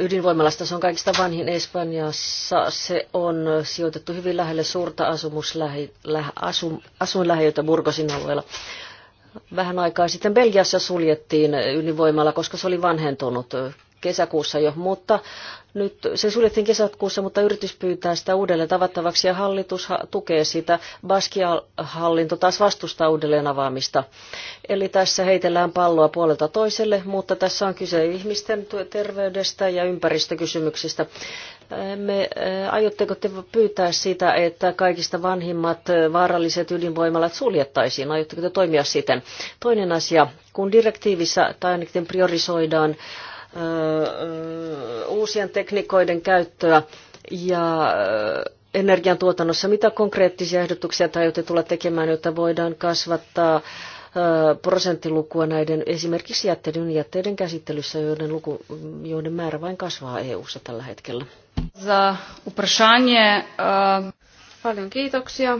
ydinvoimalasta. Se on kaikista vanhin Espanjassa. Se on sijoitettu hyvin lähelle suurta asumuslähi, lä, asuinlähiötä Burgosin alueella vähän aikaa sitten Belgiassa suljettiin ydinvoimalla, koska se oli vanhentunut kesäkuussa jo, mutta nyt se suljettiin kesäkuussa, mutta yritys pyytää sitä uudelleen tavattavaksi ja hallitus tukee sitä. baskia hallinto taas vastustaa uudelleen avaamista. Eli tässä heitellään palloa puolelta toiselle, mutta tässä on kyse ihmisten terveydestä ja ympäristökysymyksistä. Me, eh, aiotteko te pyytää sitä, että kaikista vanhimmat eh, vaaralliset ydinvoimalat suljettaisiin? Aiotteko te toimia siten? Toinen asia, kun direktiivissä tai ainakin priorisoidaan uusien tekniikoiden käyttöä ja energiantuotannossa. Mitä konkreettisia ehdotuksia tai aiotte tulla tekemään, jotta voidaan kasvattaa prosenttilukua näiden esimerkiksi jätteiden, jätteiden käsittelyssä, joiden, luku, joiden määrä vain kasvaa EU-ssa tällä hetkellä? Za uprašanje. Paljon kiitoksia.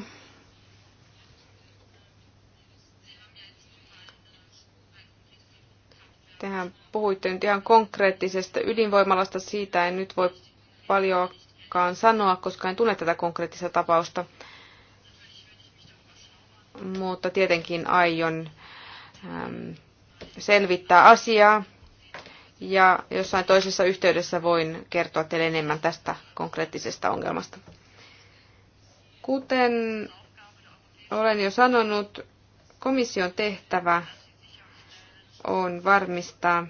Tehän puhuitte nyt ihan konkreettisesta ydinvoimalasta. Siitä en nyt voi paljoakaan sanoa, koska en tunne tätä konkreettista tapausta. Mutta tietenkin aion äm, selvittää asiaa. Ja jossain toisessa yhteydessä voin kertoa teille enemmän tästä konkreettisesta ongelmasta. Kuten olen jo sanonut, komission tehtävä on varmistaa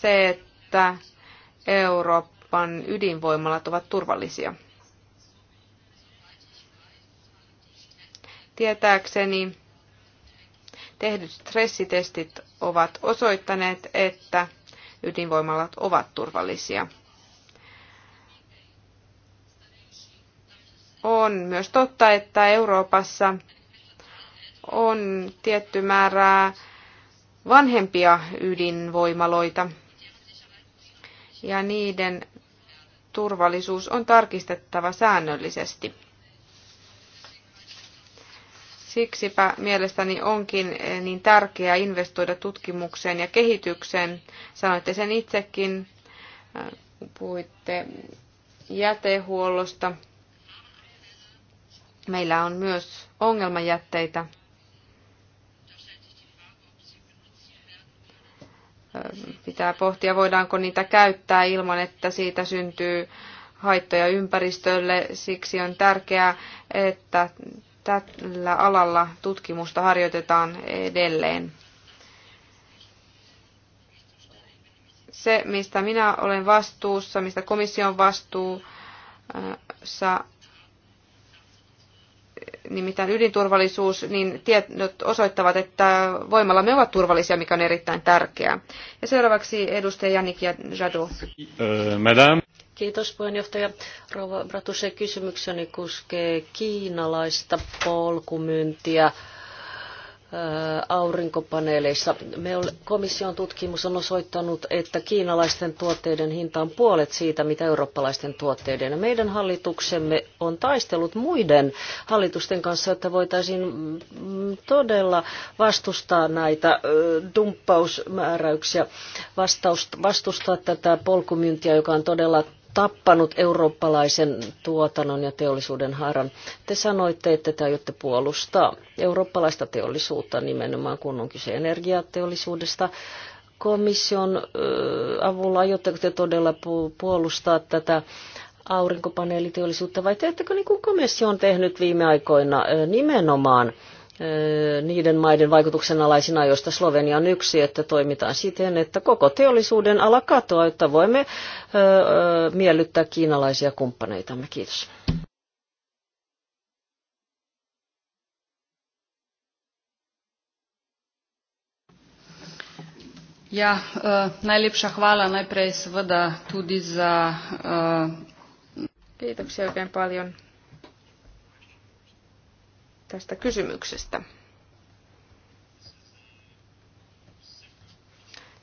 se, että Euroopan ydinvoimalat ovat turvallisia. Tietääkseni tehdyt stressitestit ovat osoittaneet, että ydinvoimalat ovat turvallisia. On myös totta, että Euroopassa on tietty määrää vanhempia ydinvoimaloita ja niiden turvallisuus on tarkistettava säännöllisesti. Siksipä mielestäni onkin eh, niin tärkeää investoida tutkimukseen ja kehitykseen. Sanoitte sen itsekin, eh, kun puhuitte jätehuollosta. Meillä on myös ongelmajätteitä, pitää pohtia, voidaanko niitä käyttää ilman, että siitä syntyy haittoja ympäristölle. Siksi on tärkeää, että tällä alalla tutkimusta harjoitetaan edelleen. Se, mistä minä olen vastuussa, mistä komission vastuussa nimittäin ydinturvallisuus, niin tiedot osoittavat, että me ovat turvallisia, mikä on erittäin tärkeää. Ja seuraavaksi edustaja Janik ja Jadu. Madame. Kiitos puheenjohtaja. Rouva Bratuse kysymykseni koskee kiinalaista polkumyyntiä aurinkopaneeleissa. Me komission tutkimus on osoittanut, että kiinalaisten tuotteiden hinta on puolet siitä, mitä eurooppalaisten tuotteiden. Meidän hallituksemme on taistellut muiden hallitusten kanssa, että voitaisiin mm, todella vastustaa näitä dumppausmääräyksiä, vastustaa tätä polkumyyntiä, joka on todella tappanut eurooppalaisen tuotannon ja teollisuuden haaran. Te sanoitte, että te aiotte puolustaa eurooppalaista teollisuutta nimenomaan, kun on kyse energiateollisuudesta. Komission avulla aiotteko te todella puolustaa tätä aurinkopaneeliteollisuutta vai teettekö niin kuin komissio on tehnyt viime aikoina nimenomaan – niiden maiden vaikutuksen alaisina, joista Slovenia on yksi, että toimitaan siten, että koko teollisuuden ala katoaa, jotta voimme miellyttää kiinalaisia kumppaneitamme. Kiitos. Ja, äh, najlepša hvala najprej seveda tudi za... Äh... Kiitoksia oikein paljon tästä kysymyksestä.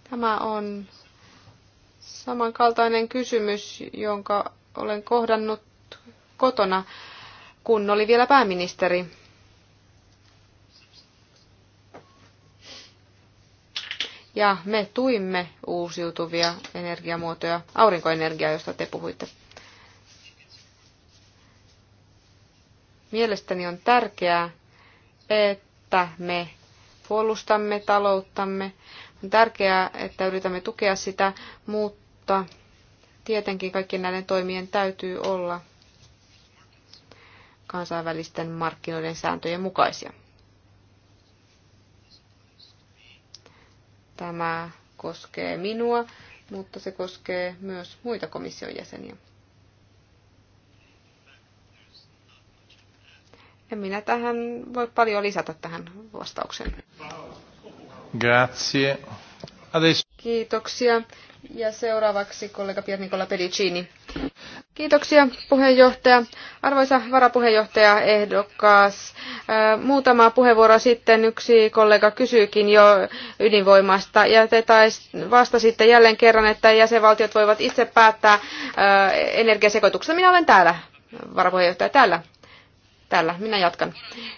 Tämä on samankaltainen kysymys, jonka olen kohdannut kotona, kun oli vielä pääministeri. Ja me tuimme uusiutuvia energiamuotoja, aurinkoenergiaa, josta te puhuitte. Mielestäni on tärkeää, että me puolustamme talouttamme. On tärkeää, että yritämme tukea sitä, mutta tietenkin kaikkien näiden toimien täytyy olla kansainvälisten markkinoiden sääntöjen mukaisia. Tämä koskee minua, mutta se koskee myös muita komission jäseniä. En minä tähän voi paljon lisätä tähän vastaukseen. Grazie. Adesso... Kiitoksia. Ja seuraavaksi kollega Piernikola Pedicini. Kiitoksia puheenjohtaja. Arvoisa varapuheenjohtaja ehdokas. Äh, muutama puheenvuoro sitten yksi kollega kysyykin jo ydinvoimasta ja te tais vastasitte jälleen kerran, että jäsenvaltiot voivat itse päättää äh, energiasekoituksesta. Minä olen täällä, varapuheenjohtaja, täällä. Tällä, minä jatkan.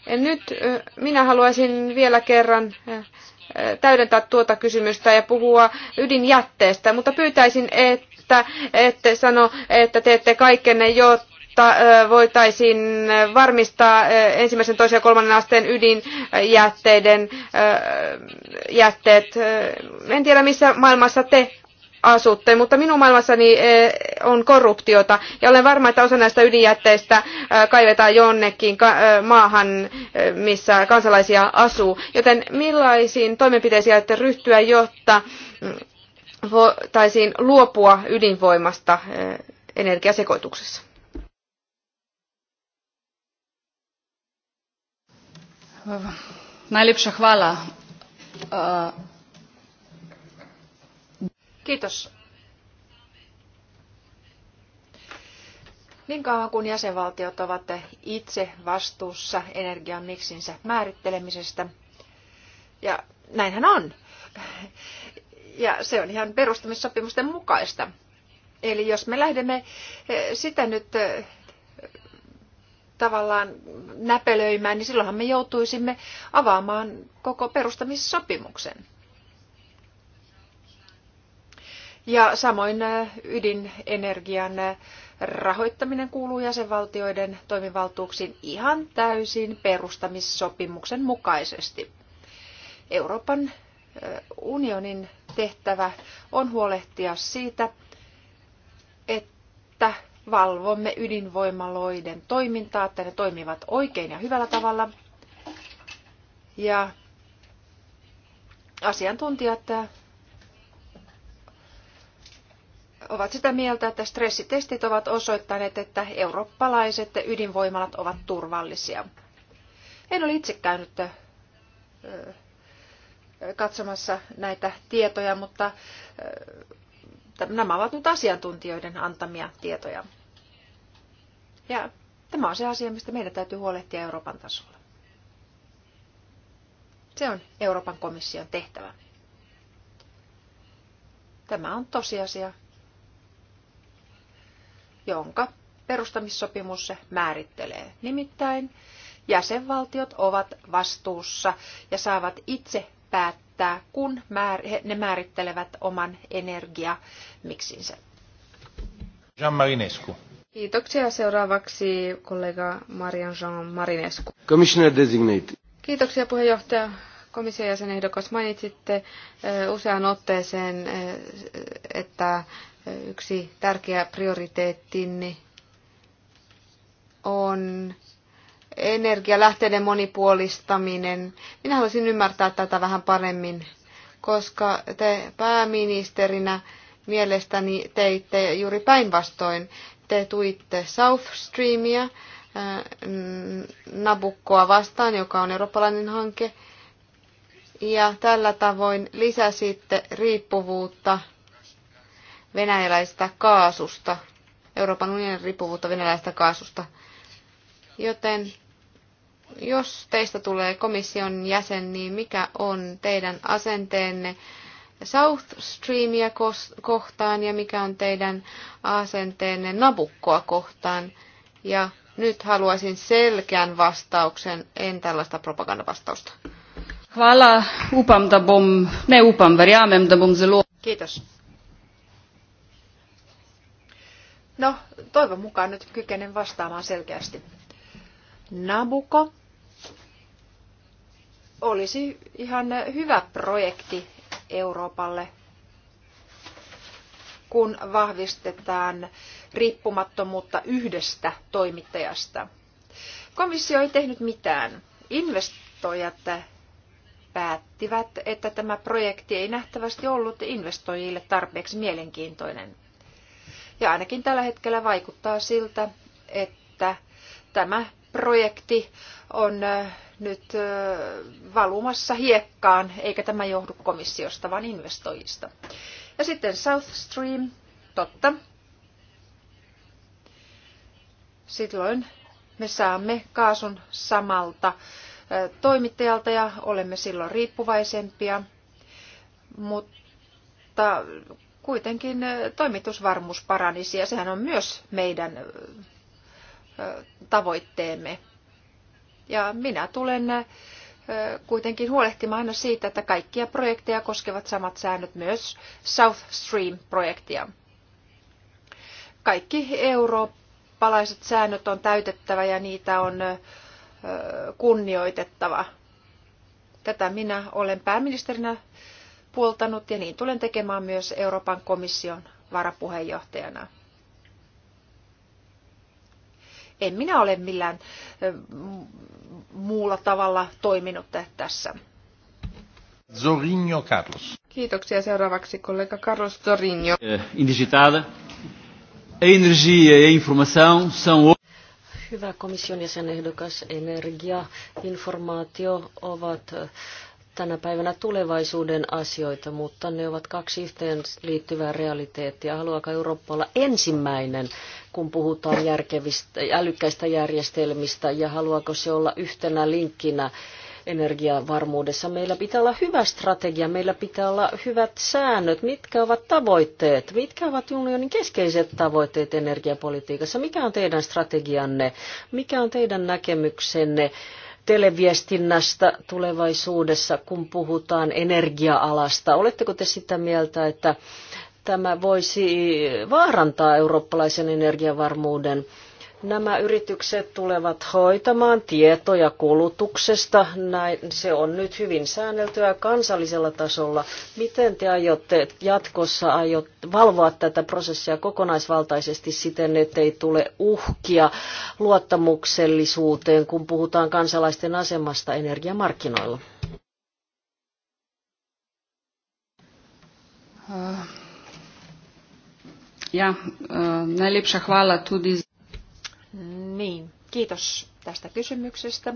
Eh, nyt eh, minä haluaisin vielä kerran eh, täydentää tuota kysymystä ja puhua ydinjätteestä, mutta pyytäisin, että ette sano, että teette kaikkenne, jotta jotta voitaisiin varmistaa ensimmäisen, toisen ja kolmannen asteen ydinjätteiden jätteet. En tiedä, missä maailmassa te asutte, mutta minun maailmassani eh, on korruptiota ja olen varma, että osa näistä ydinjätteistä eh, kaivetaan jonnekin eh, maahan, missä kansalaisia asuu. Joten millaisiin toimenpiteisiin ajatte ryhtyä, jotta mm, voitaisiin luopua ydinvoimasta energiasekoituksessa? Najlepša hvala. Kiitos. Niin kauan kuin jäsenvaltiot ovat itse vastuussa energian miksinsä määrittelemisestä, ja näinhän on, ja se on ihan perustamissopimusten mukaista. Eli jos me lähdemme eh, sitä nyt eh, tavallaan näpelöimään, niin silloinhan me joutuisimme avaamaan koko perustamissopimuksen. Ja samoin äh, ydinenergian äh, rahoittaminen kuuluu jäsenvaltioiden toimivaltuuksiin ihan täysin perustamissopimuksen mukaisesti. Euroopan äh, unionin tehtävä on huolehtia siitä, että valvomme ydinvoimaloiden toimintaa, että ne toimivat oikein ja hyvällä tavalla. Ja asiantuntijat ovat sitä mieltä, että stressitestit ovat osoittaneet, että eurooppalaiset ydinvoimalat ovat turvallisia. En ole itse käynyt katsomassa näitä tietoja, mutta nämä ovat nyt asiantuntijoiden antamia tietoja. Ja tämä on se asia, mistä meidän täytyy huolehtia Euroopan tasolla. Se on Euroopan komission tehtävä. Tämä on tosiasia, jonka perustamissopimus määrittelee. Nimittäin jäsenvaltiot ovat vastuussa ja saavat itse päättää, kun ne määrittelevät oman energiamiksinsä. Jean Marinescu. Kiitoksia. Seuraavaksi kollega Marian Jean Marinescu. Commissioner designate. Kiitoksia puheenjohtaja. Komission jäsenehdokas mainitsitte eh, useaan otteeseen, eh, että Yksi tärkeä prioriteettini on energialähteiden monipuolistaminen. Minä haluaisin ymmärtää tätä vähän paremmin, koska te pääministerinä mielestäni teitte juuri päinvastoin. Te tuitte South Streamia, Nabukkoa vastaan, joka on eurooppalainen hanke, ja tällä tavoin lisäsitte riippuvuutta venäläistä kaasusta, Euroopan unionin riippuvuutta venäläistä kaasusta. Joten jos teistä tulee komission jäsen, niin mikä on teidän asenteenne South Streamia kohtaan ja mikä on teidän asenteenne Nabukkoa kohtaan? Ja nyt haluaisin selkeän vastauksen, en tällaista propagandavastausta. Kiitos. No, toivon mukaan nyt kykenen vastaamaan selkeästi. Nabuko olisi ihan hyvä projekti Euroopalle, kun vahvistetaan riippumattomuutta yhdestä toimittajasta. Komissio ei tehnyt mitään. Investoijat päättivät, että tämä projekti ei nähtävästi ollut investoijille tarpeeksi mielenkiintoinen. Ja ainakin tällä hetkellä vaikuttaa siltä, että tämä projekti on nyt valumassa hiekkaan, eikä tämä johdu komissiosta, vaan investoijista. Ja sitten South Stream, totta. Silloin me saamme kaasun samalta toimittajalta ja olemme silloin riippuvaisempia, mutta kuitenkin toimitusvarmuus paranisi ja sehän on myös meidän tavoitteemme. Ja minä tulen kuitenkin huolehtimaan aina siitä, että kaikkia projekteja koskevat samat säännöt myös South Stream-projektia. Kaikki eurooppalaiset säännöt on täytettävä ja niitä on kunnioitettava. Tätä minä olen pääministerinä puoltanut ja niin tulen tekemään myös Euroopan komission varapuheenjohtajana. En minä ole millään muulla tavalla toiminut tässä. Zorinho Carlos. Kiitoksia seuraavaksi kollega Carlos Zorinho. Eh, indigitada. Energia ja e informaatio on... Hyvä komission jäsenehdokas, energia, informaatio ovat tänä päivänä tulevaisuuden asioita, mutta ne ovat kaksi yhteen liittyvää realiteettia. Haluaako Eurooppa olla ensimmäinen, kun puhutaan järkevistä, älykkäistä järjestelmistä ja haluaako se olla yhtenä linkkinä energiavarmuudessa. Meillä pitää olla hyvä strategia, meillä pitää olla hyvät säännöt, mitkä ovat tavoitteet, mitkä ovat unionin keskeiset tavoitteet energiapolitiikassa, mikä on teidän strategianne, mikä on teidän näkemyksenne televiestinnästä tulevaisuudessa, kun puhutaan energia-alasta. Oletteko te sitä mieltä, että tämä voisi vaarantaa eurooppalaisen energiavarmuuden? Nämä yritykset tulevat hoitamaan tietoja kulutuksesta. Näin, se on nyt hyvin säänneltyä kansallisella tasolla. Miten te aiotte jatkossa aiot valvoa tätä prosessia kokonaisvaltaisesti siten, ettei tule uhkia luottamuksellisuuteen, kun puhutaan kansalaisten asemasta energiamarkkinoilla? Uh, ja, uh, niin, kiitos tästä kysymyksestä.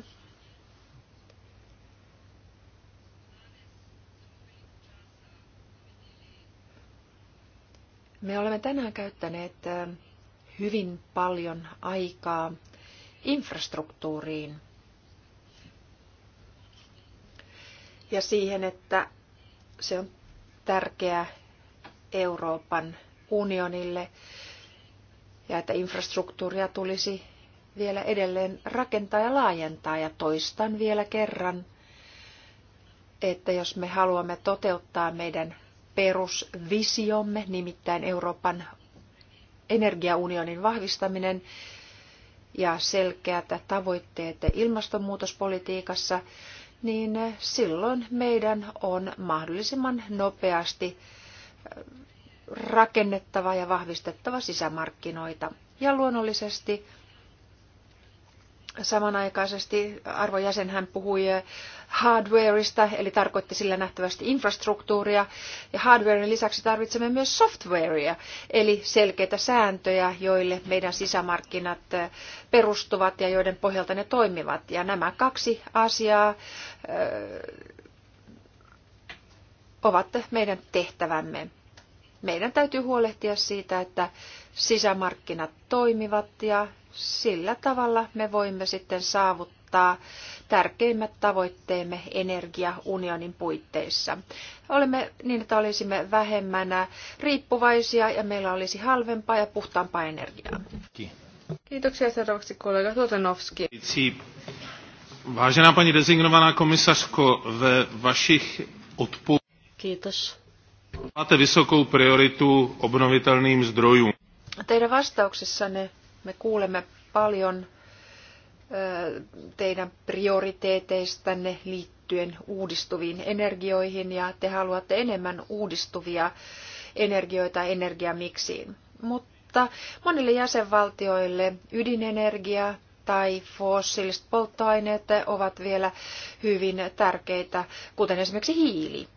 Me olemme tänään käyttäneet hyvin paljon aikaa infrastruktuuriin ja siihen, että se on tärkeä Euroopan unionille ja että infrastruktuuria tulisi vielä edelleen rakentaa ja laajentaa. Ja toistan vielä kerran, että jos me haluamme toteuttaa meidän perusvisiomme, nimittäin Euroopan energiaunionin vahvistaminen ja selkeät tavoitteet ilmastonmuutospolitiikassa, niin silloin meidän on mahdollisimman nopeasti rakennettava ja vahvistettava sisämarkkinoita. Ja luonnollisesti samanaikaisesti arvojäsen hän puhui hardwareista, eli tarkoitti sillä nähtävästi infrastruktuuria. Ja hardwaren lisäksi tarvitsemme myös softwarea, eli selkeitä sääntöjä, joille meidän sisämarkkinat perustuvat ja joiden pohjalta ne toimivat. Ja nämä kaksi asiaa ovat meidän tehtävämme meidän täytyy huolehtia siitä, että sisämarkkinat toimivat ja sillä tavalla me voimme sitten saavuttaa tärkeimmät tavoitteemme energiaunionin puitteissa. Olemme niin, että olisimme vähemmän riippuvaisia ja meillä olisi halvempaa ja puhtaampaa energiaa. Kiitoksia seuraavaksi kollega Tuotanovski. Vážená Kiitos Máte vysokou prioritu obnovitelným zdrojům. Teidän vastauksessanne me kuulemme paljon teidän prioriteeteistanne liittyen uudistuviin energioihin ja te haluatte enemmän uudistuvia energioita energiamiksiin. Mutta monille jäsenvaltioille ydinenergia tai fossiiliset polttoaineet ovat vielä hyvin tärkeitä, kuten esimerkiksi hiili.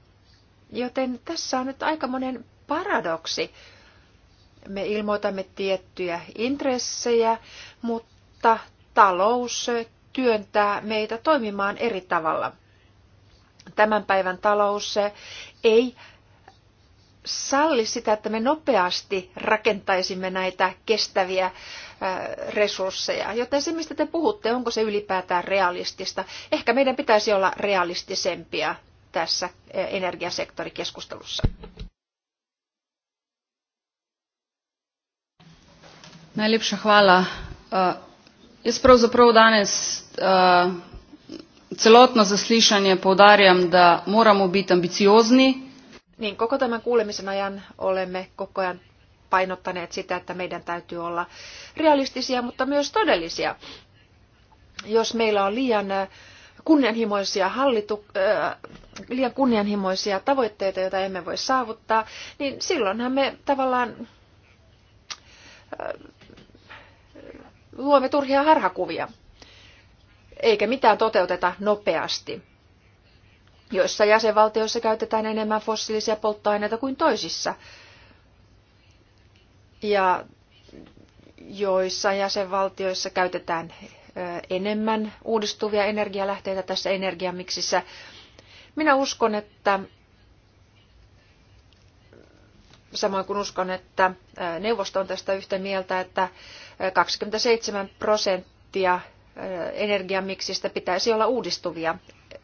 Joten tässä on nyt aikamoinen paradoksi. Me ilmoitamme tiettyjä intressejä, mutta talous työntää meitä toimimaan eri tavalla. Tämän päivän talous ei salli sitä, että me nopeasti rakentaisimme näitä kestäviä äh, resursseja. Joten se, mistä te puhutte, onko se ylipäätään realistista? Ehkä meidän pitäisi olla realistisempia tässä energiasektorikeskustelussa. Najlepša hvala. Uh, jaz pravzaprav danes uh, celotno zaslišanje poudarjam, da moramo biti ambiciozni. Niin, koko tämän kuulemisen ajan olemme koko ajan painottaneet sitä, että meidän täytyy olla realistisia, mutta myös todellisia. Jos meillä on liian uh, kunnianhimoisia hallitu, äh, liian kunnianhimoisia tavoitteita, joita emme voi saavuttaa, niin silloinhan me tavallaan äh, luomme turhia harhakuvia, eikä mitään toteuteta nopeasti. Joissa jäsenvaltioissa käytetään enemmän fossiilisia polttoaineita kuin toisissa. Ja joissa jäsenvaltioissa käytetään enemmän uudistuvia energialähteitä tässä energiamiksissä. Minä uskon, että samoin kuin uskon, että neuvosto on tästä yhtä mieltä, että 27 prosenttia energiamiksistä pitäisi olla uudistuvia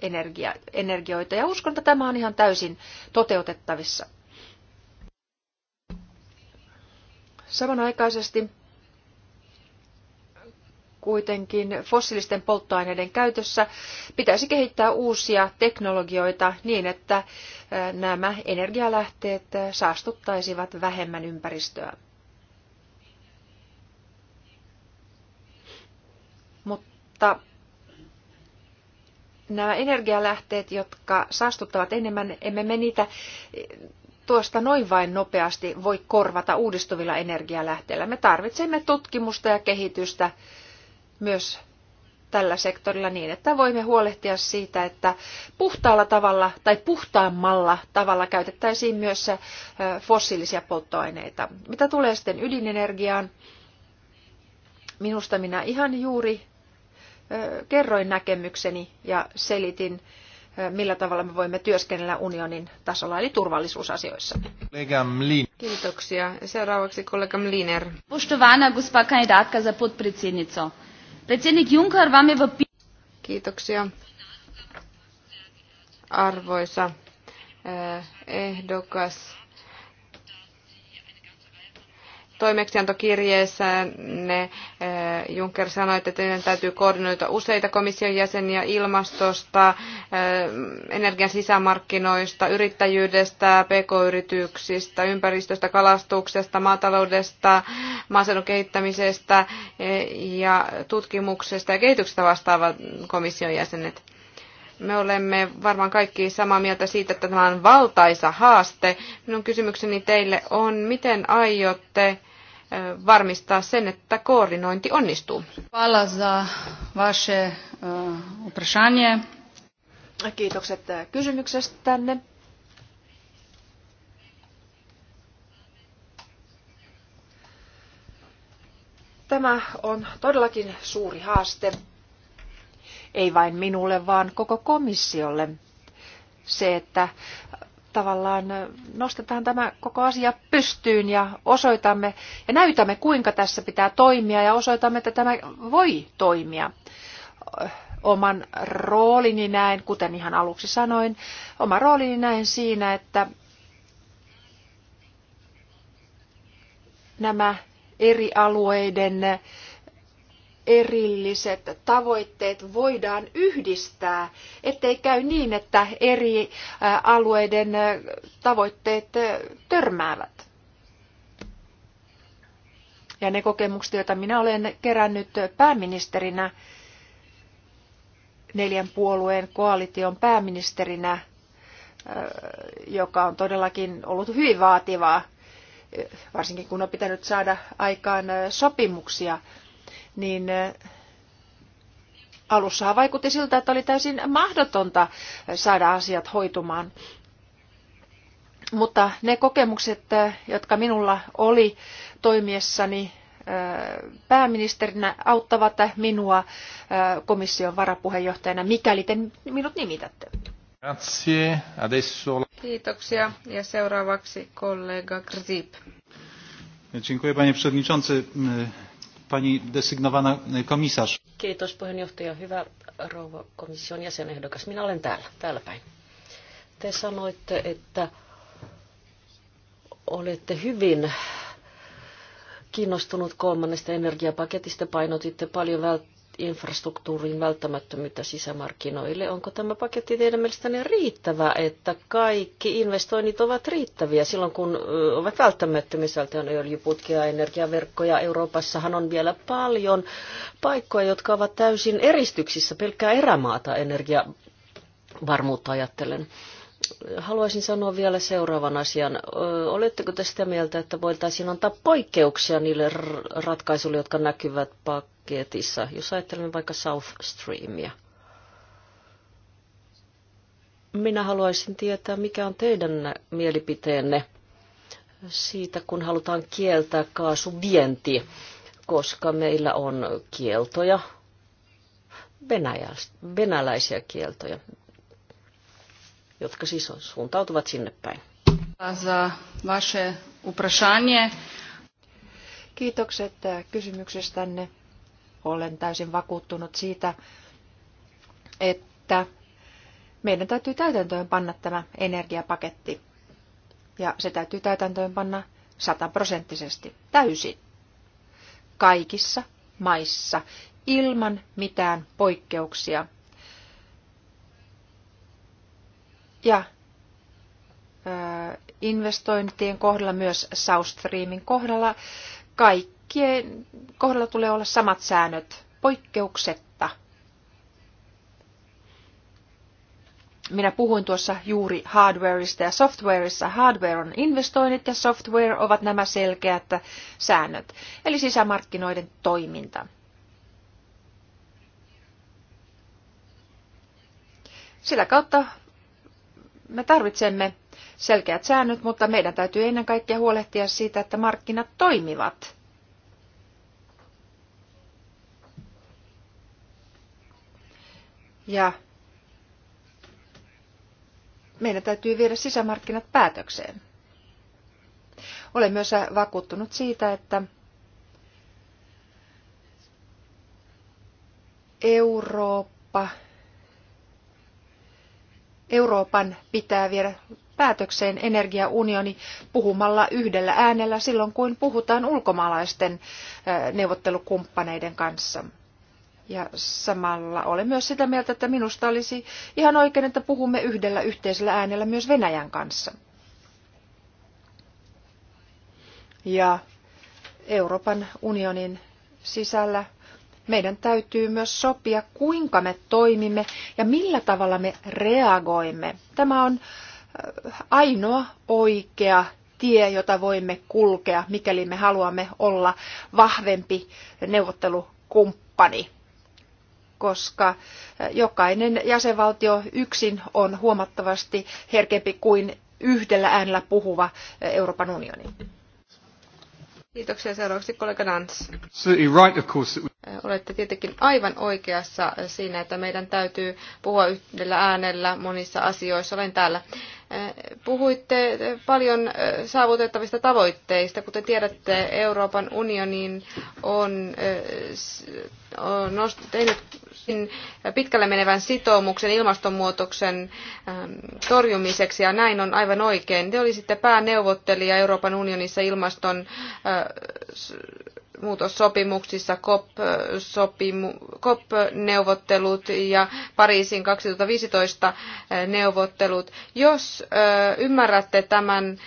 energia, energioita. Ja uskon, että tämä on ihan täysin toteutettavissa. Samanaikaisesti kuitenkin fossiilisten polttoaineiden käytössä pitäisi kehittää uusia teknologioita niin, että nämä energialähteet saastuttaisivat vähemmän ympäristöä. Mutta nämä energialähteet, jotka saastuttavat enemmän, emme me niitä tuosta noin vain nopeasti voi korvata uudistuvilla energialähteillä. Me tarvitsemme tutkimusta ja kehitystä myös tällä sektorilla niin, että voimme huolehtia siitä, että puhtaalla tavalla tai puhtaammalla tavalla käytettäisiin myös fossiilisia polttoaineita. Mitä tulee sitten ydinenergiaan, minusta minä ihan juuri kerroin näkemykseni ja selitin, millä tavalla me voimme työskennellä unionin tasolla, eli turvallisuusasioissa. Kiitoksia. Seuraavaksi kollega Mliner. Poštovana gospa kandidatka za podpredsjednico. Predsednik Juncker vam je Kiitoksia. Arvoisa eh, ehdokas toimeksiantokirjeessä ne eh, Juncker sanoi, että teidän täytyy koordinoida useita komission jäseniä ilmastosta, eh, energian sisämarkkinoista, yrittäjyydestä, pk-yrityksistä, ympäristöstä, kalastuksesta, maataloudesta, maaseudun kehittämisestä eh, ja tutkimuksesta ja kehityksestä vastaavat komission jäsenet me olemme varmaan kaikki samaa mieltä siitä, että tämä on valtaisa haaste. Minun kysymykseni teille on, miten aiotte varmistaa sen, että koordinointi onnistuu. Pala za vaše uprašanje. Kiitokset kysymyksestänne. Tämä on todellakin suuri haaste, ei vain minulle, vaan koko komissiolle. Se, että tavallaan nostetaan tämä koko asia pystyyn ja osoitamme ja näytämme, kuinka tässä pitää toimia ja osoitamme, että tämä voi toimia. Oman roolini näen, kuten ihan aluksi sanoin, oma roolini näen siinä, että nämä eri alueiden erilliset tavoitteet voidaan yhdistää, ettei käy niin, että eri alueiden tavoitteet törmäävät. Ja ne kokemukset, joita minä olen kerännyt pääministerinä, neljän puolueen koalition pääministerinä, joka on todellakin ollut hyvin vaativaa, varsinkin kun on pitänyt saada aikaan sopimuksia – niin alussa vaikutti siltä, että oli täysin mahdotonta saada asiat hoitumaan. Mutta ne kokemukset, jotka minulla oli toimiessani pääministerinä, auttavat minua komission varapuheenjohtajana, mikäli te minut nimitätte. Kiitoksia. Ja seuraavaksi kollega Grzib. Dziękuję panie przewodniczący pani desygnowana e, komisarz. Kiitos puheenjohtaja. Hyvä rouva komission jäsenehdokas. Minä olen täällä, täällä päin. Te sanoitte, että olette hyvin kiinnostunut kolmannesta energiapaketista, painotitte paljon vält- infrastruktuurin välttämättömyyttä sisämarkkinoille. Onko tämä paketti teidän mielestänne riittävä, että kaikki investoinnit ovat riittäviä silloin, kun ovat välttämättömiä? Sieltä on öljyputkia, energiaverkkoja. Euroopassahan on vielä paljon paikkoja, jotka ovat täysin eristyksissä pelkkää erämaata energiavarmuutta ajattelen haluaisin sanoa vielä seuraavan asian. Oletteko te sitä mieltä, että voitaisiin antaa poikkeuksia niille ratkaisuille, jotka näkyvät paketissa, jos ajattelemme vaikka South Streamia? Minä haluaisin tietää, mikä on teidän mielipiteenne siitä, kun halutaan kieltää kaasuvienti, koska meillä on kieltoja, venäläisiä kieltoja jotka siis suuntautuvat sinne päin. Kiitokset äh, kysymyksestänne. Olen täysin vakuuttunut siitä, että meidän täytyy täytäntöön panna tämä energiapaketti. Ja se täytyy täytäntöön panna sataprosenttisesti, täysin. Kaikissa maissa, ilman mitään poikkeuksia, Ja investointien kohdalla, myös South Streamin kohdalla, kaikkien kohdalla tulee olla samat säännöt poikkeuksetta. Minä puhuin tuossa juuri hardwareista ja softwareissa. Hardware on investoinnit ja software ovat nämä selkeät säännöt, eli sisämarkkinoiden toiminta. Sitä kautta me tarvitsemme selkeät säännöt, mutta meidän täytyy ennen kaikkea huolehtia siitä, että markkinat toimivat. Ja meidän täytyy viedä sisämarkkinat päätökseen. Olen myös vakuuttunut siitä, että Eurooppa Euroopan pitää viedä päätökseen energiaunioni puhumalla yhdellä äänellä silloin, kun puhutaan ulkomaalaisten neuvottelukumppaneiden kanssa. Ja samalla olen myös sitä mieltä, että minusta olisi ihan oikein, että puhumme yhdellä yhteisellä äänellä myös Venäjän kanssa. Ja Euroopan unionin sisällä meidän täytyy myös sopia, kuinka me toimimme ja millä tavalla me reagoimme. Tämä on äh, ainoa oikea tie, jota voimme kulkea, mikäli me haluamme olla vahvempi neuvottelukumppani koska äh, jokainen jäsenvaltio yksin on huomattavasti herkempi kuin yhdellä äänellä puhuva äh, Euroopan unioni. Kiitoksia. Seuraavaksi kollega Nans. Right, of course, Olette tietenkin aivan oikeassa siinä, että meidän täytyy puhua yhdellä äänellä monissa asioissa. Olen täällä. Puhuitte paljon saavutettavista tavoitteista. Kuten tiedätte, Euroopan unionin on, on tehnyt pitkälle menevän sitoumuksen ilmastonmuutoksen torjumiseksi, ja näin on aivan oikein. Te olisitte pääneuvottelija Euroopan unionissa ilmaston ilmastonmuutossopimuksissa, COP-neuvottelut ja Pariisin 2015 neuvottelut. Jos ymmärrätte tämän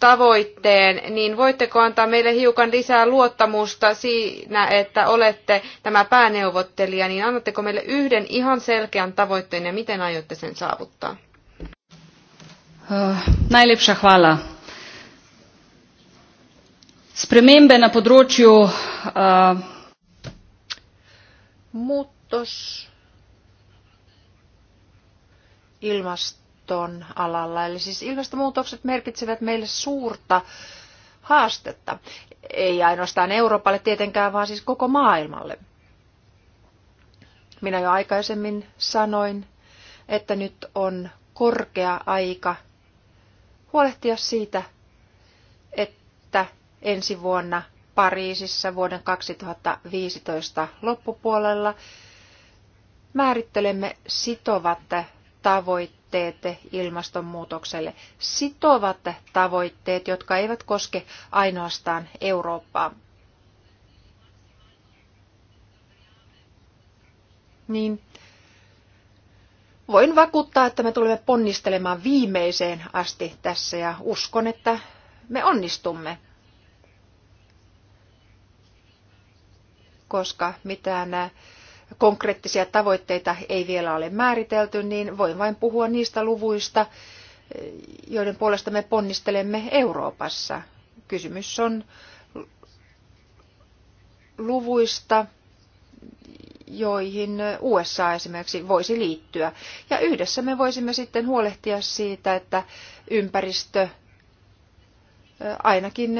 tavoitteen, niin voitteko antaa meille hiukan lisää luottamusta siinä, että olette tämä pääneuvottelija, niin annatteko meille yhden ihan selkeän tavoitteen ja miten aiotte sen saavuttaa? Uh, najlepša hvala. Spremembe na področju muutos ilmaston alalla. Eli siis ilmastonmuutokset merkitsevät meille suurta haastetta. Ei ainoastaan Euroopalle tietenkään, vaan siis koko maailmalle. Minä jo aikaisemmin sanoin, että nyt on korkea aika huolehtia siitä, että ensi vuonna Pariisissa vuoden 2015 loppupuolella määrittelemme sitovat tavoitteet ilmastonmuutokselle. Sitovat tavoitteet, jotka eivät koske ainoastaan Eurooppaa. Niin voin vakuuttaa, että me tulemme ponnistelemaan viimeiseen asti tässä ja uskon, että me onnistumme. koska mitään konkreettisia tavoitteita ei vielä ole määritelty, niin voin vain puhua niistä luvuista, joiden puolesta me ponnistelemme Euroopassa. Kysymys on luvuista, joihin USA esimerkiksi voisi liittyä. Ja yhdessä me voisimme sitten huolehtia siitä, että ympäristö ainakin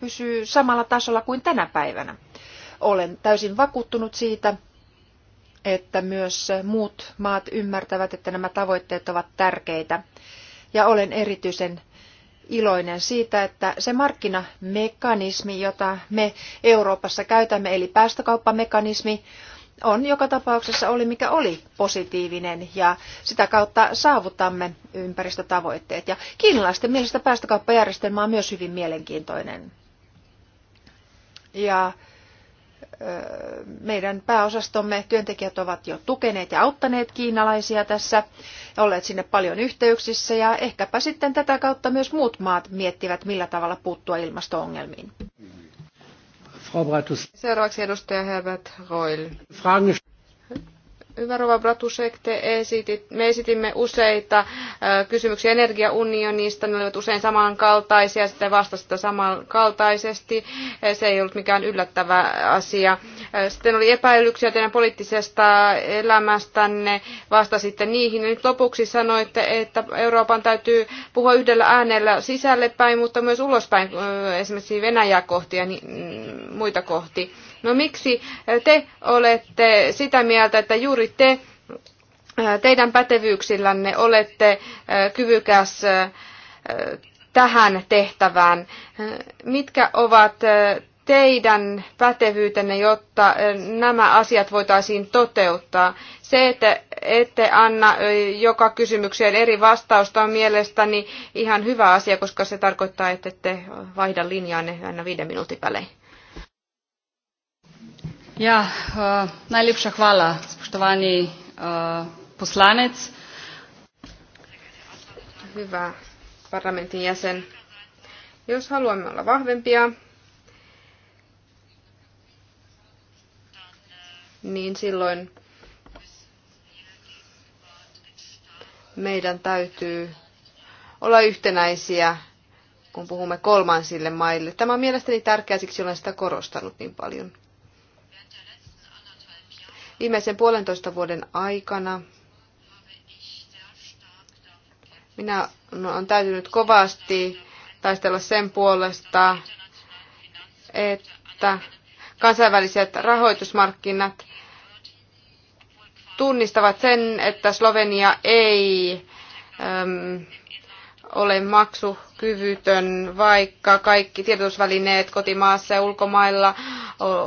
pysyy samalla tasolla kuin tänä päivänä. Olen täysin vakuuttunut siitä, että myös muut maat ymmärtävät, että nämä tavoitteet ovat tärkeitä. Ja olen erityisen iloinen siitä, että se markkinamekanismi, jota me Euroopassa käytämme, eli päästökauppamekanismi, on joka tapauksessa oli mikä oli positiivinen ja sitä kautta saavutamme ympäristötavoitteet. Ja kiinalaisten mielestä päästökauppajärjestelmä on myös hyvin mielenkiintoinen. Ja meidän pääosastomme työntekijät ovat jo tukeneet ja auttaneet kiinalaisia tässä, olleet sinne paljon yhteyksissä ja ehkäpä sitten tätä kautta myös muut maat miettivät, millä tavalla puuttua ilmasto-ongelmiin. Seuraavaksi edustaja Herbert Roil. Hyvä Rova Bratusek, te esitit, me esitimme useita kysymyksiä energiaunionista, ne olivat usein samankaltaisia, sitten vastasitte samankaltaisesti, e, se ei ollut mikään yllättävä asia. E, sitten oli epäilyksiä teidän poliittisesta elämästänne, vastasitte niihin, ja nyt lopuksi sanoitte, että Euroopan täytyy puhua yhdellä äänellä sisälle päin, mutta myös ulospäin, esimerkiksi Venäjää kohti ja muita kohti No miksi te olette sitä mieltä, että juuri te äh, teidän pätevyyksillänne olette äh, kyvykäs äh, tähän tehtävään? Mitkä ovat teidän pätevyytenne, jotta nämä asiat voitaisiin toteuttaa. Se, että ette anna joka kysymykseen eri vastausta on mielestäni ihan hyvä asia, koska se tarkoittaa, että te vaihda linjaanne aina viiden minuutin välein. Ja, uh, najlepša hvala, spoštovani uh, poslanec. Hyvä parlamentin jäsen. Jos haluamme olla vahvempia, niin silloin meidän täytyy olla yhtenäisiä, kun puhumme kolmansille maille. Tämä on mielestäni tärkeää, siksi olen sitä korostanut niin paljon viimeisen puolentoista vuoden aikana minä olen no, täytynyt kovasti taistella sen puolesta, että kansainväliset rahoitusmarkkinat tunnistavat sen, että Slovenia ei äm, ole maksukyvytön, vaikka kaikki tiedotusvälineet kotimaassa ja ulkomailla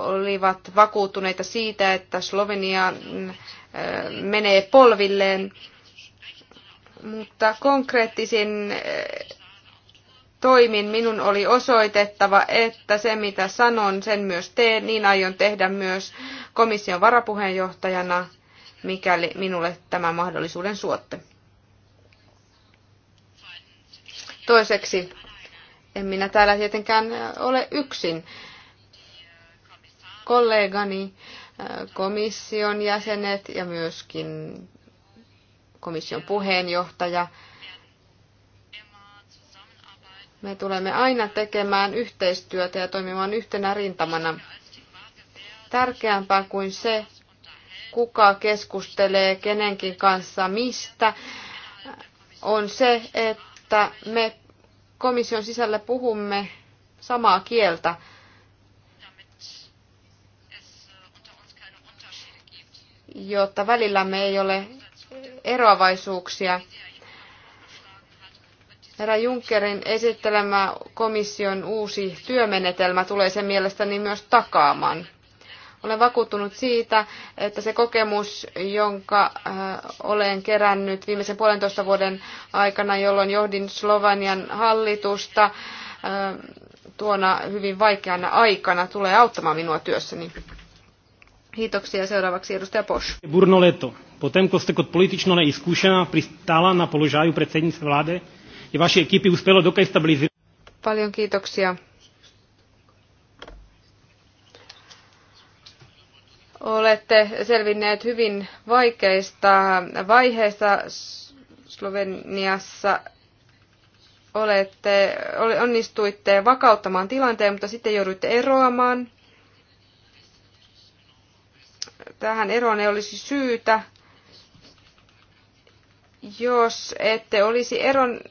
olivat vakuuttuneita siitä, että Slovenia mm, menee polvilleen. Mutta konkreettisin toimin minun oli osoitettava, että se mitä sanon, sen myös teen, niin aion tehdä myös komission varapuheenjohtajana, mikäli minulle tämä mahdollisuuden suotte. Toiseksi, en minä täällä tietenkään ole yksin. Kollegani, äh, komission jäsenet ja myöskin komission puheenjohtaja. Me tulemme aina tekemään yhteistyötä ja toimimaan yhtenä rintamana. Tärkeämpää kuin se, kuka keskustelee kenenkin kanssa mistä, on se, että että me komission sisällä puhumme samaa kieltä. jotta välillämme ei ole eroavaisuuksia. Herra Junckerin esittelemä komission uusi työmenetelmä tulee sen mielestäni myös takaamaan. Olen vakuuttunut siitä, että se kokemus, jonka äh, olen kerännyt viimeisen puolentoista vuoden aikana, jolloin johdin Slovenian hallitusta äh, tuona hyvin vaikeana aikana, tulee auttamaan minua työssäni. Kiitoksia. Seuraavaksi edustaja Poš. Burno leto. Potem, ko ste kot politično neiskušena pristala na položaju predsednice vlade, je vaše ekipi uspelo dokaj stabilizirati. Paljon kiitoksia. Olette selvinneet hyvin vaikeista vaiheista Sloveniassa. Olette, onnistuitte vakauttamaan tilanteen, mutta sitten jouduitte eroamaan. Tähän eroon ei olisi syytä, jos ette olisi eronnut,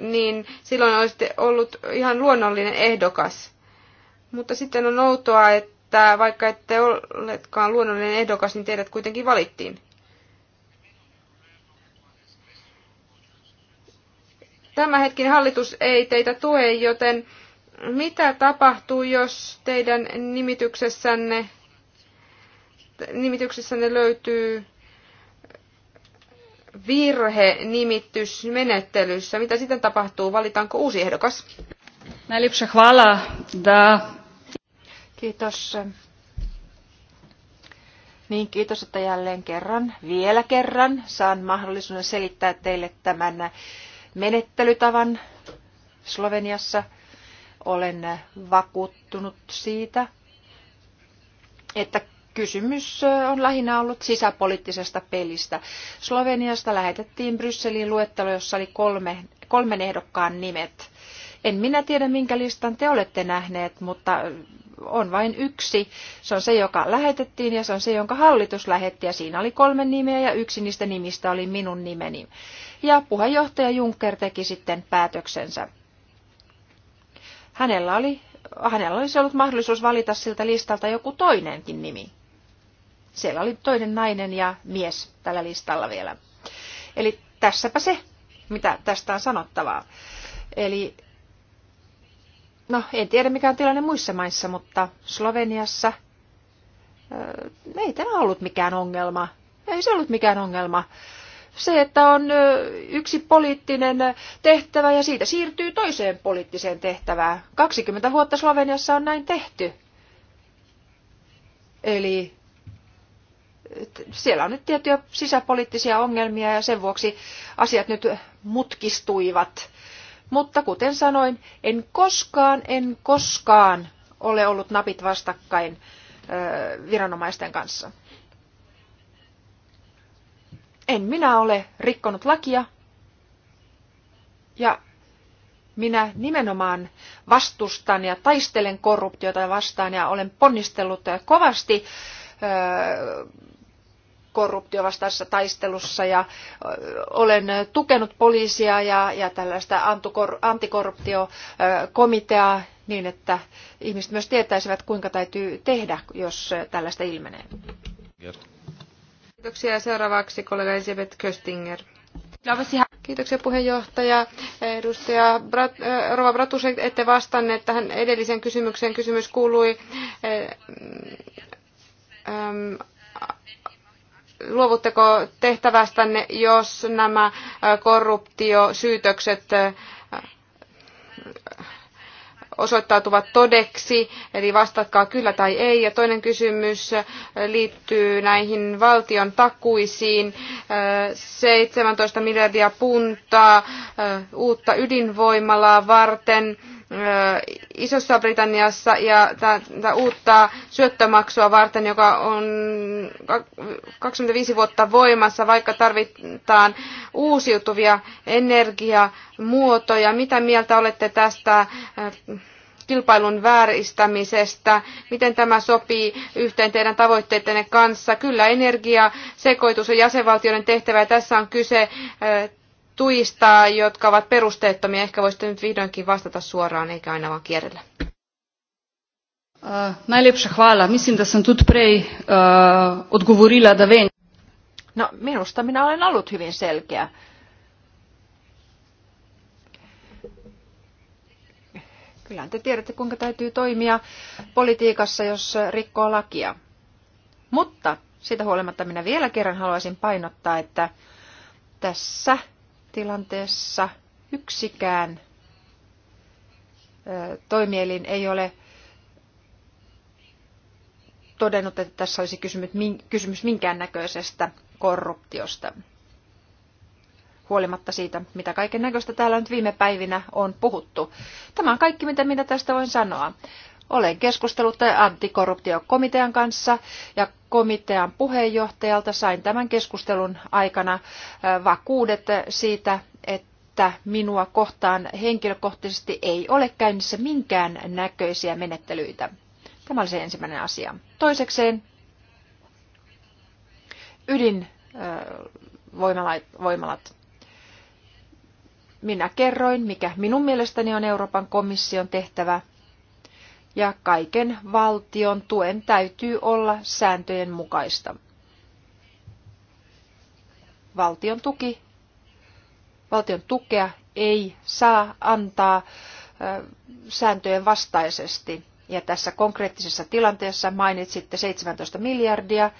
niin silloin olisitte ollut ihan luonnollinen ehdokas. Mutta sitten on outoa, että että vaikka ette oletkaan luonnollinen ehdokas, niin teidät kuitenkin valittiin. Tämä hetkin hallitus ei teitä tue, joten mitä tapahtuu, jos teidän nimityksessänne, nimityksessänne löytyy virhe nimitysmenettelyssä? Mitä sitten tapahtuu? Valitaanko uusi ehdokas? Najlepša hvala, da Kiitos. Niin, kiitos, että jälleen kerran, vielä kerran saan mahdollisuuden selittää teille tämän menettelytavan Sloveniassa. Olen vakuuttunut siitä, että kysymys on lähinnä ollut sisäpoliittisesta pelistä. Sloveniasta lähetettiin Brysseliin luettelo, jossa oli kolme, kolmen ehdokkaan nimet. En minä tiedä, minkä listan te olette nähneet, mutta on vain yksi. Se on se, joka lähetettiin ja se on se, jonka hallitus lähetti. Ja siinä oli kolme nimeä ja yksi niistä nimistä oli minun nimeni. Ja puheenjohtaja Juncker teki sitten päätöksensä. Hänellä oli hänellä olisi ollut mahdollisuus valita siltä listalta joku toinenkin nimi. Siellä oli toinen nainen ja mies tällä listalla vielä. Eli tässäpä se, mitä tästä on sanottavaa. Eli no en tiedä mikä on tilanne muissa maissa, mutta Sloveniassa ei tämä ollut mikään ongelma. Ei se ollut mikään ongelma. Se, että on yksi poliittinen tehtävä ja siitä siirtyy toiseen poliittiseen tehtävään. 20 vuotta Sloveniassa on näin tehty. Eli siellä on nyt tiettyjä sisäpoliittisia ongelmia ja sen vuoksi asiat nyt mutkistuivat mutta kuten sanoin, en koskaan, en koskaan ole ollut napit vastakkain viranomaisten kanssa. En minä ole rikkonut lakia ja minä nimenomaan vastustan ja taistelen korruptiota vastaan ja olen ponnistellut kovasti korruptiovastaisessa taistelussa ja olen tukenut poliisia ja, ja tällaista antikorruptiokomiteaa niin, että ihmiset myös tietäisivät, kuinka täytyy tehdä, jos tällaista ilmenee. Kiitoksia. Seuraavaksi kollega Elisabeth Köstinger. Kiitoksia puheenjohtaja. Edustaja Brat, Rova Bratus, ette vastanneet tähän edelliseen kysymykseen. Kysymys kuului ähm, luovutteko tehtävästänne, jos nämä korruptiosyytökset osoittautuvat todeksi, eli vastatkaa kyllä tai ei. Ja toinen kysymys liittyy näihin valtion takuisiin. 17 miljardia puntaa uutta ydinvoimalaa varten Isossa Britanniassa ja tätä uutta syöttömaksua varten, joka on 25 vuotta voimassa, vaikka tarvitaan uusiutuvia energiamuotoja. Mitä mieltä olette tästä kilpailun vääristämisestä, miten tämä sopii yhteen teidän tavoitteidenne kanssa. Kyllä energiasekoitus on jäsenvaltioiden tehtävä ja tässä on kyse tuista, jotka ovat perusteettomia. Ehkä voisitte nyt vihdoinkin vastata suoraan, eikä aina vaan kierrellä. Uh, najlepša hvala. Mislim, da sem tudi prej uh, odgovorila, da No, minusta minä olen ollut hyvin selkeä. Kyllä te tiedätte, kuinka täytyy toimia politiikassa, jos rikkoo lakia. Mutta siitä huolimatta minä vielä kerran haluaisin painottaa, että tässä tilanteessa yksikään toimielin ei ole todennut, että tässä olisi kysymys minkään näköisestä korruptiosta. Huolimatta siitä, mitä kaiken näköistä täällä nyt viime päivinä on puhuttu. Tämä on kaikki, mitä minä tästä voin sanoa. Olen keskustellut antikorruptiokomitean kanssa ja komitean puheenjohtajalta sain tämän keskustelun aikana vakuudet siitä, että minua kohtaan henkilökohtaisesti ei ole käynnissä minkään näköisiä menettelyitä. Tämä oli se ensimmäinen asia. Toisekseen ydinvoimalat. Minä kerroin, mikä minun mielestäni on Euroopan komission tehtävä – ja kaiken valtion tuen täytyy olla sääntöjen mukaista. Valtion, tuki, valtion tukea ei saa antaa sääntöjen vastaisesti. Ja tässä konkreettisessa tilanteessa mainitsitte 17 miljardia.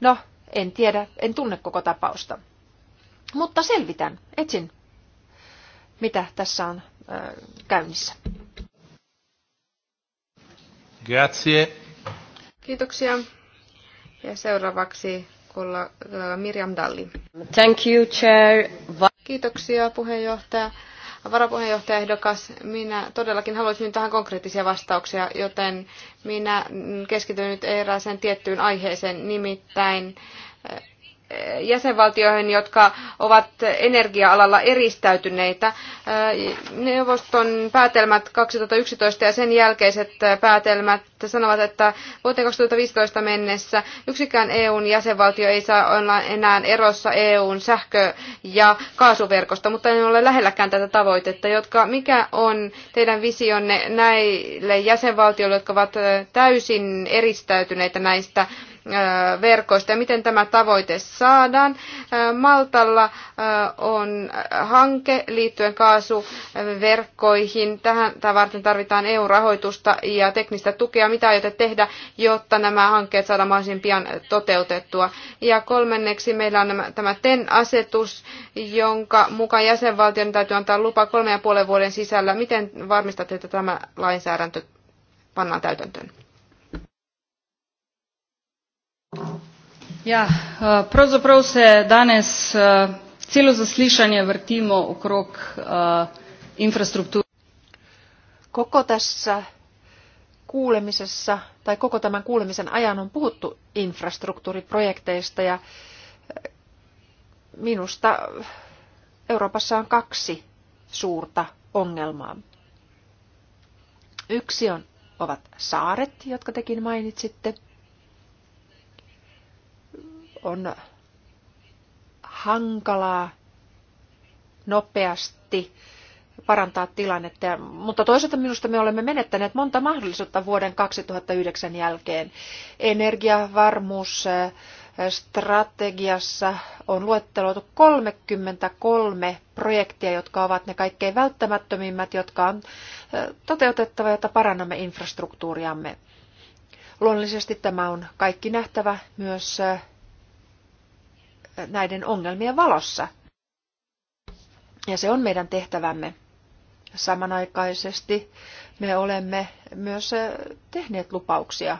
No, en tiedä, en tunne koko tapausta. Mutta selvitän, etsin, mitä tässä on käynnissä. Grazie. Kiitoksia. Ja seuraavaksi kolla äh, Mirjam Dalli. Thank you, Chair. Kiitoksia puheenjohtaja. ehdokas, minä todellakin haluaisin nyt tähän konkreettisia vastauksia, joten minä keskityn nyt erääseen tiettyyn aiheeseen, nimittäin jäsenvaltioihin, jotka ovat energia-alalla eristäytyneitä. Neuvoston päätelmät 2011 ja sen jälkeiset päätelmät sanovat, että vuoteen 2015 mennessä yksikään EUn jäsenvaltio ei saa olla enää erossa EUn sähkö- ja kaasuverkosta, mutta en ole lähelläkään tätä tavoitetta, jotka mikä on teidän visionne näille jäsenvaltioille, jotka ovat täysin eristäytyneitä näistä verkoista ja miten tämä tavoite saadaan. Maltalla äh, on äh, hanke liittyen kaasuverkkoihin. Tähän varten tarvitaan EU-rahoitusta ja teknistä tukea. Mitä aiotte tehdä, jotta nämä hankkeet saadaan mahdollisimman pian toteutettua? Ja kolmanneksi meillä on tämä TEN-asetus, jonka mukaan jäsenvaltion täytyy antaa lupa kolme ja puolen vuoden sisällä. Miten varmistatte, että tämä lainsäädäntö pannaan täytäntöön? Ja, eh, pravzaprav se danes eh, celo zaslišanje vrtimo okrog eh, infrastruktuuri. Koko tässä kuulemisessa tai koko tämän kuulemisen ajan on puhuttu infrastruktuuriprojekteista ja minusta Euroopassa on kaksi suurta ongelmaa. Yksi on, ovat saaret, jotka tekin mainitsitte, on hankalaa nopeasti parantaa tilannetta. Mutta toisaalta minusta me olemme menettäneet monta mahdollisuutta vuoden 2009 jälkeen. Energiavarmuus strategiassa on luetteloitu 33 projektia, jotka ovat ne kaikkein välttämättömimmät, jotka on toteutettava, jotta parannamme infrastruktuuriamme. Luonnollisesti tämä on kaikki nähtävä myös näiden ongelmien valossa. Ja se on meidän tehtävämme. Samanaikaisesti me olemme myös tehneet lupauksia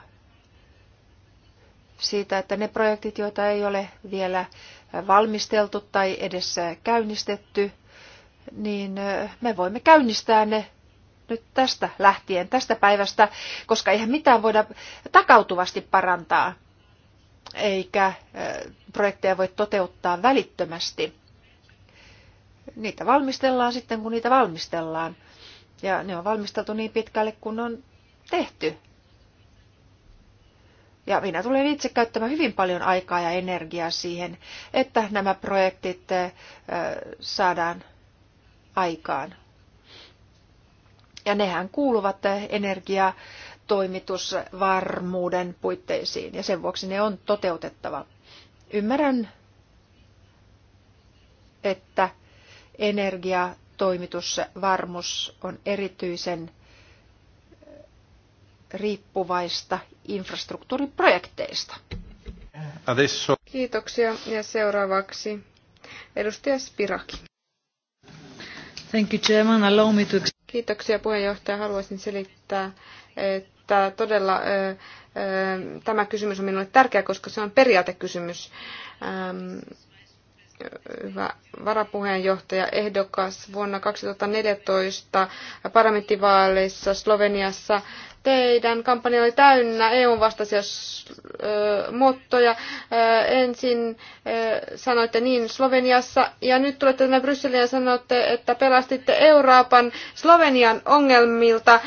siitä, että ne projektit, joita ei ole vielä valmisteltu tai edes käynnistetty, niin me voimme käynnistää ne nyt tästä lähtien, tästä päivästä, koska eihän mitään voida takautuvasti parantaa eikä projekteja voi toteuttaa välittömästi. Niitä valmistellaan sitten, kun niitä valmistellaan. Ja ne on valmisteltu niin pitkälle, kun on tehty. Ja minä tulen itse käyttämään hyvin paljon aikaa ja energiaa siihen, että nämä projektit saadaan aikaan. Ja nehän kuuluvat energia- toimitusvarmuuden puitteisiin ja sen vuoksi ne on toteutettava. Ymmärrän, että energiatoimitusvarmuus on erityisen eh, riippuvaista infrastruktuuriprojekteista. Adesso. Kiitoksia ja seuraavaksi edustaja Spiraki. Thank you, Chairman. Allow me to... Kiitoksia puheenjohtaja. Haluaisin selittää, että että todella tämä kysymys on minulle tärkeä, koska se on periaatekysymys. Hyvä varapuheenjohtaja ehdokas vuonna 2014 parlamenttivaaleissa Sloveniassa Teidän kampanja oli täynnä EUn vastaisia äh, mottoja. Äh, ensin äh, sanoitte niin Sloveniassa ja nyt tulette tänne Brysseliin ja sanotte, että pelastitte Euroopan Slovenian ongelmilta.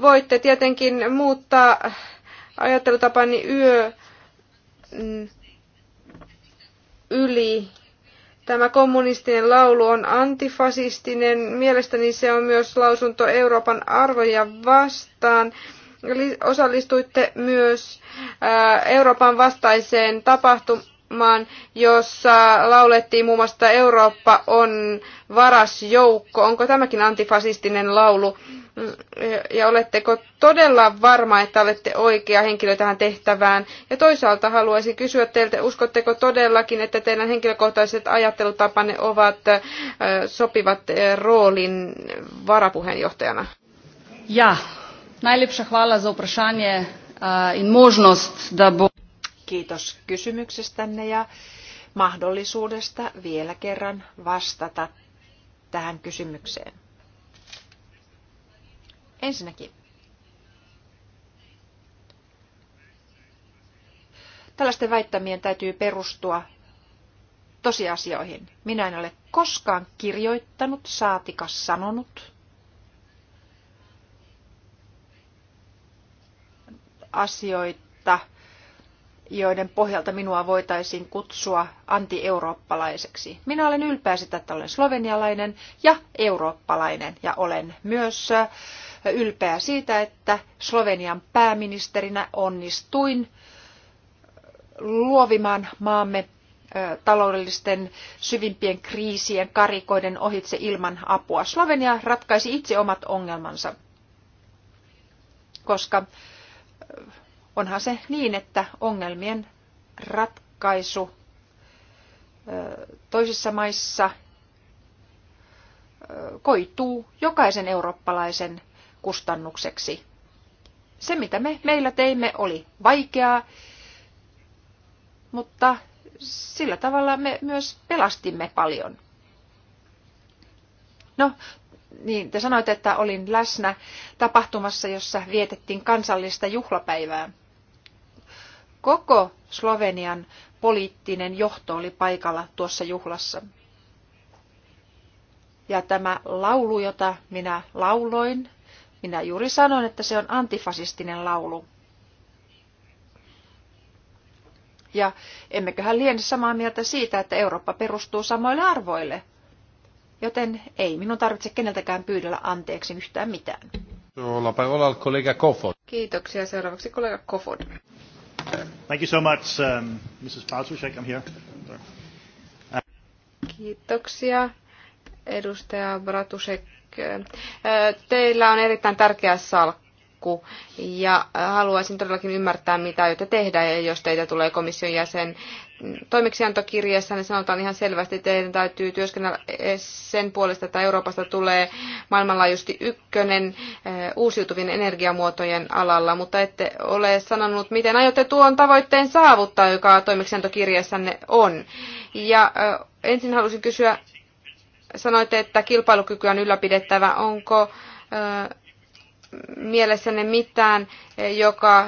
Voitte tietenkin muuttaa ajattelutapani yö mm, yli Tämä kommunistinen laulu on antifasistinen. Mielestäni se on myös lausunto Euroopan arvoja vastaan. Osallistuitte myös Euroopan vastaiseen tapahtumaan maan, jossa laulettiin muun muassa Eurooppa on varas joukko. Onko tämäkin antifasistinen laulu? Mm, ja oletteko todella varma, että olette oikea henkilö tähän tehtävään? Ja toisaalta haluaisin kysyä teiltä, uskotteko todellakin, että teidän henkilökohtaiset ajattelutapanne ovat sopivat roolin varapuheenjohtajana? Ja, najlepša hvala za vprašanje in možnost, da bo... Kiitos kysymyksestänne ja mahdollisuudesta vielä kerran vastata tähän kysymykseen. Ensinnäkin. Tällaisten väittämien täytyy perustua tosiasioihin. Minä en ole koskaan kirjoittanut, saatika sanonut asioita, joiden pohjalta minua voitaisiin kutsua antieurooppalaiseksi. Minä olen ylpeä sitä, että olen slovenialainen ja eurooppalainen ja olen myös ylpeä siitä, että Slovenian pääministerinä onnistuin luovimaan maamme taloudellisten syvimpien kriisien karikoiden ohitse ilman apua. Slovenia ratkaisi itse omat ongelmansa, koska onhan se niin, että ongelmien ratkaisu toisissa maissa koituu jokaisen eurooppalaisen kustannukseksi. Se, mitä me meillä teimme, oli vaikeaa, mutta sillä tavalla me myös pelastimme paljon. No, niin te sanoitte, että olin läsnä tapahtumassa, jossa vietettiin kansallista juhlapäivää. Koko Slovenian poliittinen johto oli paikalla tuossa juhlassa. Ja tämä laulu, jota minä lauloin, minä juuri sanoin, että se on antifasistinen laulu. Ja emmeköhän liene samaa mieltä siitä, että Eurooppa perustuu samoille arvoille. Joten ei minun tarvitse keneltäkään pyydellä anteeksi yhtään mitään. Kofod. Kiitoksia. Seuraavaksi kollega Kofod. Thank you so much, um, Mrs. I'm here. Kiitoksia, edustaja Bratusek. Äh, teillä on erittäin tärkeä salkku alku. Ja äh, haluaisin todellakin ymmärtää, mitä aiotte tehdä, ja jos teitä tulee komission jäsen. Toimeksiantokirjassa niin sanotaan ihan selvästi, että teidän täytyy työskennellä äh, sen puolesta, että Euroopasta tulee maailmanlaajuisesti ykkönen äh, uusiutuvien energiamuotojen alalla, mutta ette ole sanonut, miten aiotte tuon tavoitteen saavuttaa, joka toimeksiantokirjassanne on. Ja ensin halusin kysyä, sanoitte, että kilpailukykyä on ylläpidettävä. Onko mielessänne mitään, eh, joka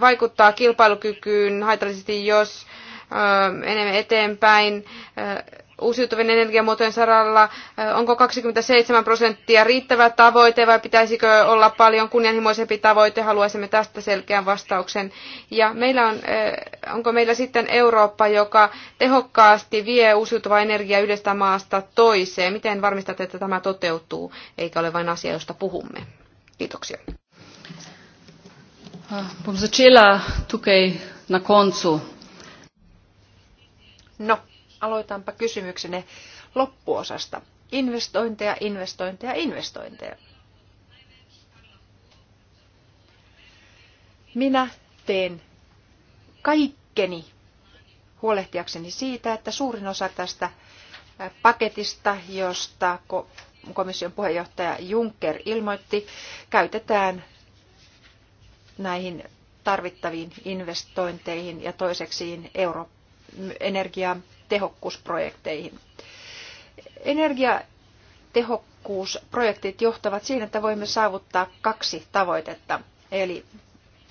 vaikuttaa kilpailukykyyn haitallisesti, jos menemme eh, eteenpäin eh, uusiutuvien energiamuotojen saralla? Onko 27 prosenttia riittävä tavoite vai pitäisikö olla paljon kunnianhimoisempi tavoite? Haluaisimme tästä selkeän vastauksen. Ja meillä on, onko meillä sitten Eurooppa, joka tehokkaasti vie uusiutuvaa energiaa yhdestä maasta toiseen? Miten varmistatte, että tämä toteutuu, eikä ole vain asia, josta puhumme? Kiitoksia. Ah, bom začela tukaj na koncu. No, aloitanpa kysymyksenne loppuosasta. Investointeja, investointeja, investointeja. Minä teen kaikkeni huolehtiakseni siitä, että suurin osa tästä paketista, josta komission puheenjohtaja Juncker ilmoitti, käytetään näihin tarvittaviin investointeihin ja toiseksi euro, energiatehokkuusprojekteihin. Energiatehokkuusprojektit johtavat siihen, että voimme saavuttaa kaksi tavoitetta, eli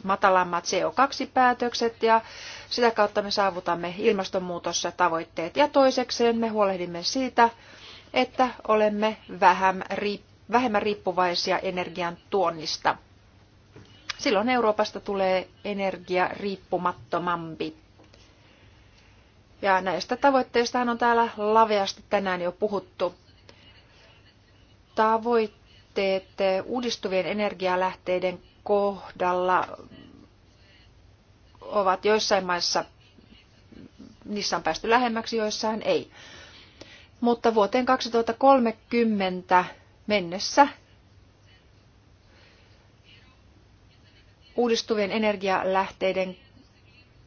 matalammat CO2-päätökset ja sitä kautta me saavutamme ilmastonmuutossa tavoitteet. Ja toisekseen me huolehdimme siitä, että olemme vähemmän riippuvaisia energian tuonnista. Silloin Euroopasta tulee energia riippumattomampi. Ja näistä tavoitteista on täällä laveasti tänään jo puhuttu. Tavoitteet uudistuvien energialähteiden kohdalla ovat joissain maissa, niissä on päästy lähemmäksi, joissain ei mutta vuoteen 2030 mennessä uudistuvien energialähteiden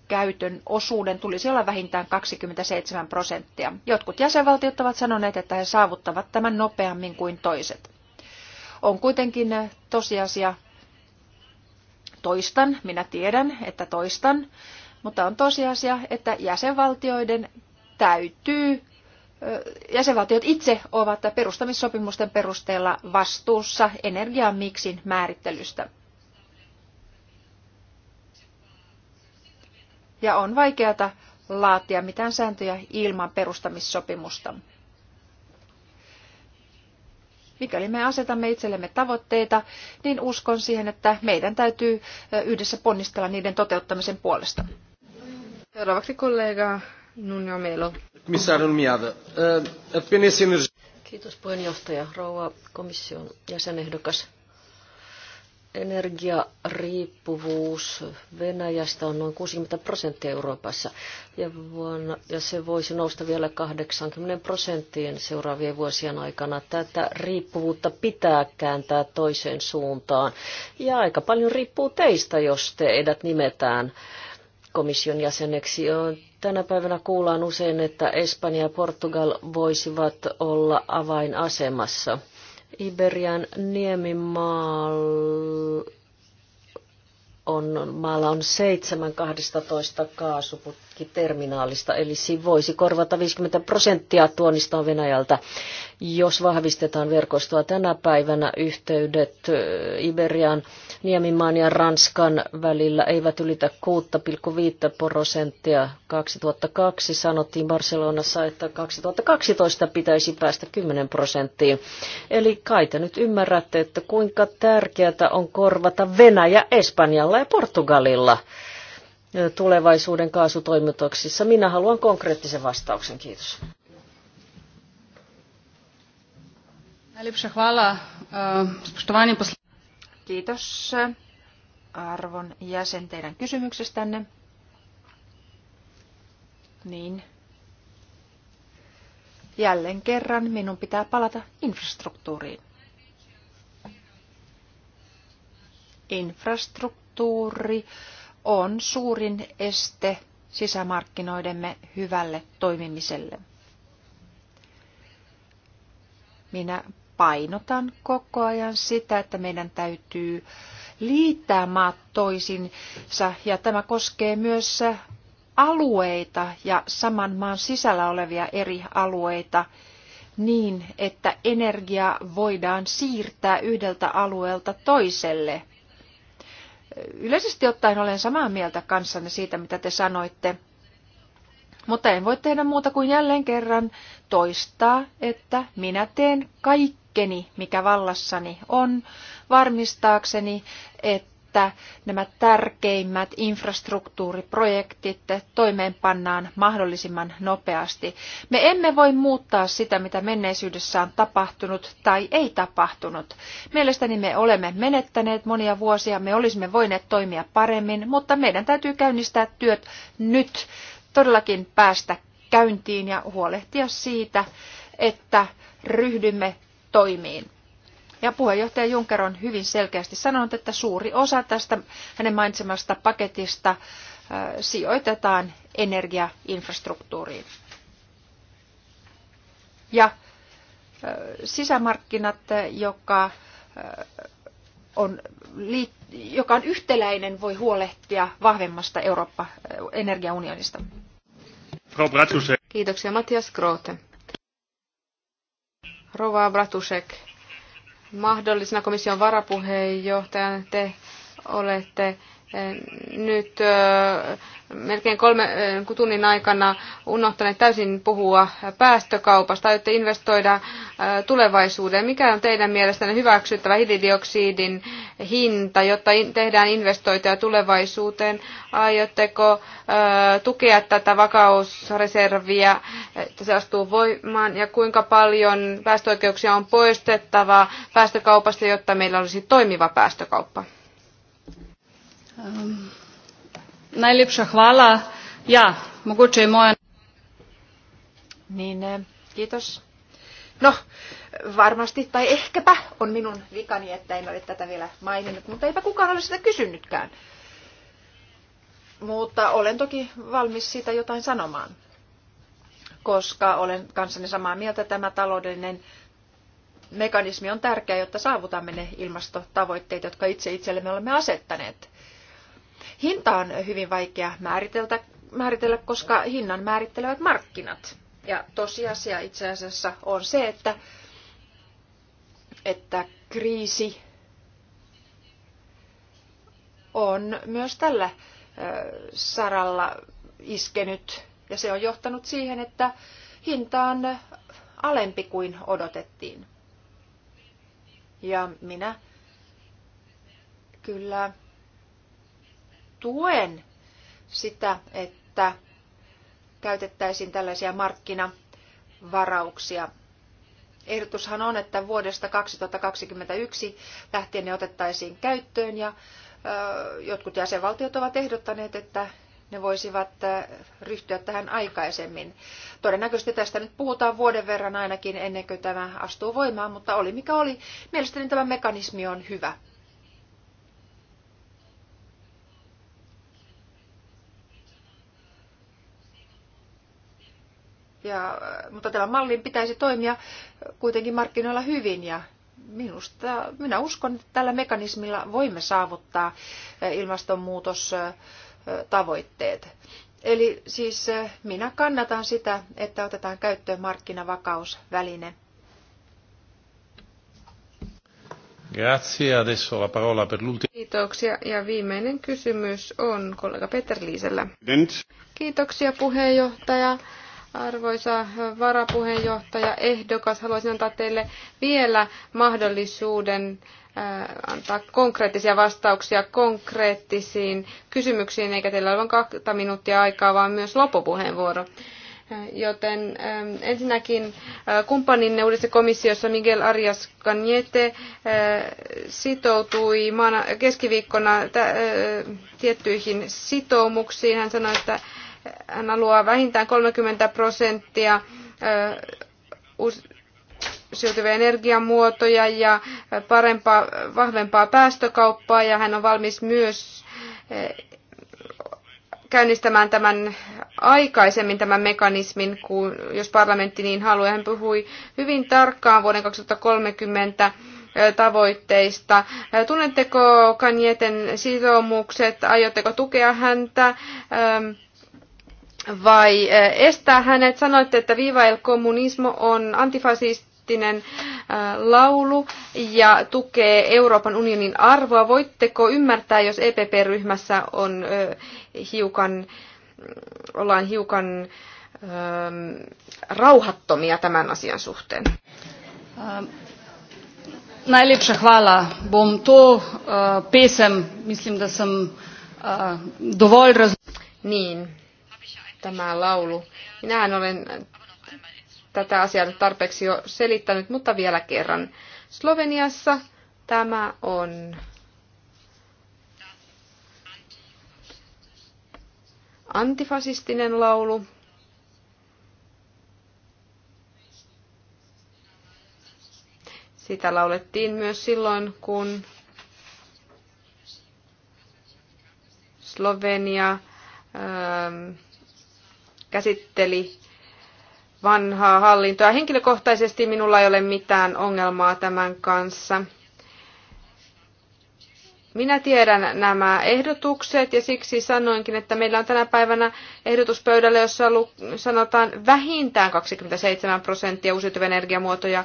käytön osuuden tulisi olla vähintään 27 prosenttia. Jotkut jäsenvaltiot ovat sanoneet, että he saavuttavat tämän nopeammin kuin toiset. On kuitenkin tosiasia, toistan, minä tiedän, että toistan, mutta on tosiasia, että jäsenvaltioiden täytyy jäsenvaltiot itse ovat perustamissopimusten perusteella vastuussa energiamiksin määrittelystä. Ja on vaikeata laatia mitään sääntöjä ilman perustamissopimusta. Mikäli me asetamme itsellemme tavoitteita, niin uskon siihen, että meidän täytyy yhdessä ponnistella niiden toteuttamisen puolesta. Seuraavaksi kollega Nuno Melo. Komissaari Miada, Kiitos puheenjohtaja, rouva komission jäsenehdokas. Energiariippuvuus Venäjästä on noin 60 prosenttia Euroopassa ja, vuonna, ja se voisi nousta vielä 80 prosenttiin seuraavien vuosien aikana. Tätä riippuvuutta pitää kääntää toiseen suuntaan ja aika paljon riippuu teistä, jos te edät nimetään komission jäseneksi. Tänä päivänä kuullaan usein, että Espanja ja Portugal voisivat olla avainasemassa. Iberian niemimaalla on, maalla on 7 12 kaasuputkia terminaalista, eli se voisi korvata 50 prosenttia tuonnista Venäjältä, jos vahvistetaan verkostoa tänä päivänä. Yhteydet Iberian, Niemimaan ja Ranskan välillä eivät ylitä 6,5 prosenttia. 2002 sanottiin Barcelonassa, että 2012 pitäisi päästä 10 prosenttiin. Eli kai te nyt ymmärrätte, että kuinka tärkeää on korvata Venäjä Espanjalla ja Portugalilla tulevaisuuden kaasutoimituksissa? Minä haluan konkreettisen vastauksen. Kiitos. Kiitos arvon jäsen teidän kysymyksestänne. Niin. Jälleen kerran minun pitää palata infrastruktuuriin. Infrastruktuuri on suurin este sisämarkkinoidemme hyvälle toimimiselle. Minä painotan koko ajan sitä, että meidän täytyy liittää maat toisinsa ja tämä koskee myös alueita ja saman maan sisällä olevia eri alueita niin, että energiaa voidaan siirtää yhdeltä alueelta toiselle Yleisesti ottaen olen samaa mieltä kanssanne siitä, mitä te sanoitte, mutta en voi tehdä muuta kuin jälleen kerran toistaa, että minä teen kaikkeni, mikä vallassani on, varmistaakseni, että että nämä tärkeimmät infrastruktuuriprojektit toimeenpannaan mahdollisimman nopeasti. Me emme voi muuttaa sitä, mitä menneisyydessä on tapahtunut tai ei tapahtunut. Mielestäni me olemme menettäneet monia vuosia, me olisimme voineet toimia paremmin, mutta meidän täytyy käynnistää työt nyt, todellakin päästä käyntiin ja huolehtia siitä, että ryhdymme toimiin. Ja puheenjohtaja Juncker on hyvin selkeästi sanonut, että suuri osa tästä hänen mainitsemasta paketista äh, sijoitetaan energiainfrastruktuuriin. Ja äh, sisämarkkinat, joka äh, on, joka on yhtäläinen, voi huolehtia vahvemmasta Eurooppa energiaunionista. Kiitoksia Matias Grote. Rova Bratusek mahdollisena komission varapuheenjohtajana te olette nyt melkein kolme tunnin aikana unohtaneet täysin puhua päästökaupasta. Aiotte investoida tulevaisuuteen. Mikä on teidän mielestänne hyväksyttävä hiilidioksidin hinta, jotta tehdään investointeja tulevaisuuteen? Aiotteko tukea tätä vakausreserviä, että se astuu voimaan? Ja kuinka paljon päästöoikeuksia on poistettava päästökaupasta, jotta meillä olisi toimiva päästökauppa? Um, najlepša hvala. Ja, mogoče je moja. Niin, eh, kiitos. No, varmasti tai ehkäpä on minun vikani, että en ole tätä vielä maininnut, mutta eipä kukaan ole sitä kysynytkään. Mutta olen toki valmis siitä jotain sanomaan, koska olen kanssani samaa mieltä, tämä taloudellinen mekanismi on tärkeä, jotta saavutamme ne ilmastotavoitteet, jotka itse itsellemme olemme asettaneet. Hinta on hyvin vaikea määritellä, määritellä koska hinnan määrittelevät markkinat. Ja tosiasia itse asiassa on se, että, että kriisi on myös tällä saralla iskenyt ja se on johtanut siihen, että hinta on alempi kuin odotettiin. Ja minä kyllä tuen sitä, että käytettäisiin tällaisia markkinavarauksia. Ehdotushan on, että vuodesta 2021 lähtien ne otettaisiin käyttöön ja jotkut jäsenvaltiot ovat ehdottaneet, että ne voisivat ryhtyä tähän aikaisemmin. Todennäköisesti tästä nyt puhutaan vuoden verran ainakin ennen kuin tämä astuu voimaan, mutta oli mikä oli. Mielestäni tämä mekanismi on hyvä. Ja, mutta tämän mallin pitäisi toimia kuitenkin markkinoilla hyvin ja minusta, minä uskon, että tällä mekanismilla voimme saavuttaa eh, ilmastonmuutostavoitteet. Eh, Eli siis eh, minä kannatan sitä, että otetaan käyttöön markkinavakausväline. Grazie. Adesso la parola per Kiitoksia. Ja viimeinen kysymys on kollega Peter Liisellä. Kiitoksia puheenjohtaja. Arvoisa varapuheenjohtaja ehdokas, haluaisin antaa teille vielä mahdollisuuden äh, antaa konkreettisia vastauksia konkreettisiin kysymyksiin, eikä teillä ole vain kahta minuuttia aikaa, vaan myös loppupuheenvuoro. Äh, joten ähm, ensinnäkin äh, kumppaninne uudessa komissiossa Miguel Arias Cañete sitoutui keskiviikkona tiettyihin sitoumuksiin. Hän sanoi, että hän haluaa vähintään 30 prosenttia uusiutuvia energiamuotoja ja parempaa, vahvempaa päästökauppaa ja hän on valmis myös käynnistämään tämän aikaisemmin tämän mekanismin, kun, jos parlamentti niin haluaa. Hän puhui hyvin tarkkaan vuoden 2030 tavoitteista. Tunnetteko Kanjeten sitoumukset? Aiotteko tukea häntä? vai eh, estää hänet. Sanoitte, että Viva el Comunismo on antifasistinen eh, laulu ja tukee Euroopan unionin arvoa. Voitteko ymmärtää, jos EPP-ryhmässä on eh, hiukan, mm, ollaan hiukan rauhattomia tämän asian suhteen? Ähm, najlepša hvala. Bom to pesem, mislim, da sem dovolj Niin, tämä laulu. Minähän olen tätä asiaa tarpeeksi jo selittänyt, mutta vielä kerran. Sloveniassa tämä on antifasistinen laulu. Sitä laulettiin myös silloin, kun Slovenia ähm, käsitteli vanhaa hallintoa. Henkilökohtaisesti minulla ei ole mitään ongelmaa tämän kanssa. Minä tiedän nämä ehdotukset ja siksi sanoinkin, että meillä on tänä päivänä ehdotuspöydällä, jossa sanotaan vähintään 27 prosenttia uusiutuvia energiamuotoja,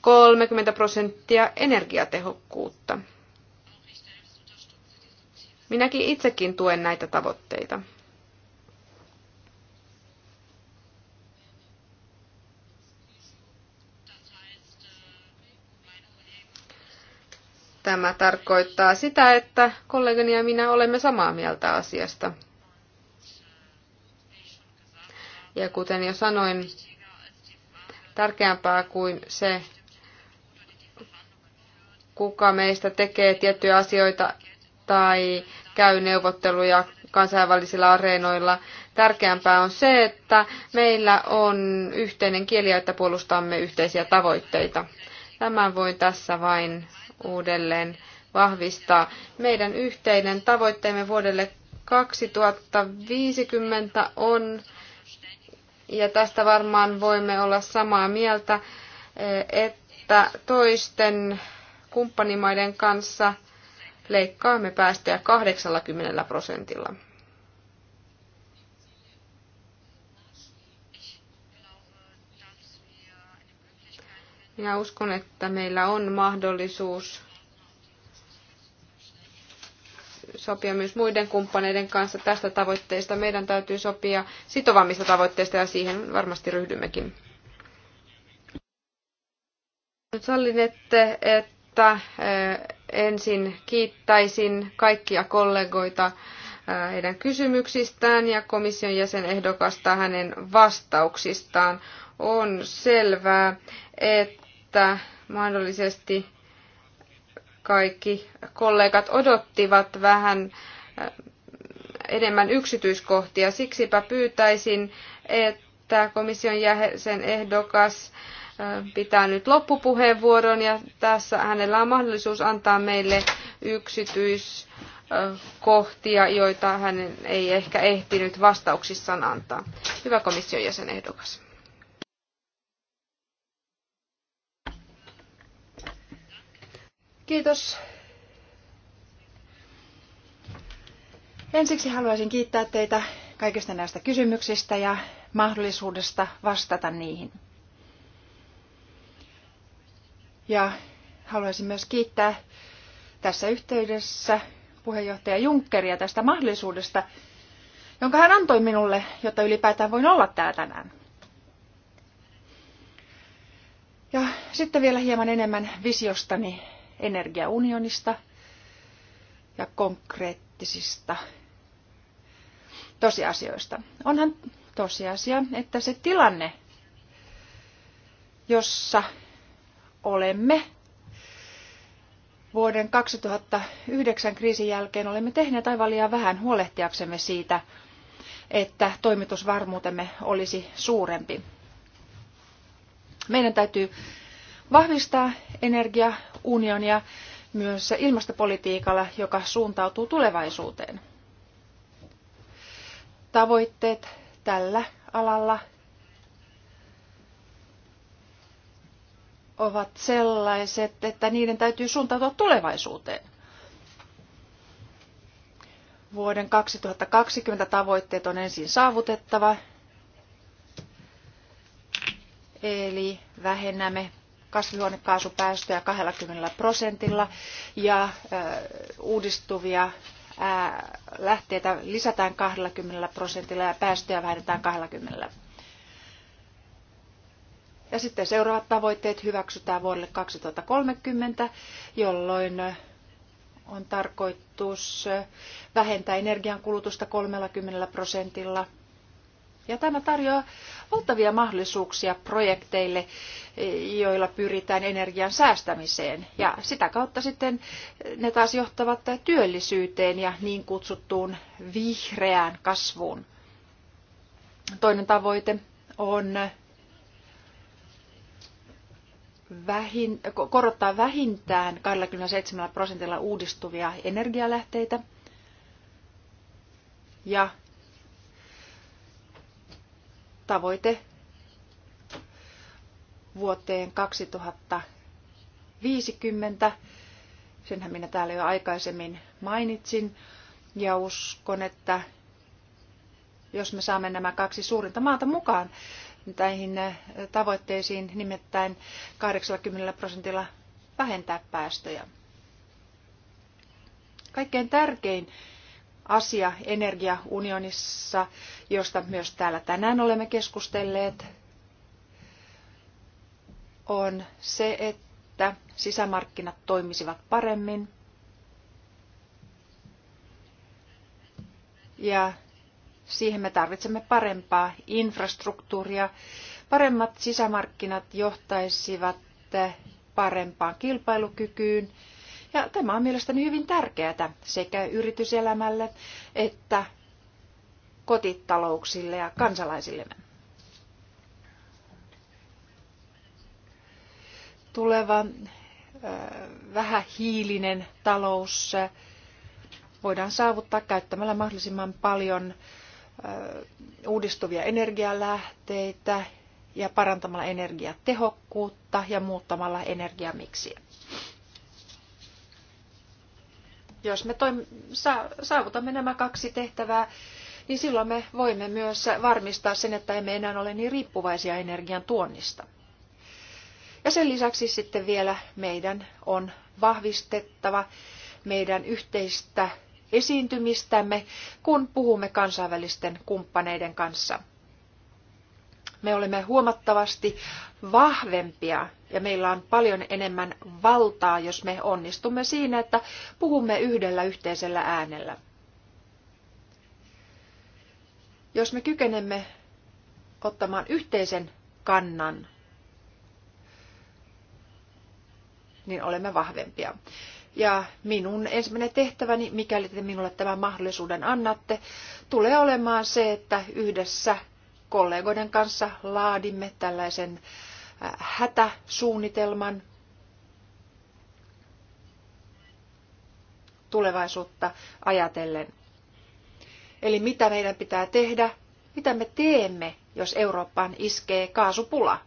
30 prosenttia energiatehokkuutta. Minäkin itsekin tuen näitä tavoitteita. Tämä tarkoittaa sitä, että kollegani ja minä olemme samaa mieltä asiasta. Ja kuten jo sanoin, tärkeämpää kuin se, kuka meistä tekee tiettyjä asioita tai käy neuvotteluja kansainvälisillä areenoilla. Tärkeämpää on se, että meillä on yhteinen kieli, että puolustamme yhteisiä tavoitteita. Tämän voin tässä vain uudelleen vahvistaa. Meidän yhteinen tavoitteemme vuodelle 2050 on, ja tästä varmaan voimme olla samaa mieltä, että toisten kumppanimaiden kanssa leikkaamme päästöjä 80 prosentilla. Ja uskon, että meillä on mahdollisuus sopia myös muiden kumppaneiden kanssa tästä tavoitteesta. Meidän täytyy sopia sitovammista tavoitteista ja siihen varmasti ryhdymmekin. Nyt sallinette, että eh, ensin kiittäisin kaikkia kollegoita eh, heidän kysymyksistään ja komission jäsenehdokasta hänen vastauksistaan. On selvää, että mitä mahdollisesti kaikki kollegat odottivat vähän äh, enemmän yksityiskohtia. Siksipä pyytäisin, että komission jäsen ehdokas äh, pitää nyt loppupuheenvuoron ja tässä hänellä on mahdollisuus antaa meille yksityiskohtia, joita hän ei ehkä ehtinyt vastauksissaan antaa. Hyvä komission jäsenehdokas. Kiitos. Ensiksi haluaisin kiittää teitä kaikista näistä kysymyksistä ja mahdollisuudesta vastata niihin. Ja haluaisin myös kiittää tässä yhteydessä puheenjohtaja Junckeria tästä mahdollisuudesta, jonka hän antoi minulle, jotta ylipäätään voin olla täällä tänään. Ja sitten vielä hieman enemmän visiostani energiaunionista ja konkreettisista tosiasioista. Onhan tosiasia, että se tilanne, jossa olemme vuoden 2009 kriisin jälkeen, olemme tehneet aivan liian vähän huolehtiaksemme siitä, että toimitusvarmuutemme olisi suurempi. Meidän täytyy vahvistaa energiaunionia myös ilmastopolitiikalla, joka suuntautuu tulevaisuuteen. Tavoitteet tällä alalla ovat sellaiset, että niiden täytyy suuntautua tulevaisuuteen. Vuoden 2020 tavoitteet on ensin saavutettava, eli vähennämme kasvihuonekaasupäästöjä 20 prosentilla ja uudistuvia lähteitä lisätään 20 prosentilla ja päästöjä vähennetään 20. Ja sitten seuraavat tavoitteet hyväksytään vuodelle 2030, jolloin on tarkoitus vähentää energiankulutusta 30 prosentilla – ja tämä tarjoaa valtavia mahdollisuuksia projekteille, joilla pyritään energian säästämiseen. Ja sitä kautta sitten ne taas johtavat työllisyyteen ja niin kutsuttuun vihreään kasvuun. Toinen tavoite on vähin, korottaa vähintään 27 prosentilla uudistuvia energialähteitä ja tavoite vuoteen 2050. Senhän minä täällä jo aikaisemmin mainitsin. Ja uskon, että jos me saamme nämä kaksi suurinta maata mukaan näihin tavoitteisiin, nimittäin 80 prosentilla vähentää päästöjä. Kaikkein tärkein asia energiaunionissa, josta myös täällä tänään olemme keskustelleet, on se, että sisämarkkinat toimisivat paremmin ja siihen me tarvitsemme parempaa infrastruktuuria. Paremmat sisämarkkinat johtaisivat parempaan kilpailukykyyn ja tämä on mielestäni hyvin tärkeää sekä yrityselämälle että kotitalouksille ja kansalaisillemme. Tuleva vähähiilinen talous voidaan saavuttaa käyttämällä mahdollisimman paljon uudistuvia energialähteitä ja parantamalla energiatehokkuutta ja muuttamalla energiamiksiä. Jos me toim- saavutamme nämä kaksi tehtävää, niin silloin me voimme myös varmistaa sen, että emme enää ole niin riippuvaisia energian tuonnista. Ja sen lisäksi sitten vielä meidän on vahvistettava meidän yhteistä esiintymistämme, kun puhumme kansainvälisten kumppaneiden kanssa. Me olemme huomattavasti vahvempia ja meillä on paljon enemmän valtaa, jos me onnistumme siinä, että puhumme yhdellä yhteisellä äänellä. Jos me kykenemme ottamaan yhteisen kannan, niin olemme vahvempia. Ja minun ensimmäinen tehtäväni, mikäli te minulle tämän mahdollisuuden annatte, tulee olemaan se, että yhdessä kollegoiden kanssa laadimme tällaisen äh, Äh, hätäsuunnitelman tulevaisuutta ajatellen. Eli mitä meidän pitää tehdä, mitä me teemme, jos Eurooppaan iskee kaasupula. Äh,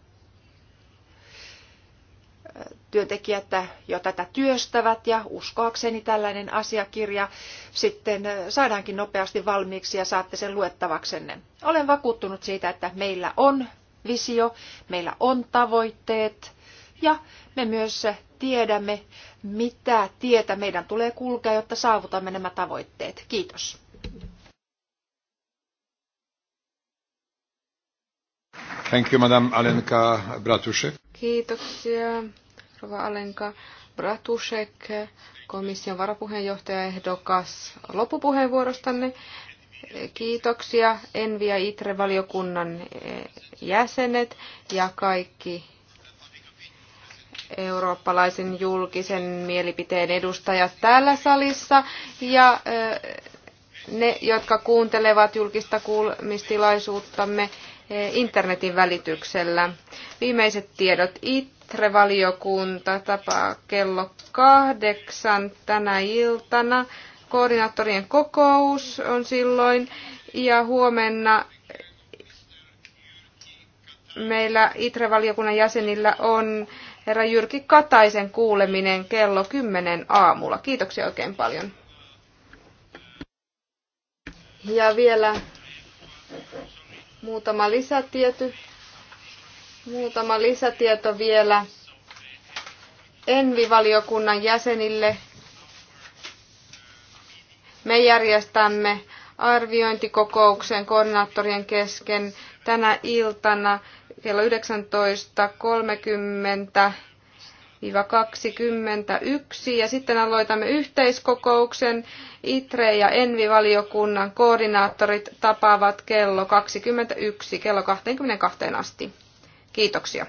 työntekijät jo tätä työstävät ja uskoakseni tällainen asiakirja sitten äh, saadaankin nopeasti valmiiksi ja saatte sen luettavaksenne. Olen vakuuttunut siitä, että meillä on visio, meillä on tavoitteet ja me myös tiedämme, mitä tietä meidän tulee kulkea, jotta saavutamme nämä tavoitteet. Kiitos. Thank you, Madam Alenka Bratusek. Kiitoksia, Rova Alenka Bratusek, komission varapuheenjohtaja ehdokas loppupuheenvuorostanne. Kiitoksia Envi ja ITRE-valiokunnan jäsenet ja kaikki eurooppalaisen julkisen mielipiteen edustajat täällä salissa ja ne, jotka kuuntelevat julkista kuulemistilaisuuttamme internetin välityksellä. Viimeiset tiedot ITRE-valiokunta tapaa kello kahdeksan tänä iltana koordinaattorien kokous on silloin ja huomenna meillä ITRE-valiokunnan jäsenillä on herra Jyrki Kataisen kuuleminen kello 10 aamulla. Kiitoksia oikein paljon. Ja vielä muutama lisätieto. Muutama lisätieto vielä Envi-valiokunnan jäsenille me järjestämme arviointikokouksen koordinaattorien kesken tänä iltana kello 19.30 21 ja sitten aloitamme yhteiskokouksen. ITRE ja ENVI-valiokunnan koordinaattorit tapaavat kello 21 kello 22 asti. Kiitoksia.